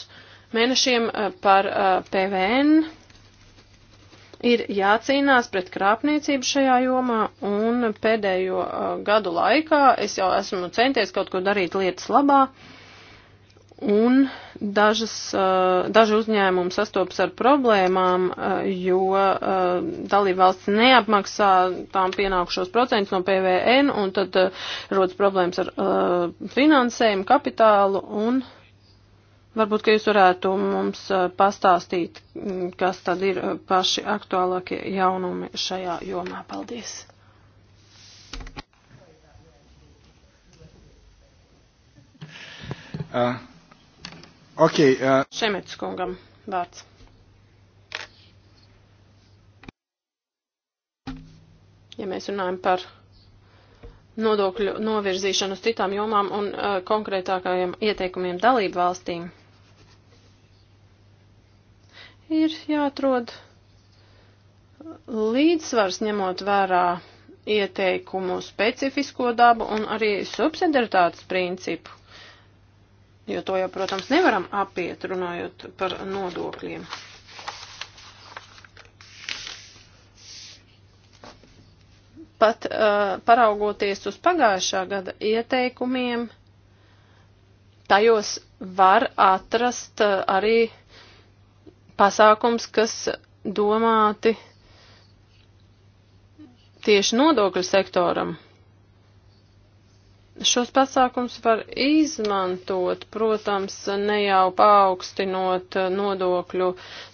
mēnešiem uh, par uh, PVN. Ir jācīnās pret krāpniecību šajā jomā, un pēdējo gadu laikā es jau esmu centies kaut ko darīt lietas labā. Uh, Un dažas, eh, daži uzņēmumi sastopas ar problēmām, eh, jo eh, dalībvalsts neapmaksā tām pienākušos procentus no PVN, un tad rodas problēmas ar finansējumu, kapitālu, un varbūt, ka jūs varētu mums pastāstīt, mm, kas tad ir paši aktuālākie jaunumi šajā jomā. Paldies! Uh. Okay, uh... Šemets kungam vārds. Ja mēs runājam par nodokļu novirzīšanu uz citām jomām un uh, konkrētākajiem ieteikumiem dalību valstīm, ir jāatrod līdzsvars ņemot vērā ieteikumu specifisko dabu un arī subsidiaritātes principu jo to jau, protams, nevaram apiet runājot par nodokļiem. Pat uh, paraugoties uz pagājušā gada ieteikumiem, tajos var atrast uh, arī pasākums, kas domāti tieši nodokļu sektoram. Šos pasākums var izmantot, protams, ne jau paaugstinot nodokļu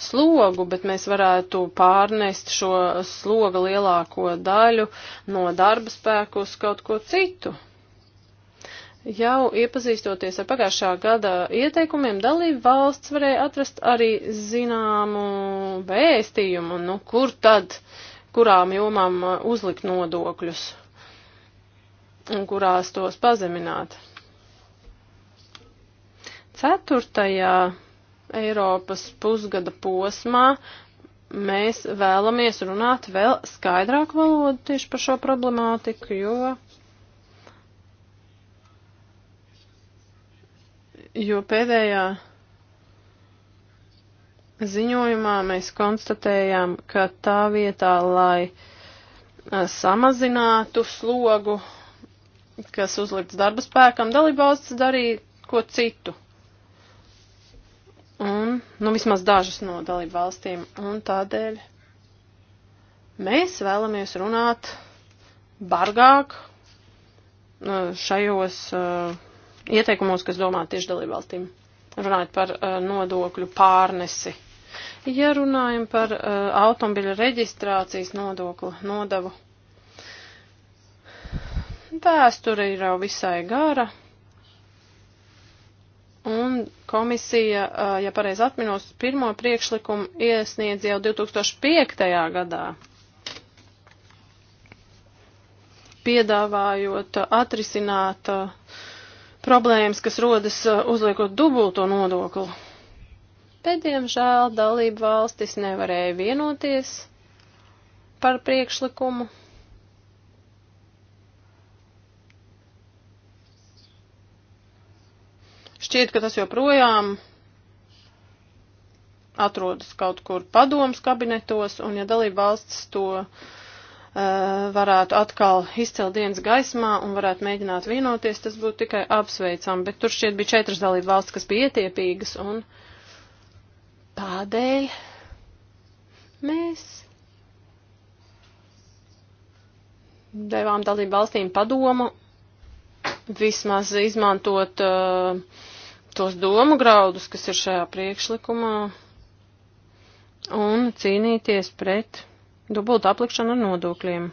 slogu, bet mēs varētu pārnest šo sloga lielāko daļu no darba spēku uz kaut ko citu. Jau iepazīstoties ar pagājušā gada ieteikumiem, dalību valsts varēja atrast arī zināmu vēstījumu, nu kur tad, kurām jomām uzlikt nodokļus kurās tos pazemināt. Ceturtajā Eiropas pusgada posmā mēs vēlamies runāt vēl skaidrāku valodu tieši par šo problemātiku, jo, jo pēdējā ziņojumā mēs konstatējām, ka tā vietā, lai samazinātu slogu kas uzlikts darba spēkam, dalībvalsts darīja ko citu. Un, nu, vismaz dažas no dalībvalstīm. Un tādēļ mēs vēlamies runāt bargāk nu, šajos uh, ieteikumos, kas domā tieši dalībvalstīm. Runājot par uh, nodokļu pārnesi. Ja runājam par uh, automobiļa reģistrācijas nodokli, nodavu Vēsture ir jau visai gara. Un komisija, ja pareizi atminos, pirmo priekšlikumu iesniedz jau 2005. gadā, piedāvājot atrisināt problēmas, kas rodas uzliekot dubulto nodokli. Bet, diemžēl, dalību valstis nevarēja vienoties par priekšlikumu. Šķiet, ka tas joprojām atrodas kaut kur padomas kabinetos, un ja dalība valsts to uh, varētu atkal izcelt dienas gaismā un varētu mēģināt vienoties, tas būtu tikai apsveicam, bet tur šķiet bija četras dalība valsts, kas bija ietiepīgas, un tādēļ mēs devām dalību valstīm padomu vismaz izmantot uh, tos domu graudus, kas ir šajā priekšlikumā, un cīnīties pret dubultu aplikšanu ar nodokļiem,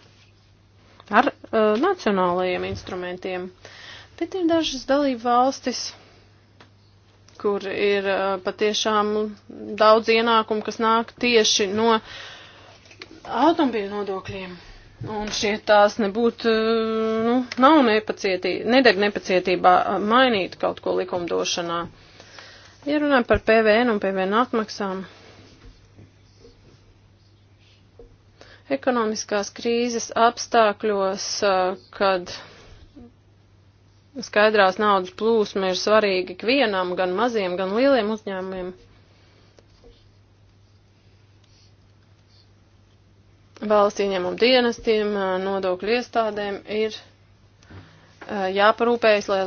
ar uh, nacionālajiem instrumentiem. Bet ir dažas dalība valstis, kur ir uh, patiešām daudz ienākumu, kas nāk tieši no automobīļu nodokļiem. Un šie tās nebūtu, nu, nav nepacietīgi, nedeg nepacietībā mainīt kaut ko likumdošanā. Ja runājam par PVN un PVN atmaksām, ekonomiskās krīzes apstākļos, kad skaidrās naudas plūsma ir svarīga ikvienam, gan maziem, gan lieliem uzņēmumiem. valsts ieņēmumu dienestiem, nodokļu iestādēm ir jāparūpējas, lai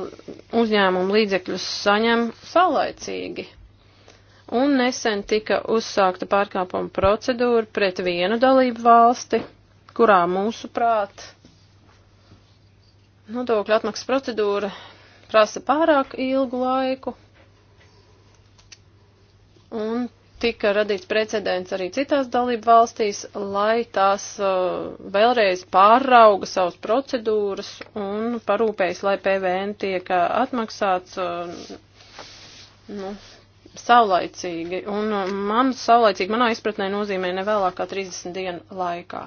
uzņēmumu līdzekļus saņem saulaicīgi. Un nesen tika uzsākta pārkāpuma procedūra pret vienu dalību valsti, kurā mūsuprāt nodokļu atmaksas procedūra prasa pārāk ilgu laiku. Un tika radīts precedents arī citās dalību valstīs, lai tās uh, vēlreiz pārauga savas procedūras un parūpējas, lai PVN tiek uh, atmaksāts uh, nu, saulaicīgi. Un uh, man saulaicīgi manā izpratnē nozīmē nevēlāk kā 30 dienu laikā.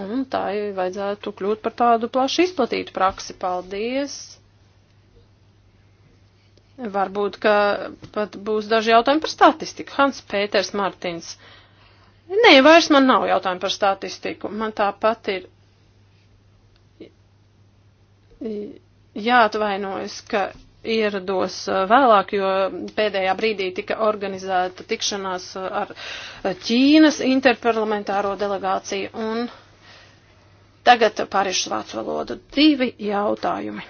Un tā vajadzētu kļūt par tādu plaši izplatītu praksi. Paldies! Varbūt, ka pat būs daži jautājumi par statistiku. Hans Pēters Martins. Nē, vairs man nav jautājumi par statistiku. Man tāpat ir jāatvainojas, ka ierados vēlāk, jo pēdējā brīdī tika organizēta tikšanās ar Ķīnas interparlamentāro delegāciju. Un tagad pārišu vācu valodu. Divi jautājumi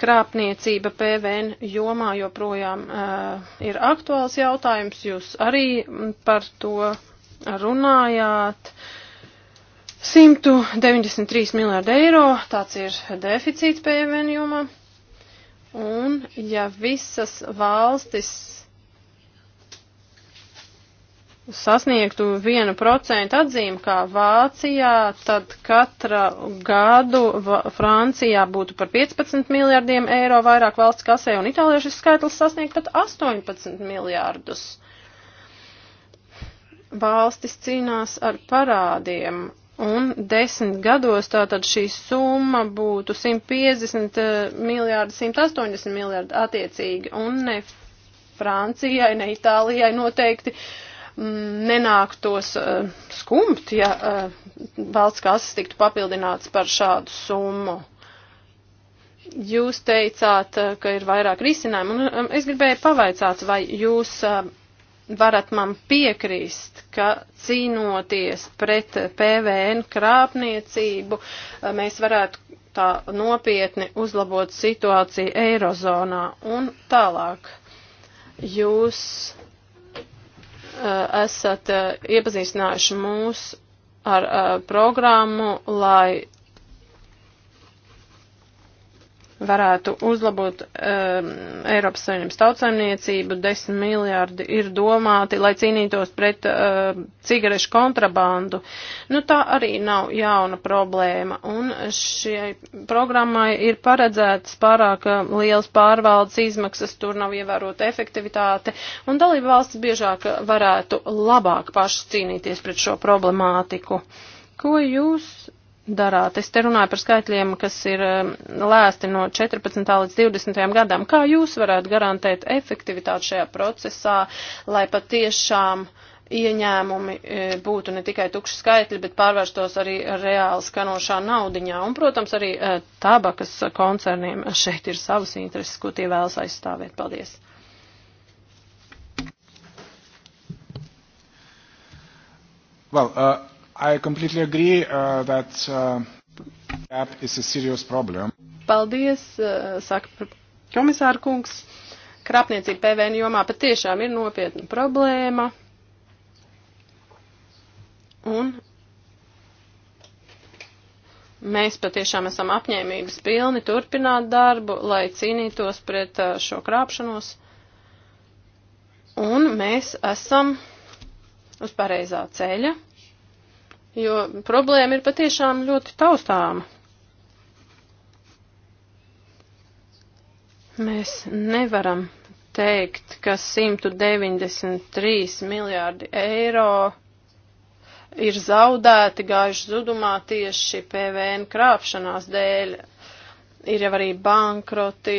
krāpniecība PVN jomā joprojām uh, ir aktuāls jautājums. Jūs arī par to runājāt. 193 miljārdi eiro, tāds ir deficīts PVN jomā. Un ja visas valstis sasniegtu 1% atzīmi kā Vācijā, tad katra gadu Francijā būtu par 15 miljardiem eiro vairāk valsts kasē, un Itālijā šis skaitlis sasniegt pat 18 miljārdus. Valstis cīnās ar parādiem, un desmit gados tātad šī summa būtu 150 eh, miljārdi, 180 miljārdi attiecīgi, un ne Francijai, ne Itālijai noteikti. Uh, nenāktos uh, skumt, ja uh, valsts kases tiktu papildināts par šādu summu. Jūs teicāt, uh, ka ir vairāk risinājumu, un um, es gribēju pavaicāt, vai jūs uh, varat man piekrist, ka cīnoties pret PVN krāpniecību, uh, mēs varētu tā nopietni uzlabot situāciju Eirozonā un tālāk. Jūs Eh, esat eh, iepazīstinājuši mūs ar eh, programmu, lai varētu uzlabot um, Eiropas Savienības tautsaimniecību. 10 miljārdi ir domāti, lai cīnītos pret uh, cigarešu kontrabandu. Nu, tā arī nav jauna problēma. Un šai programmai ir paredzētas pārāk ehm, liels pārvaldes izmaksas, tur nav ievērota efektivitāte, un dalība valsts biežāk varētu labāk pašas cīnīties pret šo problemātiku. Ko jūs darāt. Es te runāju par skaitļiem, kas ir um, lēsti no 14. līdz 20. gadam. Kā jūs varētu garantēt efektivitāti šajā procesā, lai patiešām ieņēmumi e, būtu ne tikai tukši skaitļi, bet pārvērstos arī reāli skanošā naudiņā. Un, protams, arī e, tabakas koncerniem šeit ir savas intereses, ko tie vēlas aizstāvēt. Paldies! Well, uh... I completely agree uh, that uh, gap is a serious problem. Paldies, uh, saka komisāra kungs. Krāpniecība PVN jomā patiešām ir nopietna problēma. Un mēs patiešām esam apņēmības pilni turpināt darbu, lai cīnītos pret uh, šo krāpšanos. Un mēs esam uz pareizā ceļa jo problēma ir patiešām ļoti taustāma. Mēs nevaram teikt, ka 193 miljārdi eiro ir zaudēti gājuši zudumā tieši PVN krāpšanās dēļ ir jau arī bankroti,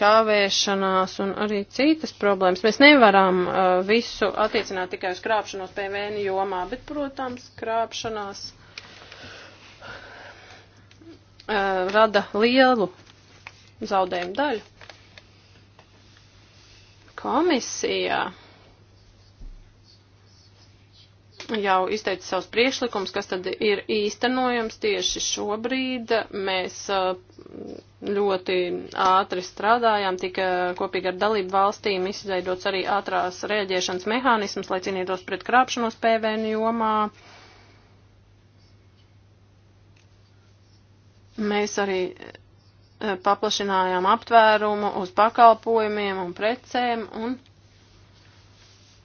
kāvēšanās un arī citas problēmas. Mēs nevaram uh, visu attiecināt tikai uz krāpšanos PVN jomā, bet, protams, krāpšanās uh, rada lielu zaudējumu daļu. Komisijā jau izteica savus priekšlikumus, kas tad ir īstenojams tieši šobrīd. Mēs uh, ļoti ātri strādājām, tika uh, kopīgi ar dalību valstīm izveidots arī ātrās rēģēšanas mehānisms, lai cīnītos pret krāpšanos PVN jomā. Mēs arī uh, paplašinājām aptvērumu uz pakalpojumiem un precēm un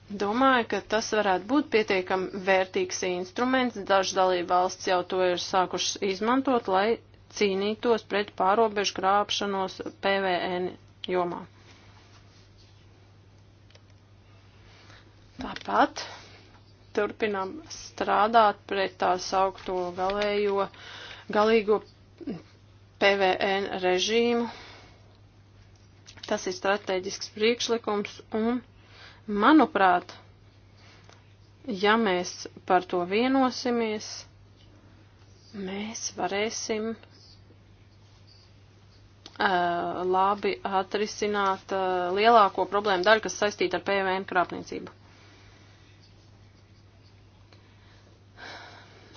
Domāju, ka tas varētu būt pietiekami vērtīgs instruments. Dažas dalība valsts jau to ir sākušas izmantot, lai cīnītos pret pārobežu krāpšanos PVN jomā. Tāpat turpinām strādāt pret tā saukto galējo, galīgo PVN režīmu. Tas ir strateģisks priekšlikums un Manuprāt, ja mēs par to vienosimies, mēs varēsim uh, labi atrisināt uh, lielāko problēmu daļu, kas saistīta ar PVN krāpniecību.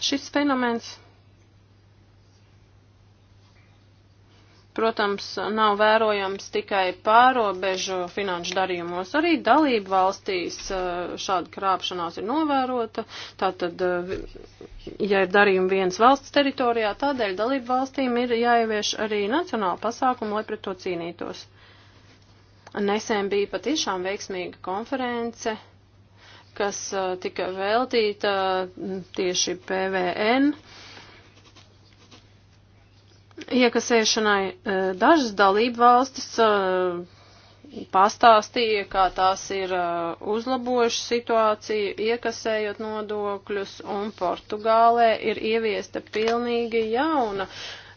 Šis fenomens protams, nav vērojams tikai pārobežu finanšu darījumos. Arī dalību valstīs uh, šāda krāpšanās ir novērota. Tātad, uh, ja ir darījumi vienas valsts teritorijā, tādēļ dalību valstīm ir jāievieš arī nacionāla pasākuma, lai pret to cīnītos. Nesen bija patiešām veiksmīga konference, kas uh, tika veltīta tieši PVN iekasēšanai e, dažas dalību valstis e, pastāstīja, kā tās ir e, uzlabojušas situāciju, iekasējot nodokļus, un Portugālē ir ieviesta pilnīgi jauna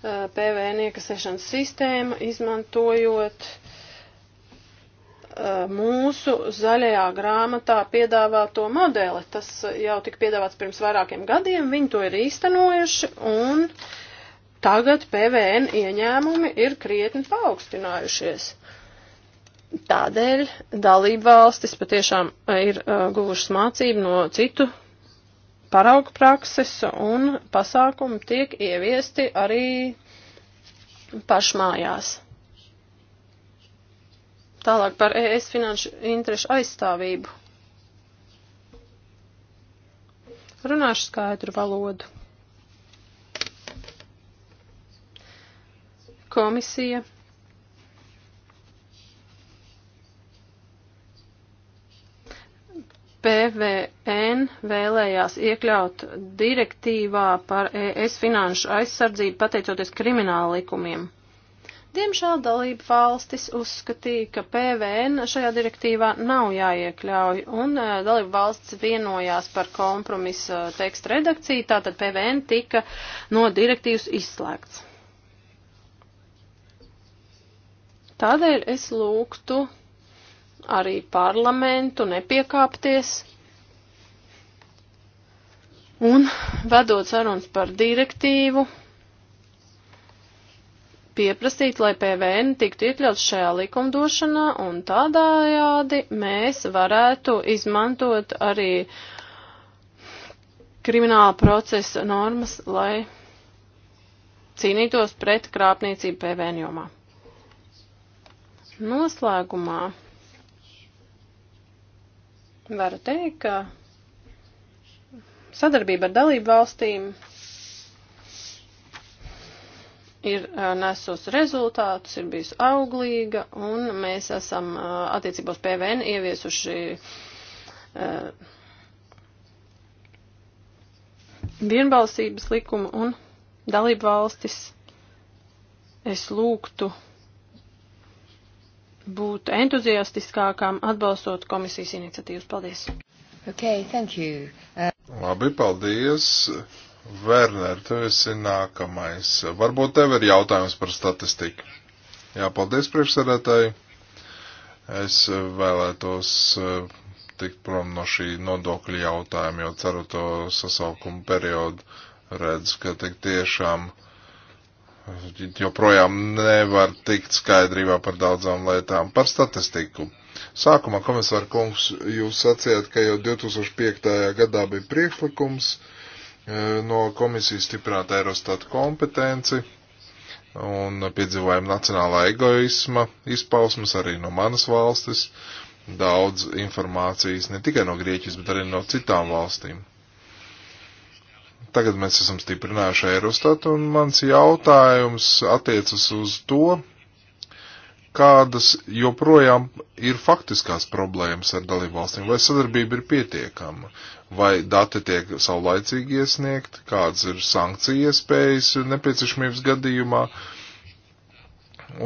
PVN iekasēšanas sistēma, izmantojot mūsu zaļajā grāmatā piedāvāto modeli. Tas jau tika piedāvāts pirms vairākiem gadiem, viņi to ir īstenojuši, un uh, tagad PVN ieņēmumi ir krietni paaugstinājušies. Tādēļ dalība valstis patiešām eh, ir uh, guvušas mācību no citu paraugu prakses un pasākumi tiek ieviesti arī pašmājās. Tālāk par ES finanšu interešu aizstāvību. Runāšu skaidru valodu. Komisija PVN vēlējās iekļaut direktīvā par ES finanšu aizsardzību pateicoties krimināla likumiem. Diemžēl dalība valstis uzskatīja, ka PVN šajā direktīvā nav jāiekļauj, un e, dalība valsts vienojās par kompromisa tekstu redakciju, tātad PVN tika no direktīvas izslēgts. Tādēļ es lūgtu arī parlamentu nepiekāpties un vedot sarunas par direktīvu pieprasīt, lai PVN tiktu iekļauts šajā likumdošanā, un tādājādi mēs varētu izmantot arī krimināla procesa normas, lai cīnītos pret krāpniecību PVN jomā. Noslēgumā varu teikt, ka sadarbība ar dalību valstīm ir nesus rezultātus, ir bijusi auglīga, un mēs esam attiecībos PVN ieviesuši vienbalsības likumu un dalību valstis. Es lūgtu būt entuziastiskākām atbalstot komisijas iniciatīvas. Paldies! Okay, thank you. Uh... Labi, paldies. Werner, tu esi nākamais. Varbūt tev ir jautājums par statistiku. Jā, paldies priekšsēdētāji. Es vēlētos uh, tikt prom no šī nodokļa jautājuma, jo ceru to sasaukumu periodu redz, ka tik tiešām uh, joprojām nevar tikt skaidrībā par daudzām lietām. Par statistiku. Sākumā, komisāra kungs, jūs sacījāt, ka jau 2005. gadā bija priekšlikums e, no komisijas stiprināt Eurostat kompetenci un piedzīvojam nacionālā egoisma izpausmas arī no manas valstis. Daudz informācijas ne tikai no Grieķijas, bet arī no citām valstīm. Tagad mēs esam stiprinājuši Eurostatu, un mans jautājums attiecas uz to, kādas joprojām ir faktiskās problēmas ar dalībvalstīm, vai sadarbība ir pietiekama, vai dati tiek saulaicīgi iesniegt, kādas ir sankcija iespējas nepieciešamības gadījumā,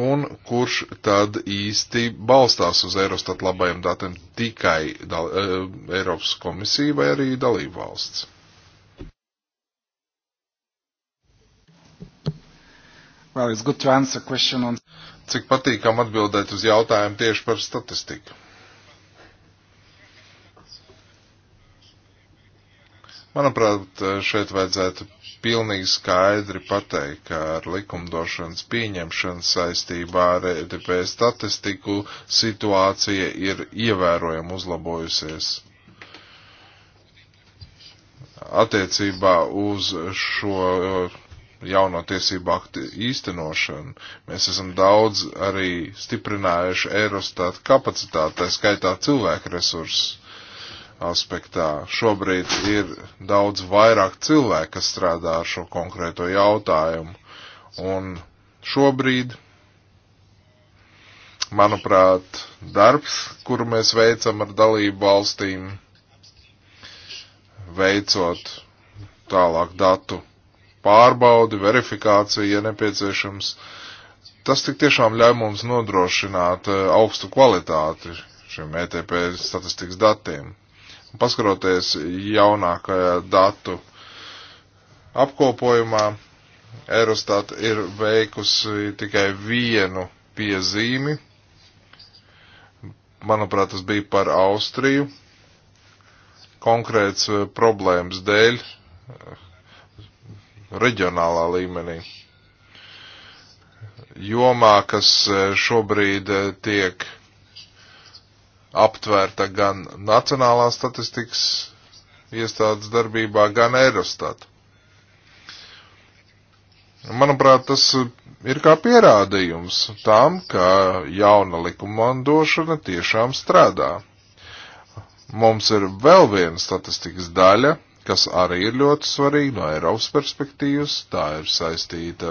un kurš tad īsti balstās uz Eurostat labajiem datiem tikai dal, eh, Eiropas komisija vai arī dalībvalsts. Well, it's good to answer question on... Cik patīkam atbildēt uz jautājumu tieši par statistiku. Manuprāt, šeit vajadzētu pilnīgi skaidri pateikt, ka ar likumdošanas pieņemšanu saistībā ar ETP statistiku situācija ir ievērojami uzlabojusies. Attiecībā uz šo jauno tiesību aktu īstenošanu. Mēs esam daudz arī stiprinājuši Eurostat kapacitāti, tā skaitā cilvēku resursu aspektā. Šobrīd ir daudz vairāk cilvēku, kas strādā ar šo konkrēto jautājumu. Un šobrīd, manuprāt, darbs, kuru mēs veicam ar dalību valstīm, veicot tālāk datu pārbaudi, verifikāciju, ja nepieciešams. Tas tik tiešām ļauj mums nodrošināt eh, augstu kvalitāti šiem ETP statistikas datiem. Paskaroties jaunākajā datu apkopojumā, Eurostat ir veikusi tikai vienu piezīmi. Manuprāt, tas bija par Austriju. Konkrēts eh, problēmas dēļ, reģionālā līmenī. Jomā, kas e, šobrīd e, tiek aptvērta gan Nacionālā statistikas iestādes darbībā, gan Eurostat. Manuprāt, tas ir kā pierādījums tam, ka jauna likumandošana tiešām strādā. Mums ir vēl viena statistikas daļa, kas arī ir ļoti svarīgi no Eiropas perspektīvas, tā ir saistīta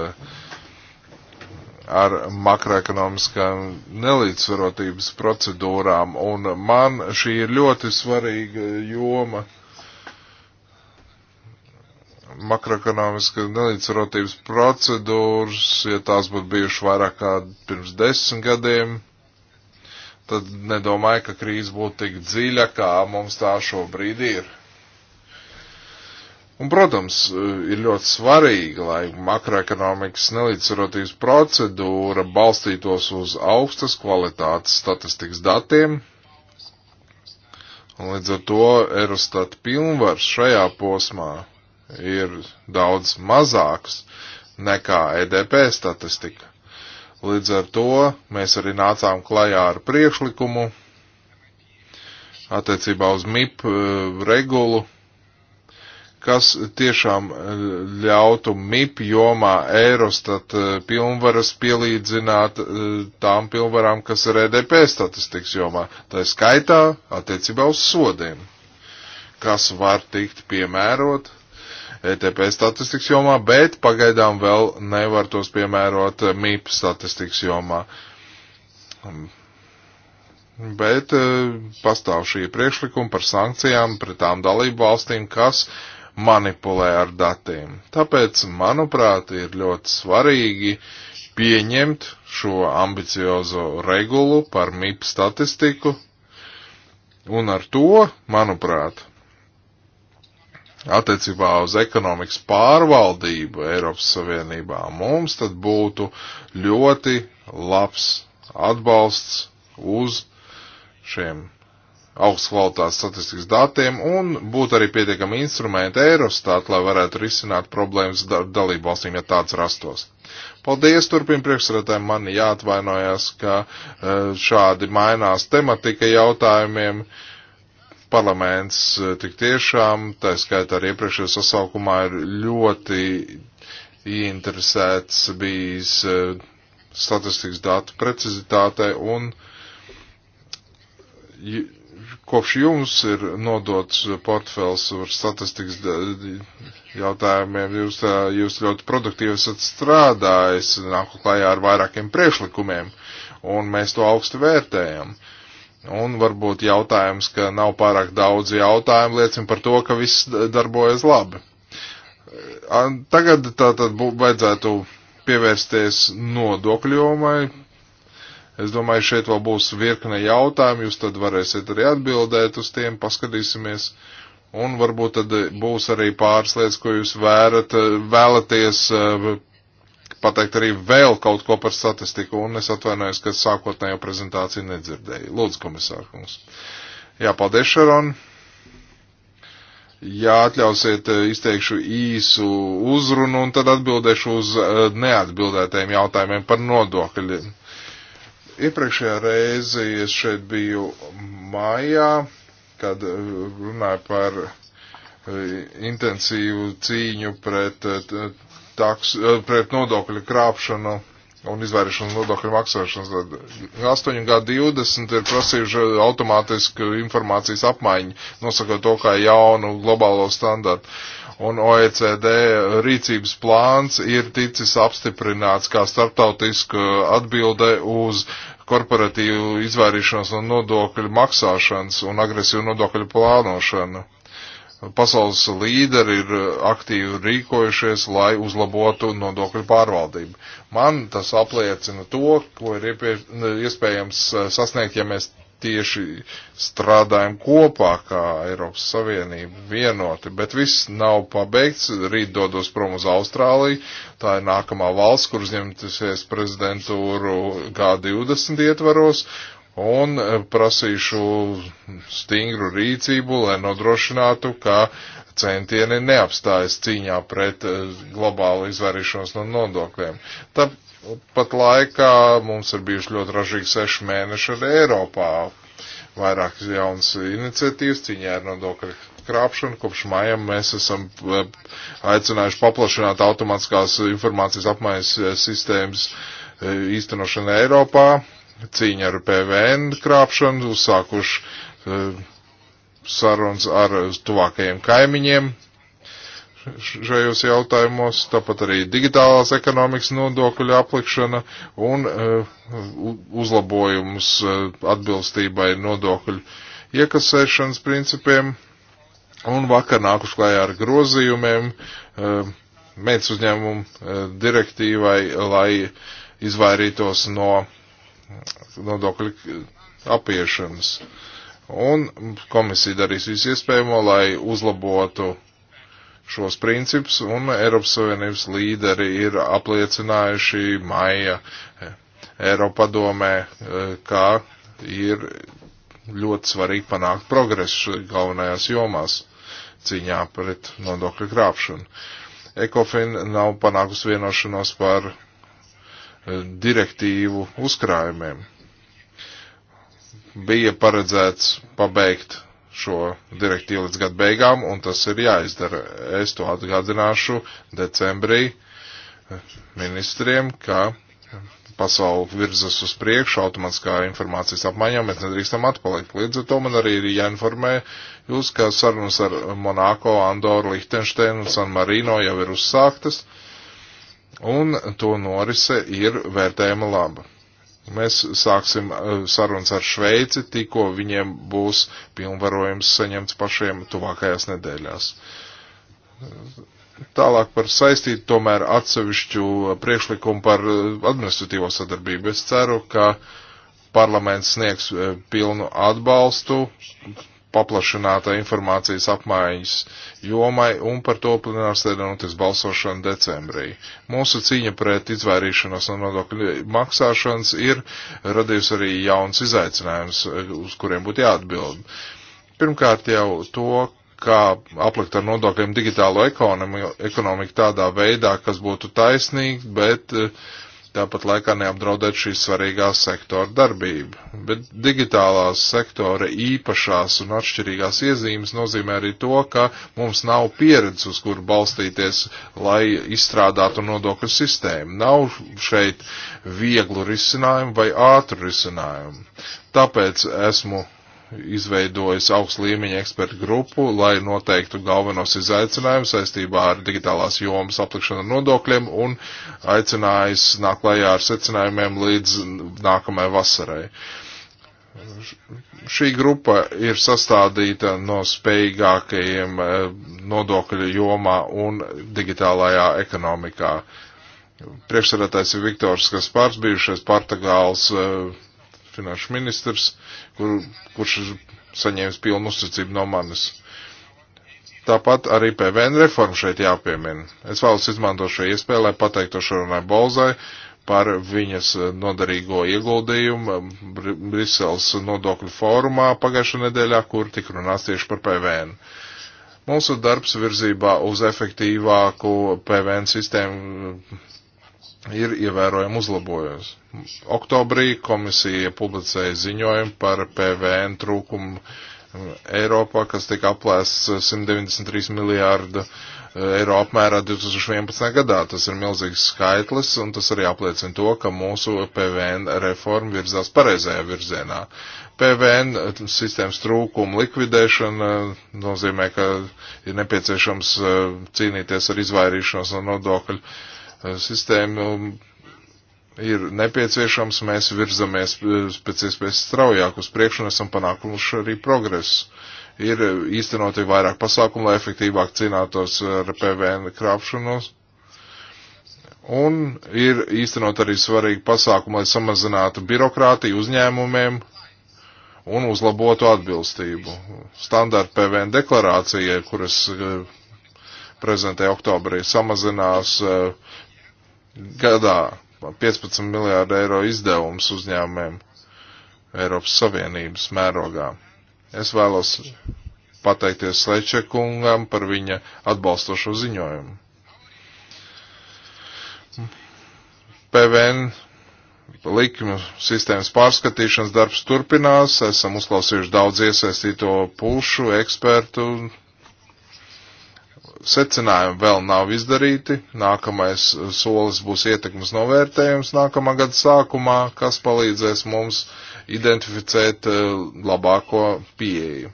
ar makroekonomiskām nelīdzsvarotības procedūrām, un man šī ir ļoti svarīga joma makroekonomiska nelīdzsvarotības procedūras, ja tās būtu bijušas vairāk kā pirms desmit gadiem, tad nedomāju, ka krīze būtu tik dziļa, kā mums tā šobrīd ir. Un, protams, eh, ir ļoti svarīgi, lai makroekonomikas nelīdzsvarotības procedūra balstītos uz augstas kvalitātes statistikas datiem. Un līdz ar to Eurostat pilnvars šajā posmā ir daudz mazāks nekā EDP statistika. Līdz ar to mēs arī nācām klajā ar priekšlikumu attiecībā uz MIP eh, regulu kas tiešām eh, ļautu MIP jomā Eurostat eh, pilnvaras pielīdzināt eh, tām pilnvarām, kas ir EDP statistikas jomā. Tā skaitā attiecībā uz sodiem, kas var tikt piemērot ETP statistikas jomā, bet pagaidām vēl nevar tos piemērot MIP statistikas jomā. Um, bet pastāv šī priekšlikuma par sankcijām pret tām dalību valstīm, kas uh, manipulē ar datiem. Tāpēc, manuprāt, ir ļoti svarīgi pieņemt šo ambiciozo regulu par MIP statistiku, un ar to, manuprāt, attiecībā uz ekonomikas pārvaldību Eiropas Savienībā mums tad būtu ļoti labs atbalsts uz šiem augstkvalitātes statistikas datiem un būtu arī pietiekami instrumenti Eirostat, lai varētu risināt problēmas dalību valstīm, ja tāds rastos. Paldies, turpin priekšsredēm man jāatvainojas, ka e, šādi mainās tematika jautājumiem. Parlaments e, tik tiešām, tā skaitā arī iepriekšējā sasaukumā, ir ļoti ieinteresēts bijis e, statistikas datu precizitātei un kopš jums ir nodots portfels ar statistikas jautājumiem, jūs, jūs ļoti produktīvi esat strādājis, nāku klājā ar vairākiem priešlikumiem, un mēs to augstu vērtējam. Un varbūt jautājums, ka nav pārāk daudz jautājumu, liecina par to, ka viss darbojas labi. Tagad tātad vajadzētu pievērsties nodokļomai, Es domāju, šeit vēl būs virkne jautājumu, jūs tad varēsiet arī atbildēt uz tiem, paskatīsimies. Un varbūt tad būs arī pāris lietas, ko jūs vērat, vēlaties eh, pateikt arī vēl kaut ko par statistiku, un es atvainojos, ka sākotnējo prezentāciju nedzirdēju. Lūdzu, komisārkungs. Jā, paldies, Šaron. Jā, atļausiet, eh, izteikšu īsu uzrunu, un tad atbildēšu uz eh, neatbildētajiem jautājumiem par nodokļiem. Iepriekšējā reize es šeit biju mājā, kad eh, runāju par eh, intensīvu cīņu pret, eh, taks, pret nodokļu krāpšanu un izvairīšanos nodokļu maksāšanas. Tad 8 gadu 20 ir prasījuši automātisku informācijas apmaiņu, nosakot to kā jaunu globālo standartu un OECD rīcības plāns ir ticis apstiprināts kā starptautisku atbilde uz korporatīvu izvairīšanos no nodokļu maksāšanas un agresīvu nodokļu plānošanu. Pasaules līderi ir aktīvi rīkojušies, lai uzlabotu nodokļu pārvaldību. Man tas apliecina to, ko ir iespējams sasniegt, ja mēs tieši strādājam kopā kā Eiropas Savienība vienoti, bet viss nav pabeigts. Rīt dodos prom uz Austrāliju. Tā ir nākamā valsts, kur uzņemtasies prezidentūru G20 ietvaros. Un e, prasīšu stingru rīcību, lai nodrošinātu, ka centieni neapstājas cīņā pret e, globālu izvairīšanos no nodokļiem. Tāpēc pat laikā mums ir bijuši ļoti ražīgi seši mēneši arī Eiropā. Vairākas jaunas iniciatīvas cīņā ar nodokļu krāpšanu. Kopš maija mēs esam eh, aicinājuši paplašināt automātiskās informācijas apmaiņas eh, sistēmas eh, īstenošanu Eiropā. Cīņa ar PVN krāpšanu uzsākuši sarunas ar tuvākajiem kaimiņiem šajos jautājumos, tāpat arī digitālās ekonomikas nodokļu aplikšana un uh, uzlabojums uh, atbilstībai nodokļu iekasēšanas principiem. Un vakar nākuši klājā ar grozījumiem uh, meitas uzņēmumu direktīvai, lai izvairītos no nodokļu apiešanas. Un komisija darīs visu iespējamo, lai uzlabotu šos principus, un Eiropas Savienības līderi ir apliecinājuši maija eh, Eiropadomē, eh, kā ir ļoti svarīgi panākt progresu galvenajās jomās cīņā pret nodokļu krāpšanu. Ekofin nav panākusi vienošanos par eh, direktīvu uzkrājumiem. Bija paredzēts pabeigt šo direktīvu līdz gada beigām, un tas ir jāizdara. Es to atgādināšu decembrī ministriem, ka pasauli virzas uz priekšu automātiskā informācijas apmaiņā, mēs nedrīkstam atpalikt. Līdz ar to man arī ir jāinformē jūs, ka sarunas ar Monako, Andoru, Lihtenšteinu un San Marino jau ir uzsāktas, un to norise ir vērtējama laba. Mēs sāksim eh, sarunas ar Šveici, tikko viņiem būs pilnvarojums saņemts pašiem tuvākajās nedēļās. Tālāk par saistītu tomēr atsevišķu priekšlikumu par eh, administratīvo sadarbību. Es ceru, ka parlaments sniegs eh, pilnu atbalstu paplašinātā informācijas apmaiņas jomai un par to plenārsēdē notiks balsošana decembrī. Mūsu cīņa pret izvairīšanos no nodokļu maksāšanas ir radījusi arī jauns izaicinājums, uz kuriem būtu jāatbild. Pirmkārt jau to, kā aplikt ar nodokļiem digitālo ekonomiku, ekonomiku tādā veidā, kas būtu taisnīgi, bet uh, tāpat laikā neapdraudēt šī svarīgā sektora darbību. Bet digitālās sektora īpašās un atšķirīgās iezīmes nozīmē arī to, ka mums nav pieredzes, uz kur balstīties, lai izstrādātu nodokļu sistēmu. Nav šeit vieglu risinājumu vai ātru risinājumu. Tāpēc esmu izveidojas augsts līmeņa ekspertu grupu, lai noteiktu galvenos izaicinājumus saistībā ar digitālās jomas aplikšanu ar nodokļiem un aicinājis nāk klajā ar secinājumiem līdz nākamajai vasarai. Šī grupa ir sastādīta no spējīgākajiem eh, nodokļu jomā un digitālajā ekonomikā. Priekšsēdētājs ir Viktors Kaspars, bijušais Portugāls uh, eh, finanšu ministrs, kur, kurš saņēmis pilnu uzticību no manis. Tāpat arī PVN reforma šeit jāpiemina. Es vēlos izmantot šo iespēju, lai pateiktu Šarunai Bolzai par viņas nodarīgo ieguldījumu Br Briseles nodokļu fórumā pagājušajā nedēļā, kur tika runāts tieši par PVN. Mūsu darbs virzībā uz efektīvāku PVN sistēmu ir ievērojami uzlabojusi. Oktobrī komisija publicēja ziņojumu par PVN trūkumu um, Eiropā, kas tika aplēsts 193 uh, miljārdu uh, eiro apmērā 2011. gadā. Tas ir milzīgs skaitlis, un tas arī apliecina to, ka mūsu PVN reforma virzās pareizajā virzienā. PVN uh, sistēmas trūkuma likvidēšana nozīmē, ka ir nepieciešams cīnīties ar izvairīšanos no nodokļu Eh, sistēmu um, ir nepieciešams, mēs virzamies eh, pēc iespējas straujāk uz priekšu un esam panākuši arī progresu. Ir eh, īstenoti vairāk pasākumu, lai efektīvāk cīnātos ar PVN krāpšanos. Un ir īstenot arī svarīgi pasākumi, lai samazinātu birokrātiju uzņēmumiem un uzlabotu atbilstību. Standarta PVN deklarācijai, kuras prezentēja oktobrī, samazinās uh, gadā 15 miljārdu eiro izdevums uzņēmumiem Eiropas Savienības mērogā. Es vēlos pateikties Sleča kungam par viņa atbalstošo ziņojumu. PVN likuma sistēmas pārskatīšanas darbs turpinās, esam uzklausījuši daudz iesaistīto pušu, ekspertu, secinājumi vēl nav izdarīti. Nākamais solis būs ietekmes novērtējums nākamā gada sākumā, kas palīdzēs mums identificēt eh, labāko pieeju.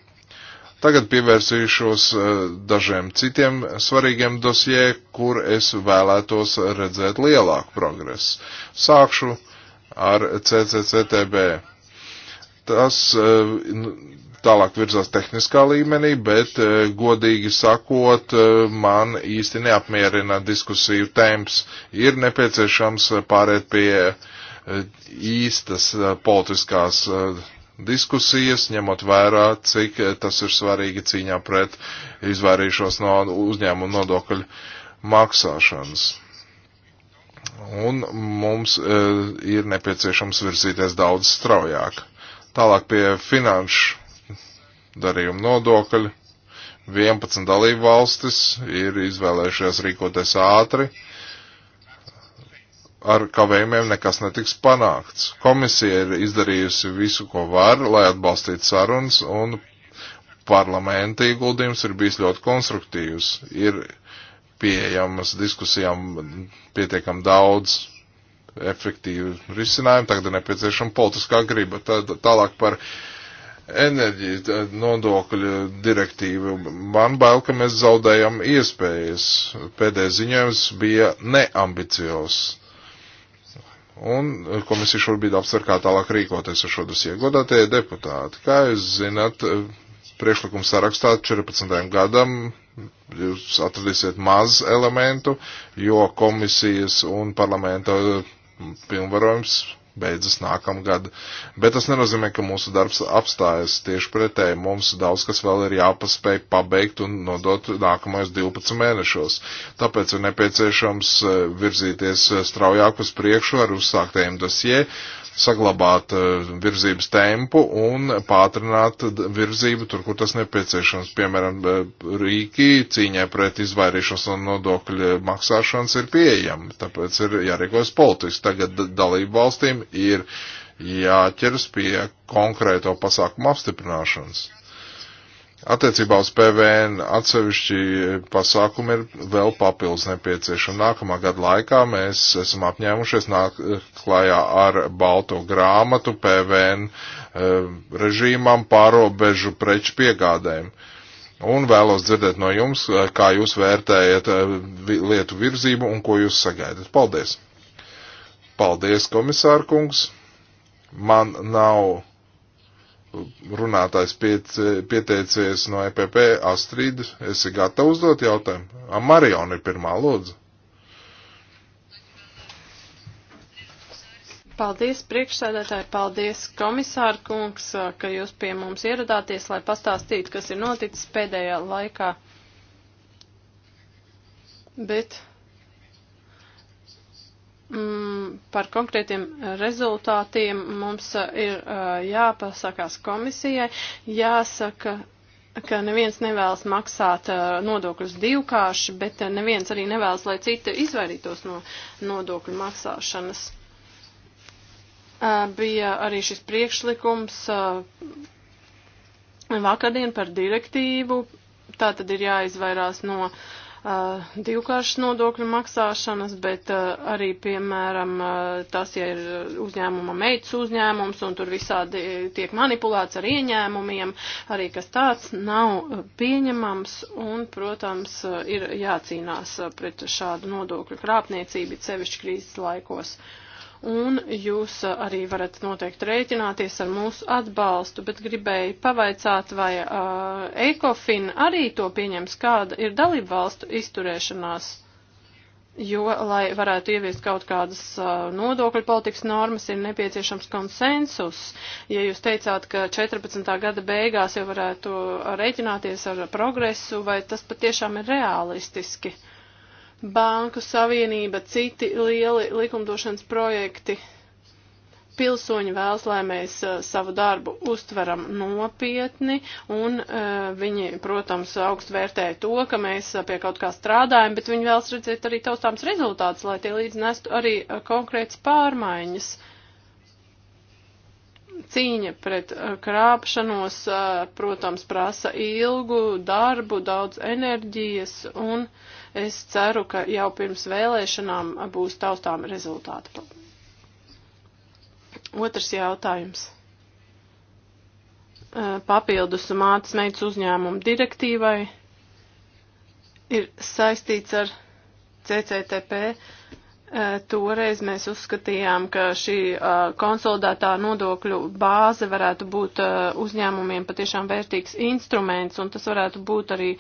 Tagad pievērsīšos eh, dažiem citiem svarīgiem dosjē, kur es vēlētos redzēt lielāku progresu. Sākšu ar CCCTB. Tas eh, tālāk virzās tehniskā līmenī, bet e, godīgi sakot, e, man īsti neapmierina diskusiju temps. Ir nepieciešams pāriet pie e, īstas politiskās diskusijas, ņemot vērā, cik tas ir svarīgi cīņā pret izvairīšos no uzņēmumu nodokļu maksāšanas. Un mums ir nepieciešams virzīties daudz straujāk. Tālāk pie finanšu darījuma nodokļi. 11 dalību valstis ir izvēlējušies rīkoties ātri. Ar kavējumiem nekas netiks panākts. Komisija ir izdarījusi visu, ko var, lai atbalstītu sarunas, un parlamenta ieguldījums ir bijis ļoti konstruktīvs. Ir pieejamas diskusijām pietiekam daudz efektīvu risinājumu, tagad ir nepieciešama politiskā griba. Tad, tālāk par uh, enerģijas eh, nodokļu direktīvu. Man bail, ka mēs zaudējam iespējas. Pēdējais ziņojums bija neambiciozs. Un komisija šobrīd apsver, kā tālāk rīkoties ar šo dosie. Godātie deputāti, kā jūs zinat, priekšlikums sarakstā 14. gadam jūs atradīsiet maz elementu, jo komisijas un parlamenta pilnvarojums beidzas nākamgad. Bet tas nenozīmē, ka mūsu darbs apstājas tieši pretēji. Mums daudz kas vēl ir jāpaspēj pabeigt un nodot nākamajos 12 mēnešos. Tāpēc ir nepieciešams eh, virzīties eh, straujāk uz priekšu ar uzsāktējiem dosiem saglabāt e, virzības tempu un pātrināt virzību tur, kur tas nepieciešams. Piemēram, e, rīki cīņā pret izvairīšanos no nodokļu maksāšanas ir pieejami, tāpēc ir jārīkojas politiski. Tagad dalību valstīm ir jāķers pie konkrēto pasākumu apstiprināšanas. Attiecībā uz PVN atsevišķi pasākumi ir vēl papildus nepieciešami. Nākamā gada laikā mēs esam apņēmušies nāk klājā ar balto grāmatu PVN e, režīmam pārobežu preču piegādēm. Un vēlos dzirdēt no jums, kā jūs vērtējat e, lietu virzību un ko jūs sagaidat. Paldies! Paldies, komisārkungs! Man nav runātājs piec, pieteicies no EPP Astrid, esi gatava uzdot jautājumu? A, Mariona ir pirmā, lūdzu. Paldies, priekšsēdētāji, paldies, komisāra kungs, ka jūs pie mums ieradāties, lai pastāstītu, kas ir noticis pēdējā laikā. Bet Mm, par konkrētiem rezultātiem mums uh, ir uh, jāpasakās komisijai, jāsaka, ka neviens nevēlas maksāt uh, nodokļus divkārši, bet neviens arī nevēlas, lai citi izvairītos no nodokļu maksāšanas. Bija arī šis priekšlikums vakardien par direktīvu, tā tad ir jāizvairās no uh, uh, divkāršas nodokļu maksāšanas, bet uh, arī, piemēram, uh, tas, ja ir uzņēmuma meitas uzņēmums un tur visādi tiek manipulēts ar ieņēmumiem, arī kas tāds nav uh, pieņemams un, protams, uh, ir jācīnās uh, pret šādu nodokļu krāpniecību, sevišķi krīzes laikos. Uh, un jūs arī varat noteikti rēķināties ar mūsu atbalstu, bet gribēju pavaicāt, vai uh, ECOFIN arī to pieņems, kāda ir dalību valstu izturēšanās, jo, lai varētu ieviest kaut kādas uh, nodokļu politikas normas, ir nepieciešams konsensus. Ja jūs teicāt, ka 14. gada beigās jau varētu rēķināties ar progresu, vai tas patiešām ir realistiski? Uh, Banku savienība, citi lieli likumdošanas projekti. Pilsoņi vēlas, lai mēs eh, savu darbu uztveram nopietni, un eh, viņi, protams, augstu vērtē to, ka mēs eh, pie kaut kā strādājam, bet viņi vēlas redzēt arī taustāms rezultāts, lai tie līdz nestu arī konkrētas pārmaiņas cīņa pret krāpšanos, protams, prasa ilgu darbu, daudz enerģijas, un Es ceru, ka jau pirms vēlēšanām būs taustām rezultāti. Otrs jautājums. Papildus mātes meitas uzņēmumu direktīvai ir saistīts ar CCTP Toreiz mēs uzskatījām, ka šī konsolidētā nodokļu bāze varētu būt uzņēmumiem patiešām vērtīgs instruments, un tas varētu būt arī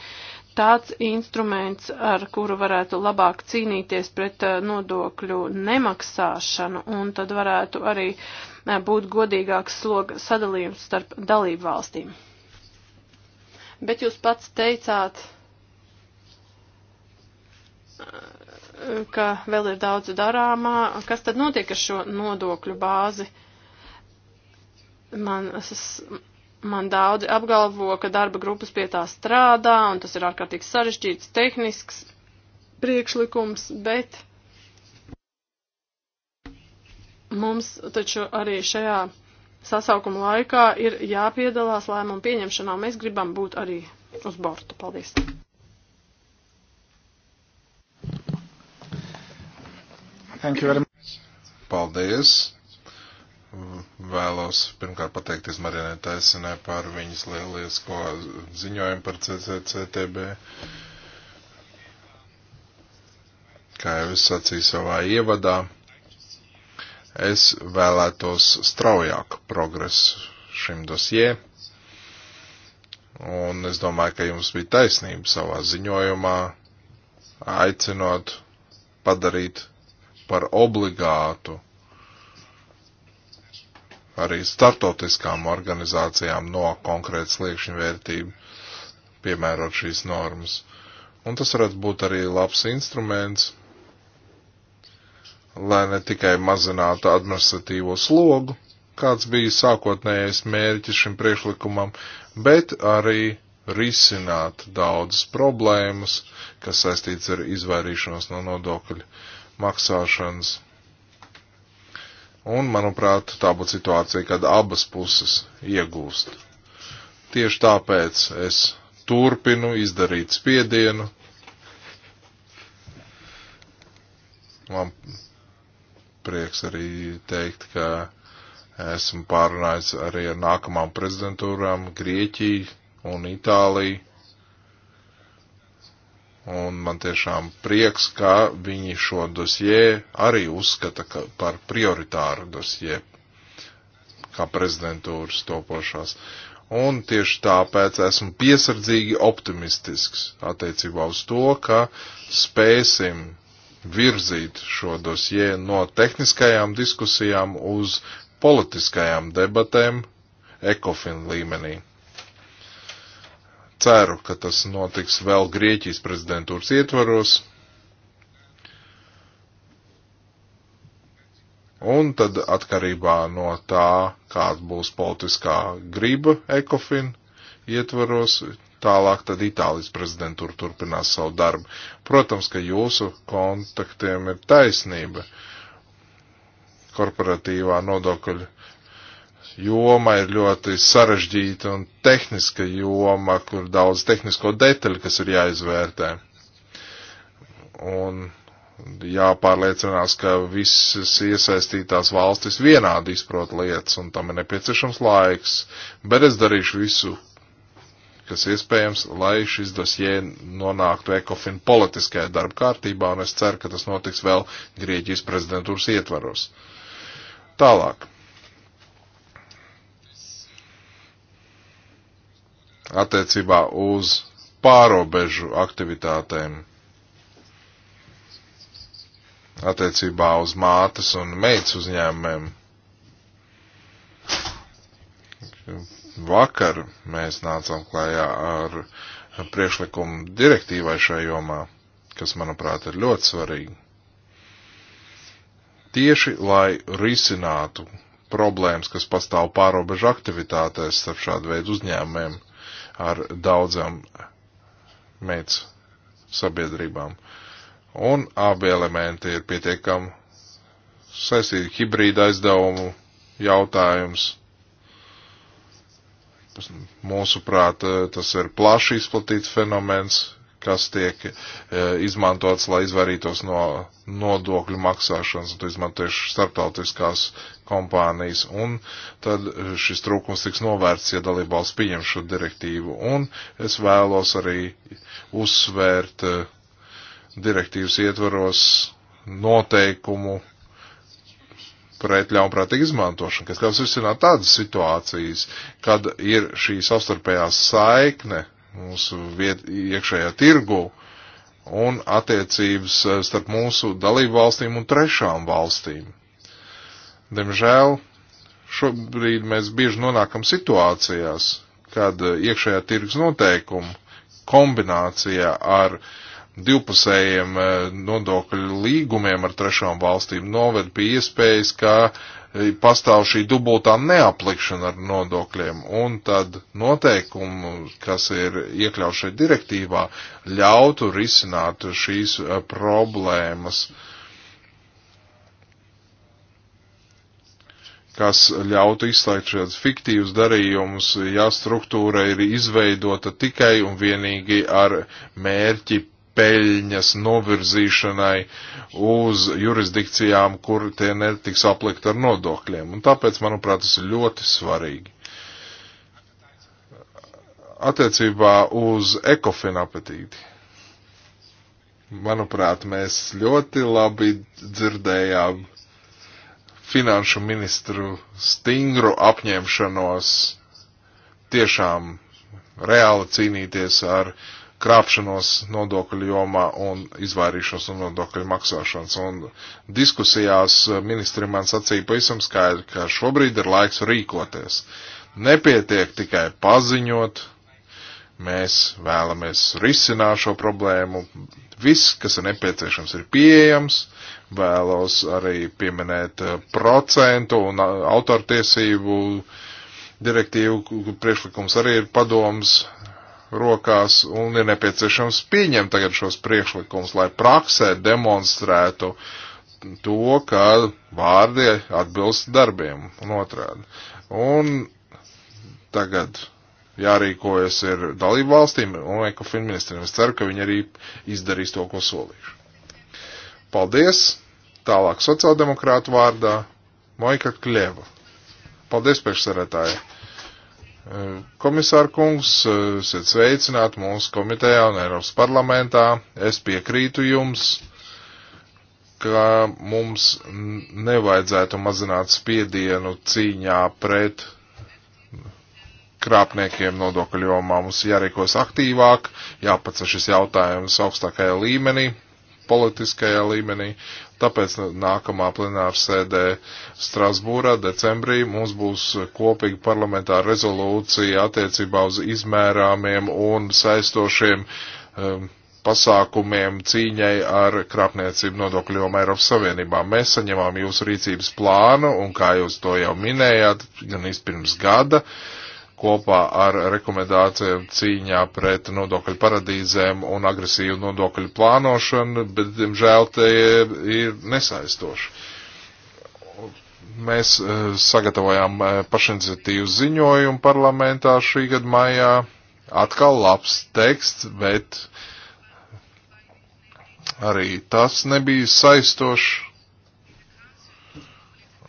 tāds instruments, ar kuru varētu labāk cīnīties pret eh, nodokļu nemaksāšanu, un tad varētu arī eh, būt godīgāks sloga sadalījums starp dalību valstīm. Bet jūs pats teicāt, eh, ka vēl ir daudz darāmā. Kas tad notiek ar šo nodokļu bāzi? Man, es, Man daudzi apgalvo, ka darba grupas pie tā strādā, un tas ir ārkārtīgi sarežģīts tehnisks priekšlikums, bet mums taču arī šajā sasaukuma laikā ir jāpiedalās lēmumu pieņemšanā. Mēs gribam būt arī uz borta. Paldies! Thank you very much. Paldies! vēlos pirmkārt pateikties Marinai Taisinai par viņas lielisko ziņojumu par CCCTB. Kā jau es sacīju savā ievadā, es vēlētos straujāku progresu šim dosjē. Un es domāju, ka jums bija taisnība savā ziņojumā, aicinot padarīt par obligātu arī startautiskām organizācijām no konkrētas liekšņa vērtību piemērot šīs normas. Un tas varētu būt arī labs instruments, lai ne tikai mazinātu administratīvo slogu, kāds bija sākotnējais mērķis šim priekšlikumam, bet arī risināt daudzas problēmas, kas saistīts ar izvairīšanos no nodokļu maksāšanas Un, manuprāt, tā būtu situācija, kad abas puses iegūst. Tieši tāpēc es turpinu izdarīt spiedienu. Man prieks arī teikt, ka esmu pārunājis arī ar nākamām prezidentūrām Grieķiju un Itāliju Un man tiešām prieks, ka viņi šo dosjē arī uzskata par prioritāru dosjē, kā prezidentūras topošās. Un tieši tāpēc esmu piesardzīgi optimistisks attiecībā uz to, ka spēsim virzīt šo dosjē no tehniskajām diskusijām uz politiskajām debatēm ECOFIN līmenī ceru, ka tas notiks vēl Grieķijas prezidentūras ietvaros. Un tad atkarībā no tā, kāda būs politiskā griba ECOFIN ietvaros, tālāk tad Itālijas prezidentūra turpinās savu darbu. Protams, ka jūsu kontaktiem ir taisnība korporatīvā nodokļa joma ir ļoti sarežģīta un tehniska joma, kur daudz tehnisko detaļu, kas ir jāizvērtē. Un jāpārliecinās, ka visas iesaistītās valstis vienādi izprot lietas, un tam ir nepieciešams laiks. Bet es darīšu visu, kas iespējams, lai šis dosie nonāktu ECOFIN politiskajā darba kārtībā, un es ceru, ka tas notiks vēl Grieķijas prezidentūras ietvaros. Tālāk. attiecībā uz pārobežu aktivitātēm, attiecībā uz mātes un meitas uzņēmumiem. Vakar mēs nācām klājā ar priekšlikumu direktīvai šajā jomā, kas, manuprāt, ir ļoti svarīgi. Tieši, lai risinātu problēmas, kas pastāv pārobežu aktivitātēs starp šādu veidu uzņēmumiem, ar daudzām meitas sabiedrībām. Un abi elementi ir pietiekami saistīti hibrīda aizdevumu jautājums. Mūsuprāt, tas ir plaši izplatīts fenomens, kas tiek e, izmantots, lai izvairītos no nodokļu maksāšanas, un tu izmantoši starptautiskās kompānijas, un tad šis trūkums tiks novērts, ja dalībvalsts pieņem šo direktīvu. Un es vēlos arī uzsvērt e, direktīvas ietvaros noteikumu pret ļaunprātīgu izmantošanu, kas ļaus risināt tādas situācijas, kad ir šī savstarpējā saikne mūsu viet, iekšējā tirgu un attiecības eh, starp mūsu dalību valstīm un trešām valstīm. Diemžēl šobrīd mēs bieži nonākam situācijās, kad eh, iekšējā tirgus noteikumu kombinācijā ar divpusējiem eh, nodokļu līgumiem ar trešām valstīm noved pie iespējas, ka pastāv šī dubultā neaplikšana ar nodokļiem, un tad noteikumu, kas ir iekļauts šeit direktīvā, ļautu risināt šīs eh, problēmas, kas ļautu izslēgt šādus fiktīvus darījumus, ja struktūra ir izveidota tikai un vienīgi ar mērķi peļņas novirzīšanai uz jurisdikcijām, kur tie netiks aplikt ar nodokļiem. Un tāpēc, manuprāt, tas ir ļoti svarīgi. Attiecībā uz ekofina apetīti. Manuprāt, mēs ļoti labi dzirdējām finanšu ministru stingru apņemšanos tiešām reāli cīnīties ar uh, krāpšanos nodokļu jomā un izvairīšos no nodokļu maksāšanas. Un diskusijās eh, ministri man sacīja pavisam skaidri, ka šobrīd ir laiks rīkoties. Nepietiek tikai paziņot, mēs vēlamies risināt šo problēmu. Viss, kas ir nepieciešams, ir pieejams. Vēlos arī pieminēt eh, procentu un eh, autortiesību direktīvu priekšlikums arī ir padoms rokās un ir nepieciešams pieņemt tagad šos priekšlikumus, lai praksē demonstrētu to, ka vārdi atbilst darbiem un otrādi. Un tagad jārīkojas ir dalību valstīm un ekofin ministriem. Es ceru, ka viņi arī izdarīs to, ko solīšu. Paldies! Tālāk sociāldemokrātu vārdā Moika Kļeva. Paldies, priekšsarētāji! Komisāra kungs, esiet sveicināti mūsu komitejā un Eiropas parlamentā. Es piekrītu jums, ka mums nevajadzētu mazināt spiedienu cīņā pret krāpniekiem nodokļu jomā. Mums jārīkos aktīvāk, jāpaceļ šis jautājums augstākajā līmenī, politiskajā līmenī, Tāpēc nākamā plenāra sēdē Strasbūrā decembrī mums būs kopīga parlamentāra rezolūcija attiecībā uz izmērāmiem un saistošiem um, pasākumiem cīņai ar krāpniecību nodokļu jomu Eiropas Savienībā. Mēs saņemām jūsu rīcības plānu, un kā jūs to jau minējāt, gan izpirms gada, uh, kopā ar rekomendācijām cīņā pret nodokļu paradīzēm un agresīvu nodokļu plānošanu, bet, diemžēl, te ir nesaistoši. Mēs eh, sagatavojām eh, pašiniciatīvu ziņojumu parlamentā šī gada maijā. Atkal labs teksts, bet arī tas nebija saistošs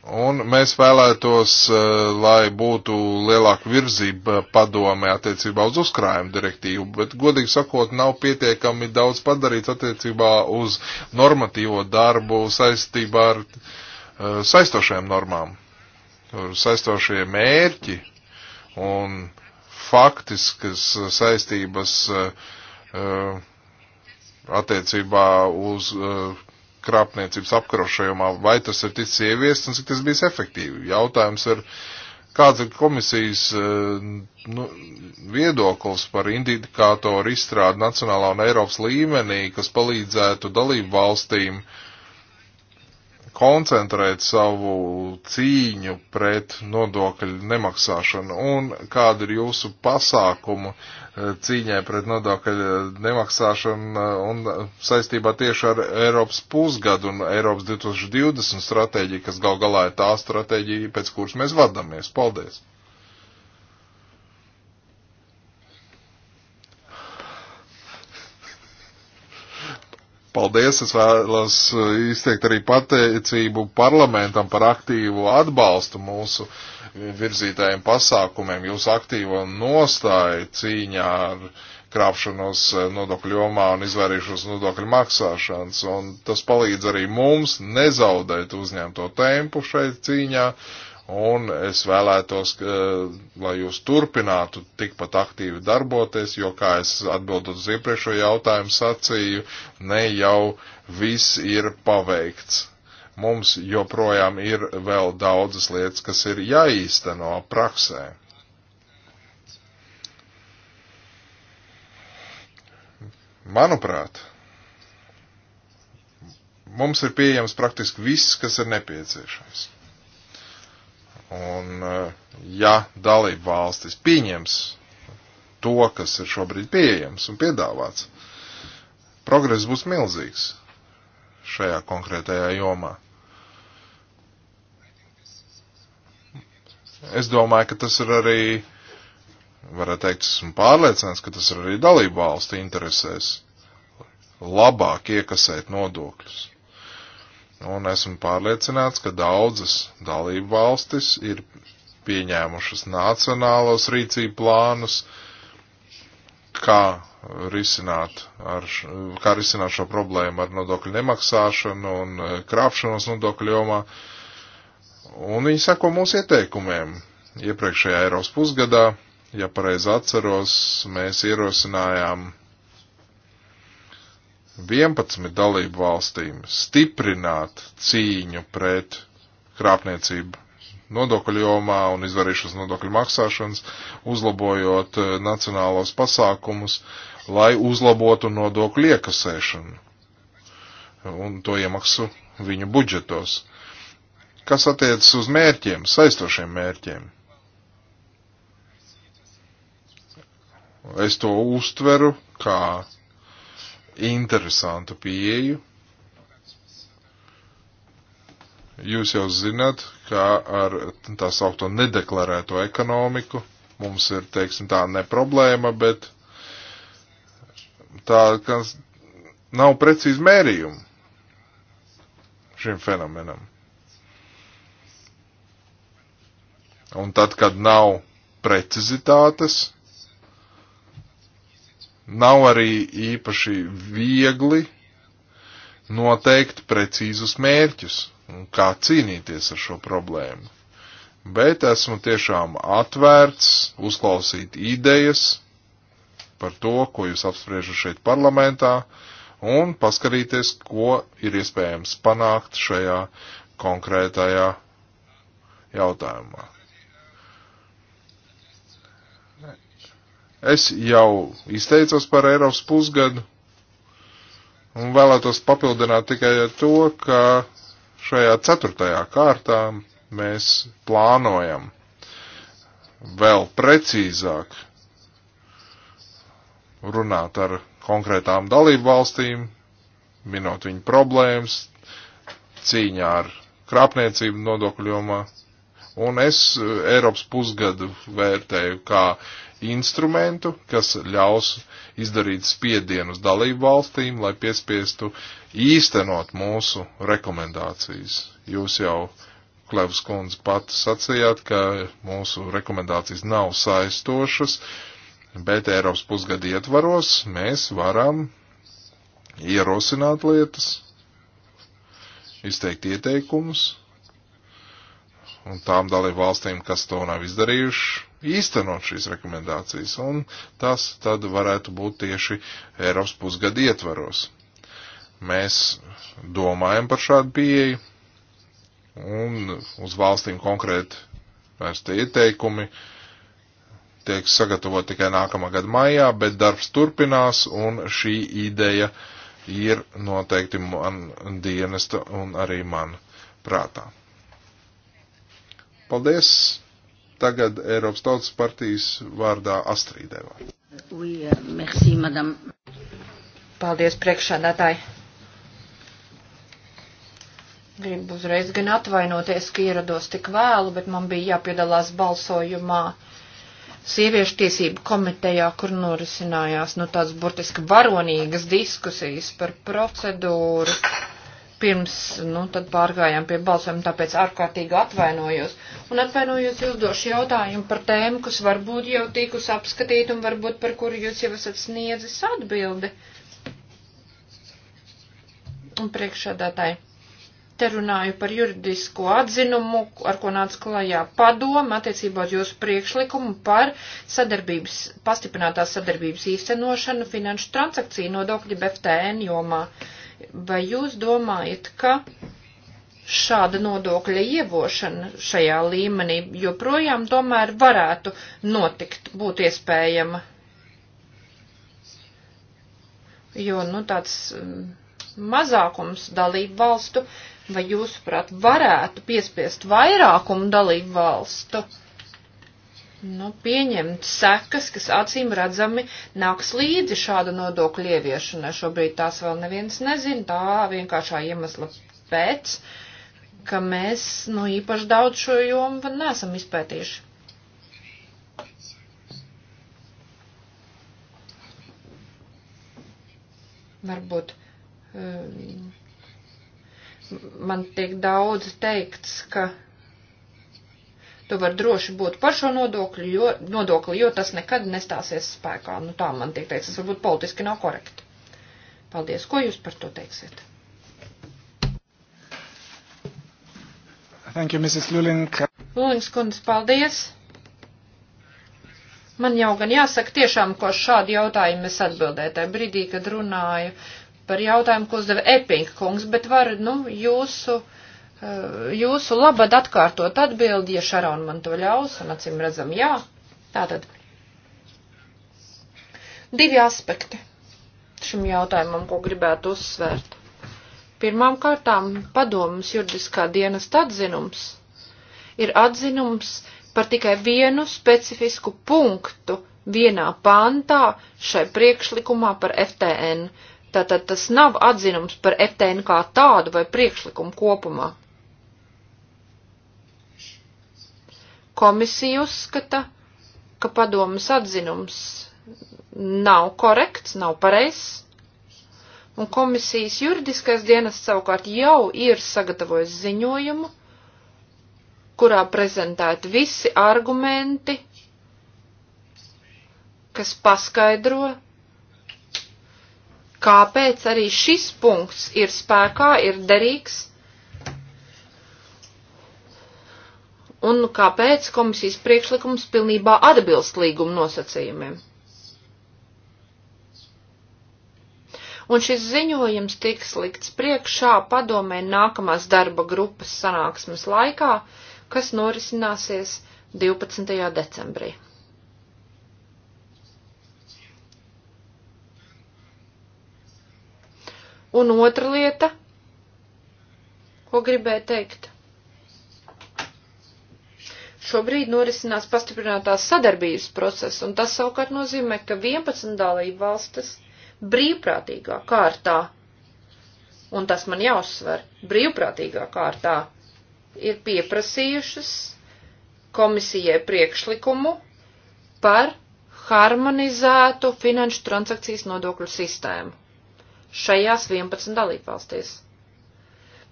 Un mēs vēlētos, eh, lai būtu lielāka virzība padome attiecībā uz uzkrājumu direktīvu, bet, godīgi sakot, nav pietiekami daudz padarīts attiecībā uz normatīvo darbu saistībā ar eh, saistošajām normām, saistošie mērķi un faktiskas saistības eh, attiecībā uz krāpniecības apkarošajumā, vai tas ir ticis ieviests un cik tas bijis efektīvi. Jautājums ir, kāds ir komisijas eh, nu, viedoklis par indikātoru izstrādi nacionālā un Eiropas līmenī, kas palīdzētu dalību valstīm koncentrēt savu cīņu pret nodokļu nemaksāšanu un kāda ir jūsu pasākumu cīņai pret nodokļu nemaksāšanu eh, un saistībā tieši ar Eiropas pusgadu un Eiropas 2020 stratēģiju, kas gal galā ir tā stratēģija, pēc kuras mēs vadāmies. Paldies! Paldies, es vēlos eh, izteikt arī pateicību parlamentam par aktīvu atbalstu mūsu virzītājiem pasākumiem, jūsu aktīvo nostāju cīņā ar krāpšanos eh, nodokļu jomā un izvairīšanos nodokļu maksāšanas. Un tas palīdz arī mums nezaudēt uzņemto tempu šai cīņā. Uh, un es vēlētos, ka, lai jūs turpinātu tikpat aktīvi darboties, jo, kā es atbildot uz iepriekšējo jautājumu sacīju, ne jau viss ir paveikts. Mums joprojām ir vēl daudzas lietas, kas ir jāīsteno praksē. Manuprāt, mums ir pieejams praktiski viss, kas ir nepieciešams Un eh, ja dalība valstis pieņems to, kas ir šobrīd pieejams un piedāvāts, progress būs milzīgs šajā konkrētajā jomā. Es domāju, ka tas ir arī, varētu teikt, esmu pārliecināts, ka tas ir arī dalību valstu interesēs labāk iekasēt nodokļus. Un esmu pārliecināts, ka daudzas dalību valstis ir pieņēmušas nacionālos rīcību plānus, kā risināt, ar, kā risināt šo problēmu ar nodokļu nemaksāšanu un e, krāpšanos nodokļu jomā. Un viņi sako mūsu ieteikumiem. Iepriekšējā Eiropas pusgadā, ja pareizi atceros, mēs ierosinājām 11 dalību valstīm stiprināt cīņu pret krāpniecību nodokļu jomā un izvarīšanas nodokļu maksāšanas, uzlabojot eh, nacionālos pasākumus, lai uzlabotu nodokļu iekasēšanu un to iemaksu viņu budžetos. Kas attiecas uz mērķiem, saistošiem mērķiem? Es to uztveru kā interesantu pieeju. Jūs jau zināt, kā ar tā saukto nedeklarēto ekonomiku mums ir, teiksim, tā ne problēma, bet tā, kas nav precīzi mērījumi šim fenomenam. Un tad, kad nav precizitātes, Nav arī īpaši viegli noteikt precīzus mērķus un kā cīnīties ar šo problēmu. Bet esmu tiešām atvērts uzklausīt idejas par to, ko jūs apspriežat šeit parlamentā un paskarīties, ko ir iespējams panākt šajā konkrētajā jautājumā. Es jau izteicos par Eiropas pusgadu un vēlētos papildināt tikai ar to, ka šajā ceturtajā kārtā mēs plānojam vēl precīzāk runāt ar konkrētām dalību valstīm, minot viņu problēmas, cīņā ar krāpniecību nodokļu jomā. Un es Eiropas pusgadu vērtēju kā uh, instrumentu, kas ļaus izdarīt spiedienu uz dalību valstīm, lai piespiestu īstenot mūsu rekomendācijas. Jūs jau, Klevs kundze, pati sacījāt, ka mūsu rekomendācijas nav saistošas, bet Eiropas pusgada ietvaros mēs varam ierosināt lietas, izteikt ieteikumus, un tām dalību valstīm, kas to nav izdarījuši, īstenot šīs rekomendācijas, un tas tad varētu būt tieši Eiropas pusgada ietvaros. Mēs domājam par šādu pieeju, un uz valstīm konkrēti vairs tie ieteikumi tiek sagatavot tikai nākamā gada maijā, bet darbs turpinās, un šī ideja ir noteikti man dienesta un arī man prātā. Paldies! Tagad Eiropas Tautas partijas vārdā Astrīdēvā. Paldies, priekšādātāji. Gribu uzreiz gan atvainoties, ka ierados tik vēlu, bet man bija jāpiedalās balsojumā sieviešu tiesību komitejā, kur norisinājās nu, tāds burtiski varonīgas diskusijas par procedūru pirms, nu, tad pārgājām pie balsojuma, tāpēc ārkārtīgi atvainojos. Un atvainojos, jūs došu jautājumu par tēmu, kas varbūt jau tikus apskatīt un varbūt par kuru jūs jau esat sniedzis atbildi. Un priekšādātāji, te runāju par juridisko atzinumu, ar ko nāca klajā padoma attiecībā uz jūsu priekšlikumu par sadarbības, pastiprinātās sadarbības īstenošanu finanšu transakciju nodokļu BFTN jomā. Uh, Vai jūs domājat, ka šāda nodokļa ievošana šajā līmenī joprojām tomēr varētu notikt, būt iespējama? Jo, nu, tāds mm, mazākums dalību valstu, vai jūsuprāt, varētu piespiest vairākumu dalību valstu? nu, pieņemt sekas, kas acīm redzami nāks līdzi šāda nodokļa ieviešanai. Šobrīd tās vēl neviens nezina, tā vienkāršā iemesla pēc, ka mēs, nu, īpaši daudz šo jomu vēl neesam izpētījuši. Varbūt um, man tiek daudz teikts, ka Tu var droši būt par šo nodokli, jo, nodokli, jo tas nekad nestāsies spēkā. Nu tā man tiek teiks, tas varbūt politiski nav korekti. Paldies. Ko jūs par to teiksiet? Thank you, Mrs. Lulink. Lulings kundze, paldies. Man jau gan jāsaka tiešām, ko šādi jautājumi es atbildēju tajā brīdī, kad runāju par jautājumu, ko uzdeva Epinga kungs, bet var, nu, jūsu Eh, jūsu labad atkārtot atbildi, ja Šarona man to ļaus, un acīm redzam, jā. Tātad divi aspekti šim jautājumam, ko gribētu uzsvērt. Pirmām kārtām padomus juridiskā dienas atzinums ir atzinums par tikai vienu specifisku punktu vienā pāntā šai priekšlikumā par FTN. Tātad tas nav atzinums par FTN kā tādu vai priekšlikumu kopumā. Komisija uzskata, ka padomas atzinums nav korekts, nav pareizs, un komisijas juridiskais dienas savukārt jau ir sagatavojis ziņojumu, kurā prezentēti visi argumenti, kas paskaidro, kāpēc arī šis punkts ir spēkā, ir derīgs un kāpēc komisijas priekšlikums pilnībā atbilst līguma nosacījumiem. Un šis ziņojums tiks likts priekšā padomē nākamās darba grupas sanāksmes laikā, kas norisināsies 12. decembrī. Un otra lieta, ko gribēju teikt. Šobrīd norisinās pastiprinātās sadarbības process, un tas savukārt nozīmē, ka 11 dalību valstis brīvprātīgā kārtā, un tas man jāuzsver, brīvprātīgā kārtā ir pieprasījušas komisijai priekšlikumu par harmonizētu finanšu transakcijas nodokļu sistēmu šajās 11 dalībvalstīs.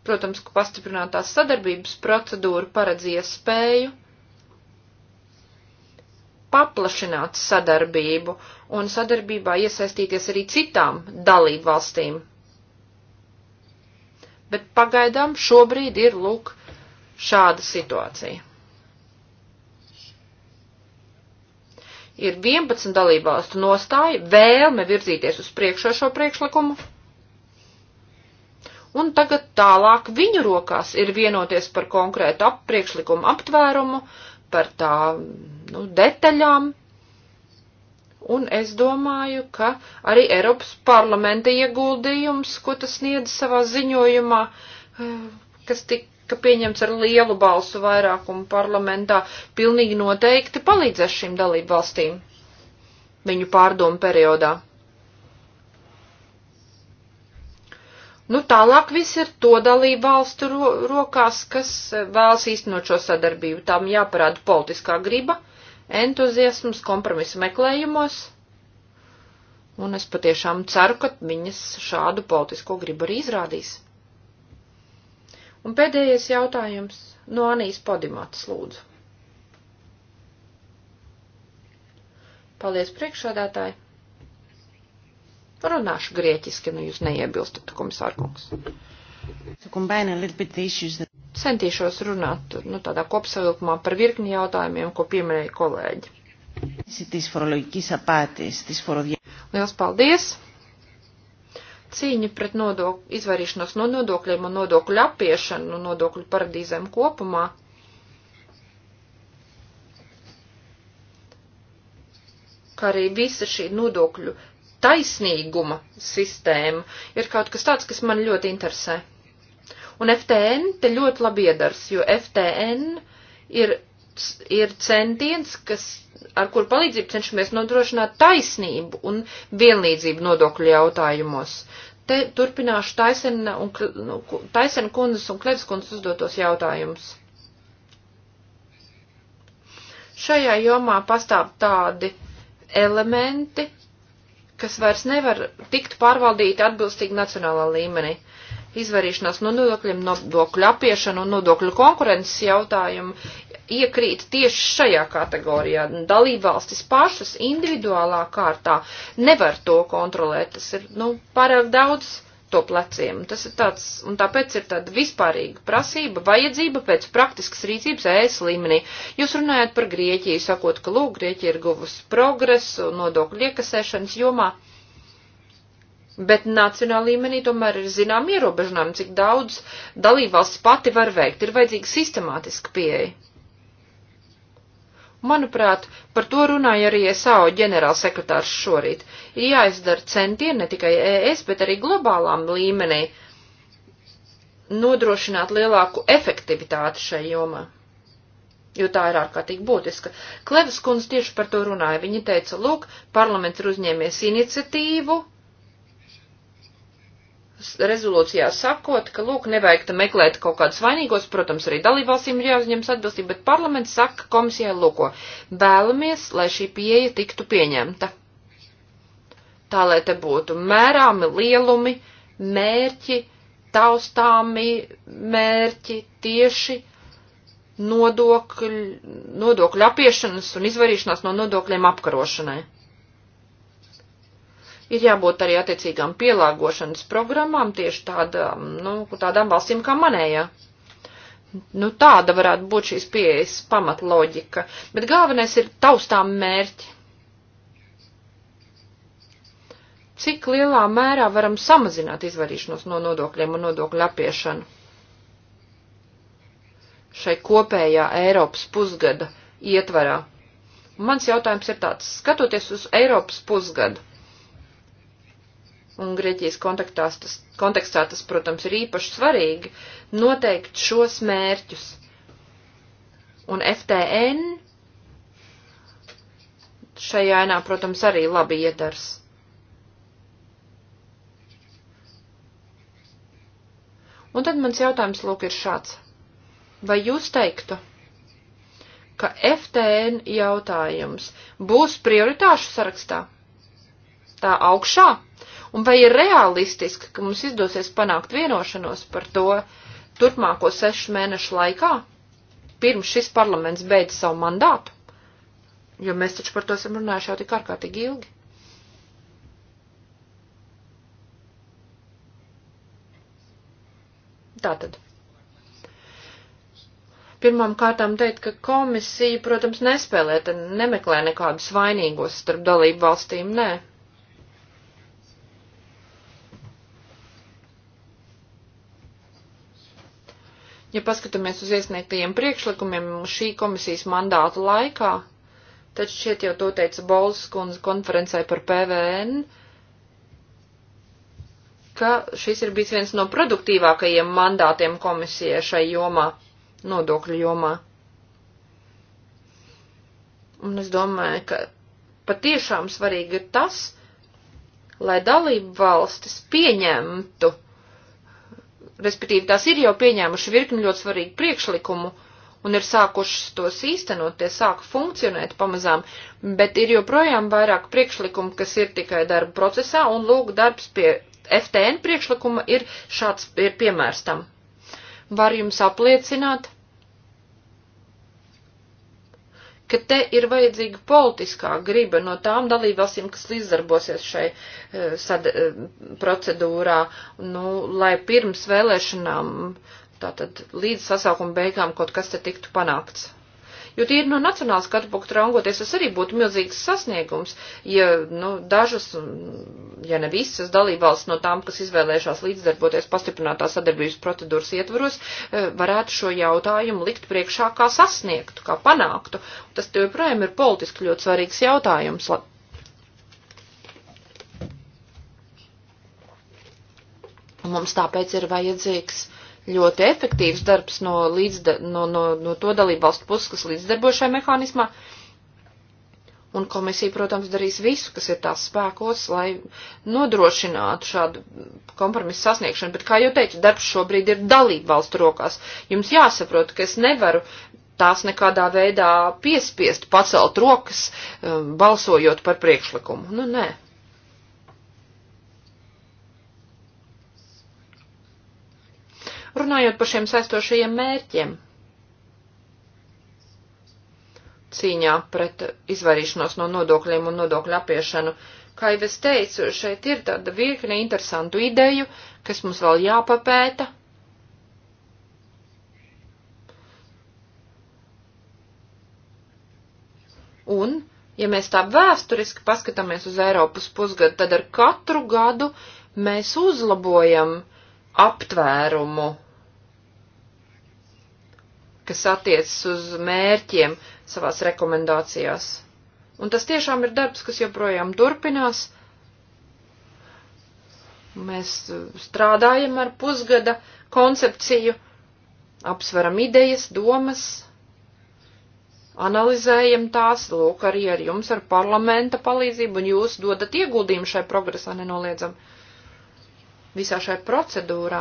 Protams, ka pastiprinātās sadarbības procedūra paredz iespēju paplašināt sadarbību un sadarbībā iesaistīties arī citām dalību valstīm. Bet pagaidām šobrīd ir lūk šāda situācija. Ir 11 dalībvalstu nostāja, vēlme virzīties uz priekšu ar šo priekšlikumu, un tagad tālāk viņu rokās ir vienoties par konkrētu ap priekšlikumu aptvērumu, par tā nu, detaļām. Un es domāju, ka arī Eiropas parlamenta ieguldījums, ko tas sniedz savā ziņojumā, eh, kas tika pieņemts ar lielu balsu vairākumu parlamentā, pilnīgi noteikti palīdzēs šīm dalību valstīm viņu pārdomu periodā. Nu, tālāk viss ir to dalību valstu ro rokās, kas e, vēlas īstenot šo sadarbību. Tām jāparāda politiskā griba, entuziasms, kompromisa meklējumos. Un es patiešām ceru, ka viņas šādu politisko gribu arī izrādīs. Un pēdējais jautājums no Anijas Podimātas lūdzu. Paldies priekšādātāji! Runāšu grieķiski, nu jūs neiebilstat, komisārkungs. Centīšos runāt nu, tādā kopsavilkumā par virkni jautājumiem, ko pieminēja kolēģi. Liels paldies! Cīņa pret nodok, izvairīšanos no nodokļiem un nodokļu apiešanu, nodokļu paradīzēm kopumā kā arī visa šī nodokļu taisnīguma sistēma ir kaut kas tāds, kas man ļoti interesē. Un FTN te ļoti labi iedars, jo FTN ir, ir centiens, kas, ar kur palīdzību cenšamies nodrošināt taisnību un vienlīdzību nodokļu jautājumos. Te turpināšu Taisena, un, nu, taisena kundzes un Klevs kundzes uzdotos jautājumus. Šajā jomā pastāv tādi elementi, kas vairs nevar tikt pārvaldīti atbilstīgi nacionālā līmenī. Izvarīšanās no nodokļiem, nodokļu apiešana un nodokļu konkurences jautājumu iekrīt tieši šajā kategorijā. Dalībvalstis pašas individuālā kārtā nevar to kontrolēt. Tas ir, nu, pārāk daudz to pleciem. Tas ir tāds, un tāpēc ir tāda vispārīga prasība, vajadzība pēc praktiskas rīcības ES līmenī. Jūs runājat par Grieķiju, sakot, ka lūk, Grieķija ir guvusi progresu nodokļu iekasēšanas jomā, bet nacionāla līmenī tomēr ir zinām ierobežinājumi, cik daudz dalībvalsts pati var veikt. Ir vajadzīga sistemātiska pieeja. Manuprāt, par to runāja arī SAO ģenerālsekretārs šorīt. Ir jāizdara centieni ne tikai ES, bet arī globālām līmenī nodrošināt lielāku efektivitāti šai jomā. Jo tā ir ārkārtīgi būtiska. Klevas kundze tieši par to runāja. Viņa teica, lūk, parlaments ir uzņēmies iniciatīvu rezolūcijā sakot, ka, lūk, nevajag te meklēt kaut kādus vainīgos, protams, arī dalībvalstīm ir jāuzņems atbilstība, bet parlaments saka komisijai, lūko, vēlamies, lai šī pieeja tiktu pieņemta. Tā, lai te būtu mērāmi lielumi, mērķi, taustāmi mērķi, tieši nodokļu, nodokļu apiešanas un izvairīšanās no nodokļiem apkarošanai ir jābūt arī attiecīgām pielāgošanas programmām tieši tādām, nu, tādām valstīm kā manējā. Nu, tāda varētu būt šīs pieejas pamatloģika, bet galvenais ir taustām mērķi. Cik lielā mērā varam samazināt izvairīšanos no nodokļiem un nodokļu apiešanu šai kopējā Eiropas pusgada ietvarā? Un mans jautājums ir tāds, skatoties uz Eiropas pusgadu, un Grieķijas tas, kontekstā tas, protams, ir īpaši svarīgi, noteikt šos mērķus. Un FTN šajā ainā, protams, arī labi iedars. Un tad mans jautājums lūk ir šāds. Vai jūs teiktu, ka FTN jautājums būs prioritāšu sarakstā? Tā augšā? un vai ir realistiski, ka mums izdosies panākt vienošanos par to turpmāko sešu mēnešu laikā, pirms šis parlaments beidz savu mandātu, jo mēs taču par to esam runājuši jau tik ārkārtīgi ilgi. Tātad. Pirmām kārtām teikt, ka komisija, protams, nespēlē, nemeklē nekādus vainīgos starp dalību valstīm, nē. Ne Ja paskatāmies uz iesniegtajiem priekšlikumiem šī komisijas mandāta laikā, tad šķiet jau to teica Bols kundze konferencē par PVN, ka šis ir bijis viens no produktīvākajiem mandātiem komisijai šai jomā, nodokļu jomā. Un es domāju, ka patiešām svarīgi ir tas, lai dalību valstis pieņemtu respektīvi tās ir jau pieņēmuši virkni ļoti svarīgu priekšlikumu un ir sākušas tos īstenot, tie sāk funkcionēt pamazām, bet ir joprojām vairāk priekšlikumu, kas ir tikai darba procesā, un lūk, darbs pie FTN priekšlikuma ir šāds ir piemērs tam. Var jums apliecināt, ka te ir vajadzīga politiskā griba no tām dalībvalstīm, kas līdzdarbosies šai uh, sad, uh, procedūrā, nu, lai pirms vēlēšanām, tātad līdz sasaukuma beigām kaut kas te tiktu panākts. Jo tie ir no nacionālas skatu punktu raugoties, tas arī būtu milzīgs sasniegums, ja nu, dažas, ja ne visas dalībvalsts no tām, kas izvēlējušās līdzdarboties pastiprinātā sadarbības procedūras ietvaros, eh, varētu šo jautājumu likt priekšā kā sasniegtu, kā panāktu. Tas joprojām ir politiski ļoti svarīgs jautājums, mums tāpēc ir vajadzīgs ļoti efektīvs darbs no, līdzda, no, no, no to dalību valstu puses, kas līdzdarbojas šai mehānismā. Un komisija, protams, darīs visu, kas ir tās spēkos, lai nodrošinātu šādu kompromisu sasniegšanu. Bet, kā jau teicu, darbs šobrīd ir dalību valstu rokās. Jums jāsaprot, ka es nevaru tās nekādā veidā piespiest pacelt rokas, um, balsojot par priekšlikumu. Nu, nē. Runājot par šiem saistošajiem mērķiem cīņā pret izvairīšanos no nodokļiem un nodokļu apiešanu, kā jau es teicu, šeit ir tāda virkne interesantu ideju, kas mums vēl jāpapēta. Un, ja mēs tā vēsturiski paskatāmies uz Eiropas pusgadu, tad ar katru gadu mēs uzlabojam uh, aptvērumu, kas attiecas uz mērķiem savās rekomendācijās. Un tas tiešām ir darbs, kas joprojām turpinās. Mēs uh, strādājam ar pusgada koncepciju, apsveram idejas, domas, analizējam tās, lūk, arī ar jums, ar parlamenta palīdzību, un jūs dodat ieguldījumu šai progresā nenoliedzami visā šai procedūrā.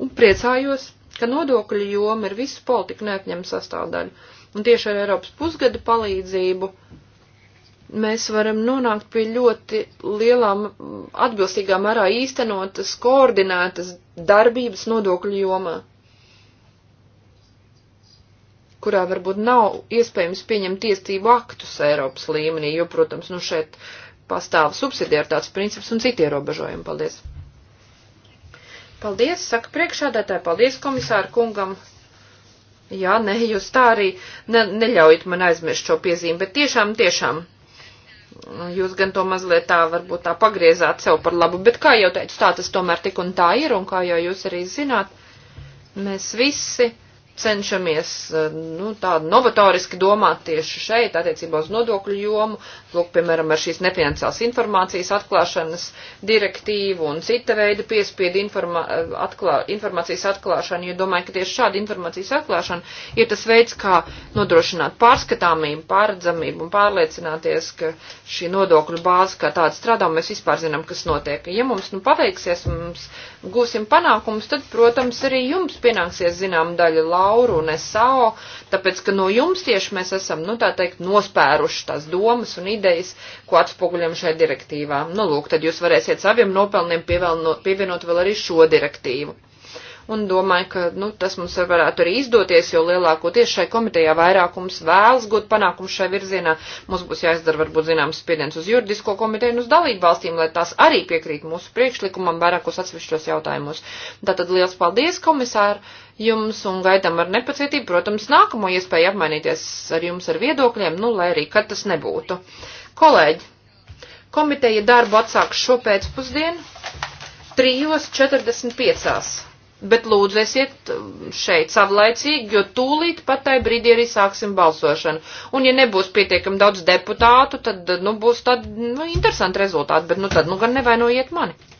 Un priecājos, ka nodokļu joma ir visu politiku neatņem sastāvdaļu. Un tieši ar Eiropas pusgada palīdzību mēs varam nonākt pie ļoti lielām atbilstīgā mērā īstenotas, koordinētas darbības nodokļu jomā kurā varbūt nav iespējams pieņemt tiesību aktus Eiropas līmenī, jo, protams, nu šeit pastāv subsidiaritātes princips un citi ierobežojumi. Paldies! Paldies, saka priekšādātāji, paldies komisāru kungam. Jā, nē, jūs tā arī ne, neļaujat man aizmirst šo piezīmi, bet tiešām, tiešām jūs gan to mazliet tā varbūt tā pagriezāt sev par labu, bet kā jau teicu, tā tas tomēr tik un tā ir, un kā jau jūs arī zināt, mēs visi cenšamies eh, nu, tādu novatoriski domāt tieši šeit, attiecībā uz nodokļu jomu, lūk, piemēram, ar šīs nefinansālās informācijas atklāšanas direktīvu un cita veida piespiedu informā eh, atklā informācijas atklāšanu, jo domāju, ka tieši šāda informācijas atklāšana ir tas veids, kā nodrošināt pārskatāmību, pārredzamību un pārliecināties, ka šī nodokļu bāze kā tāda strādā un mēs vispār zinām, kas notiek. Ja mums nu paveiksies, mums gūsim panākumus, tad, protams, arī jums pienāksies zinām daļa lauka cauri un SAO, tāpēc, ka no jums tieši mēs esam, nu, tā teikt, nospēruši tās domas un idejas, ko atspoguļam šai direktīvā. Nu, lūk, tad jūs varēsiet saviem nopelniem pievēlno, pievienot vēl arī šo direktīvu. Un domāju, ka, nu, tas mums varētu arī izdoties, jo lielākoties šai komitejā vairākums vēlas gūt panākumu šai virzienā. Mums būs jāizdara varbūt zināms spiediens uz juridisko komiteju un uz dalību valstīm, lai tās arī piekrīt mūsu priekšlikumam vairākos atsevišķos jautājumos. Tātad liels paldies, komisāri! jums un gaidām ar nepacietību, protams, nākamo iespēju apmainīties ar jums ar viedokļiem, nu, lai arī kad tas nebūtu. Kolēģi, komiteja darbu atsāks šo pēcpusdienu 3.45 bet lūdzu esiet um, šeit savlaicīgi, jo tūlīt pat tai brīdī arī sāksim balsošanu. Un ja nebūs pietiekami daudz deputātu, tad, nu, būs tad, nu, interesanti rezultāti, bet, nu, tad, nu, gan nevainojiet mani.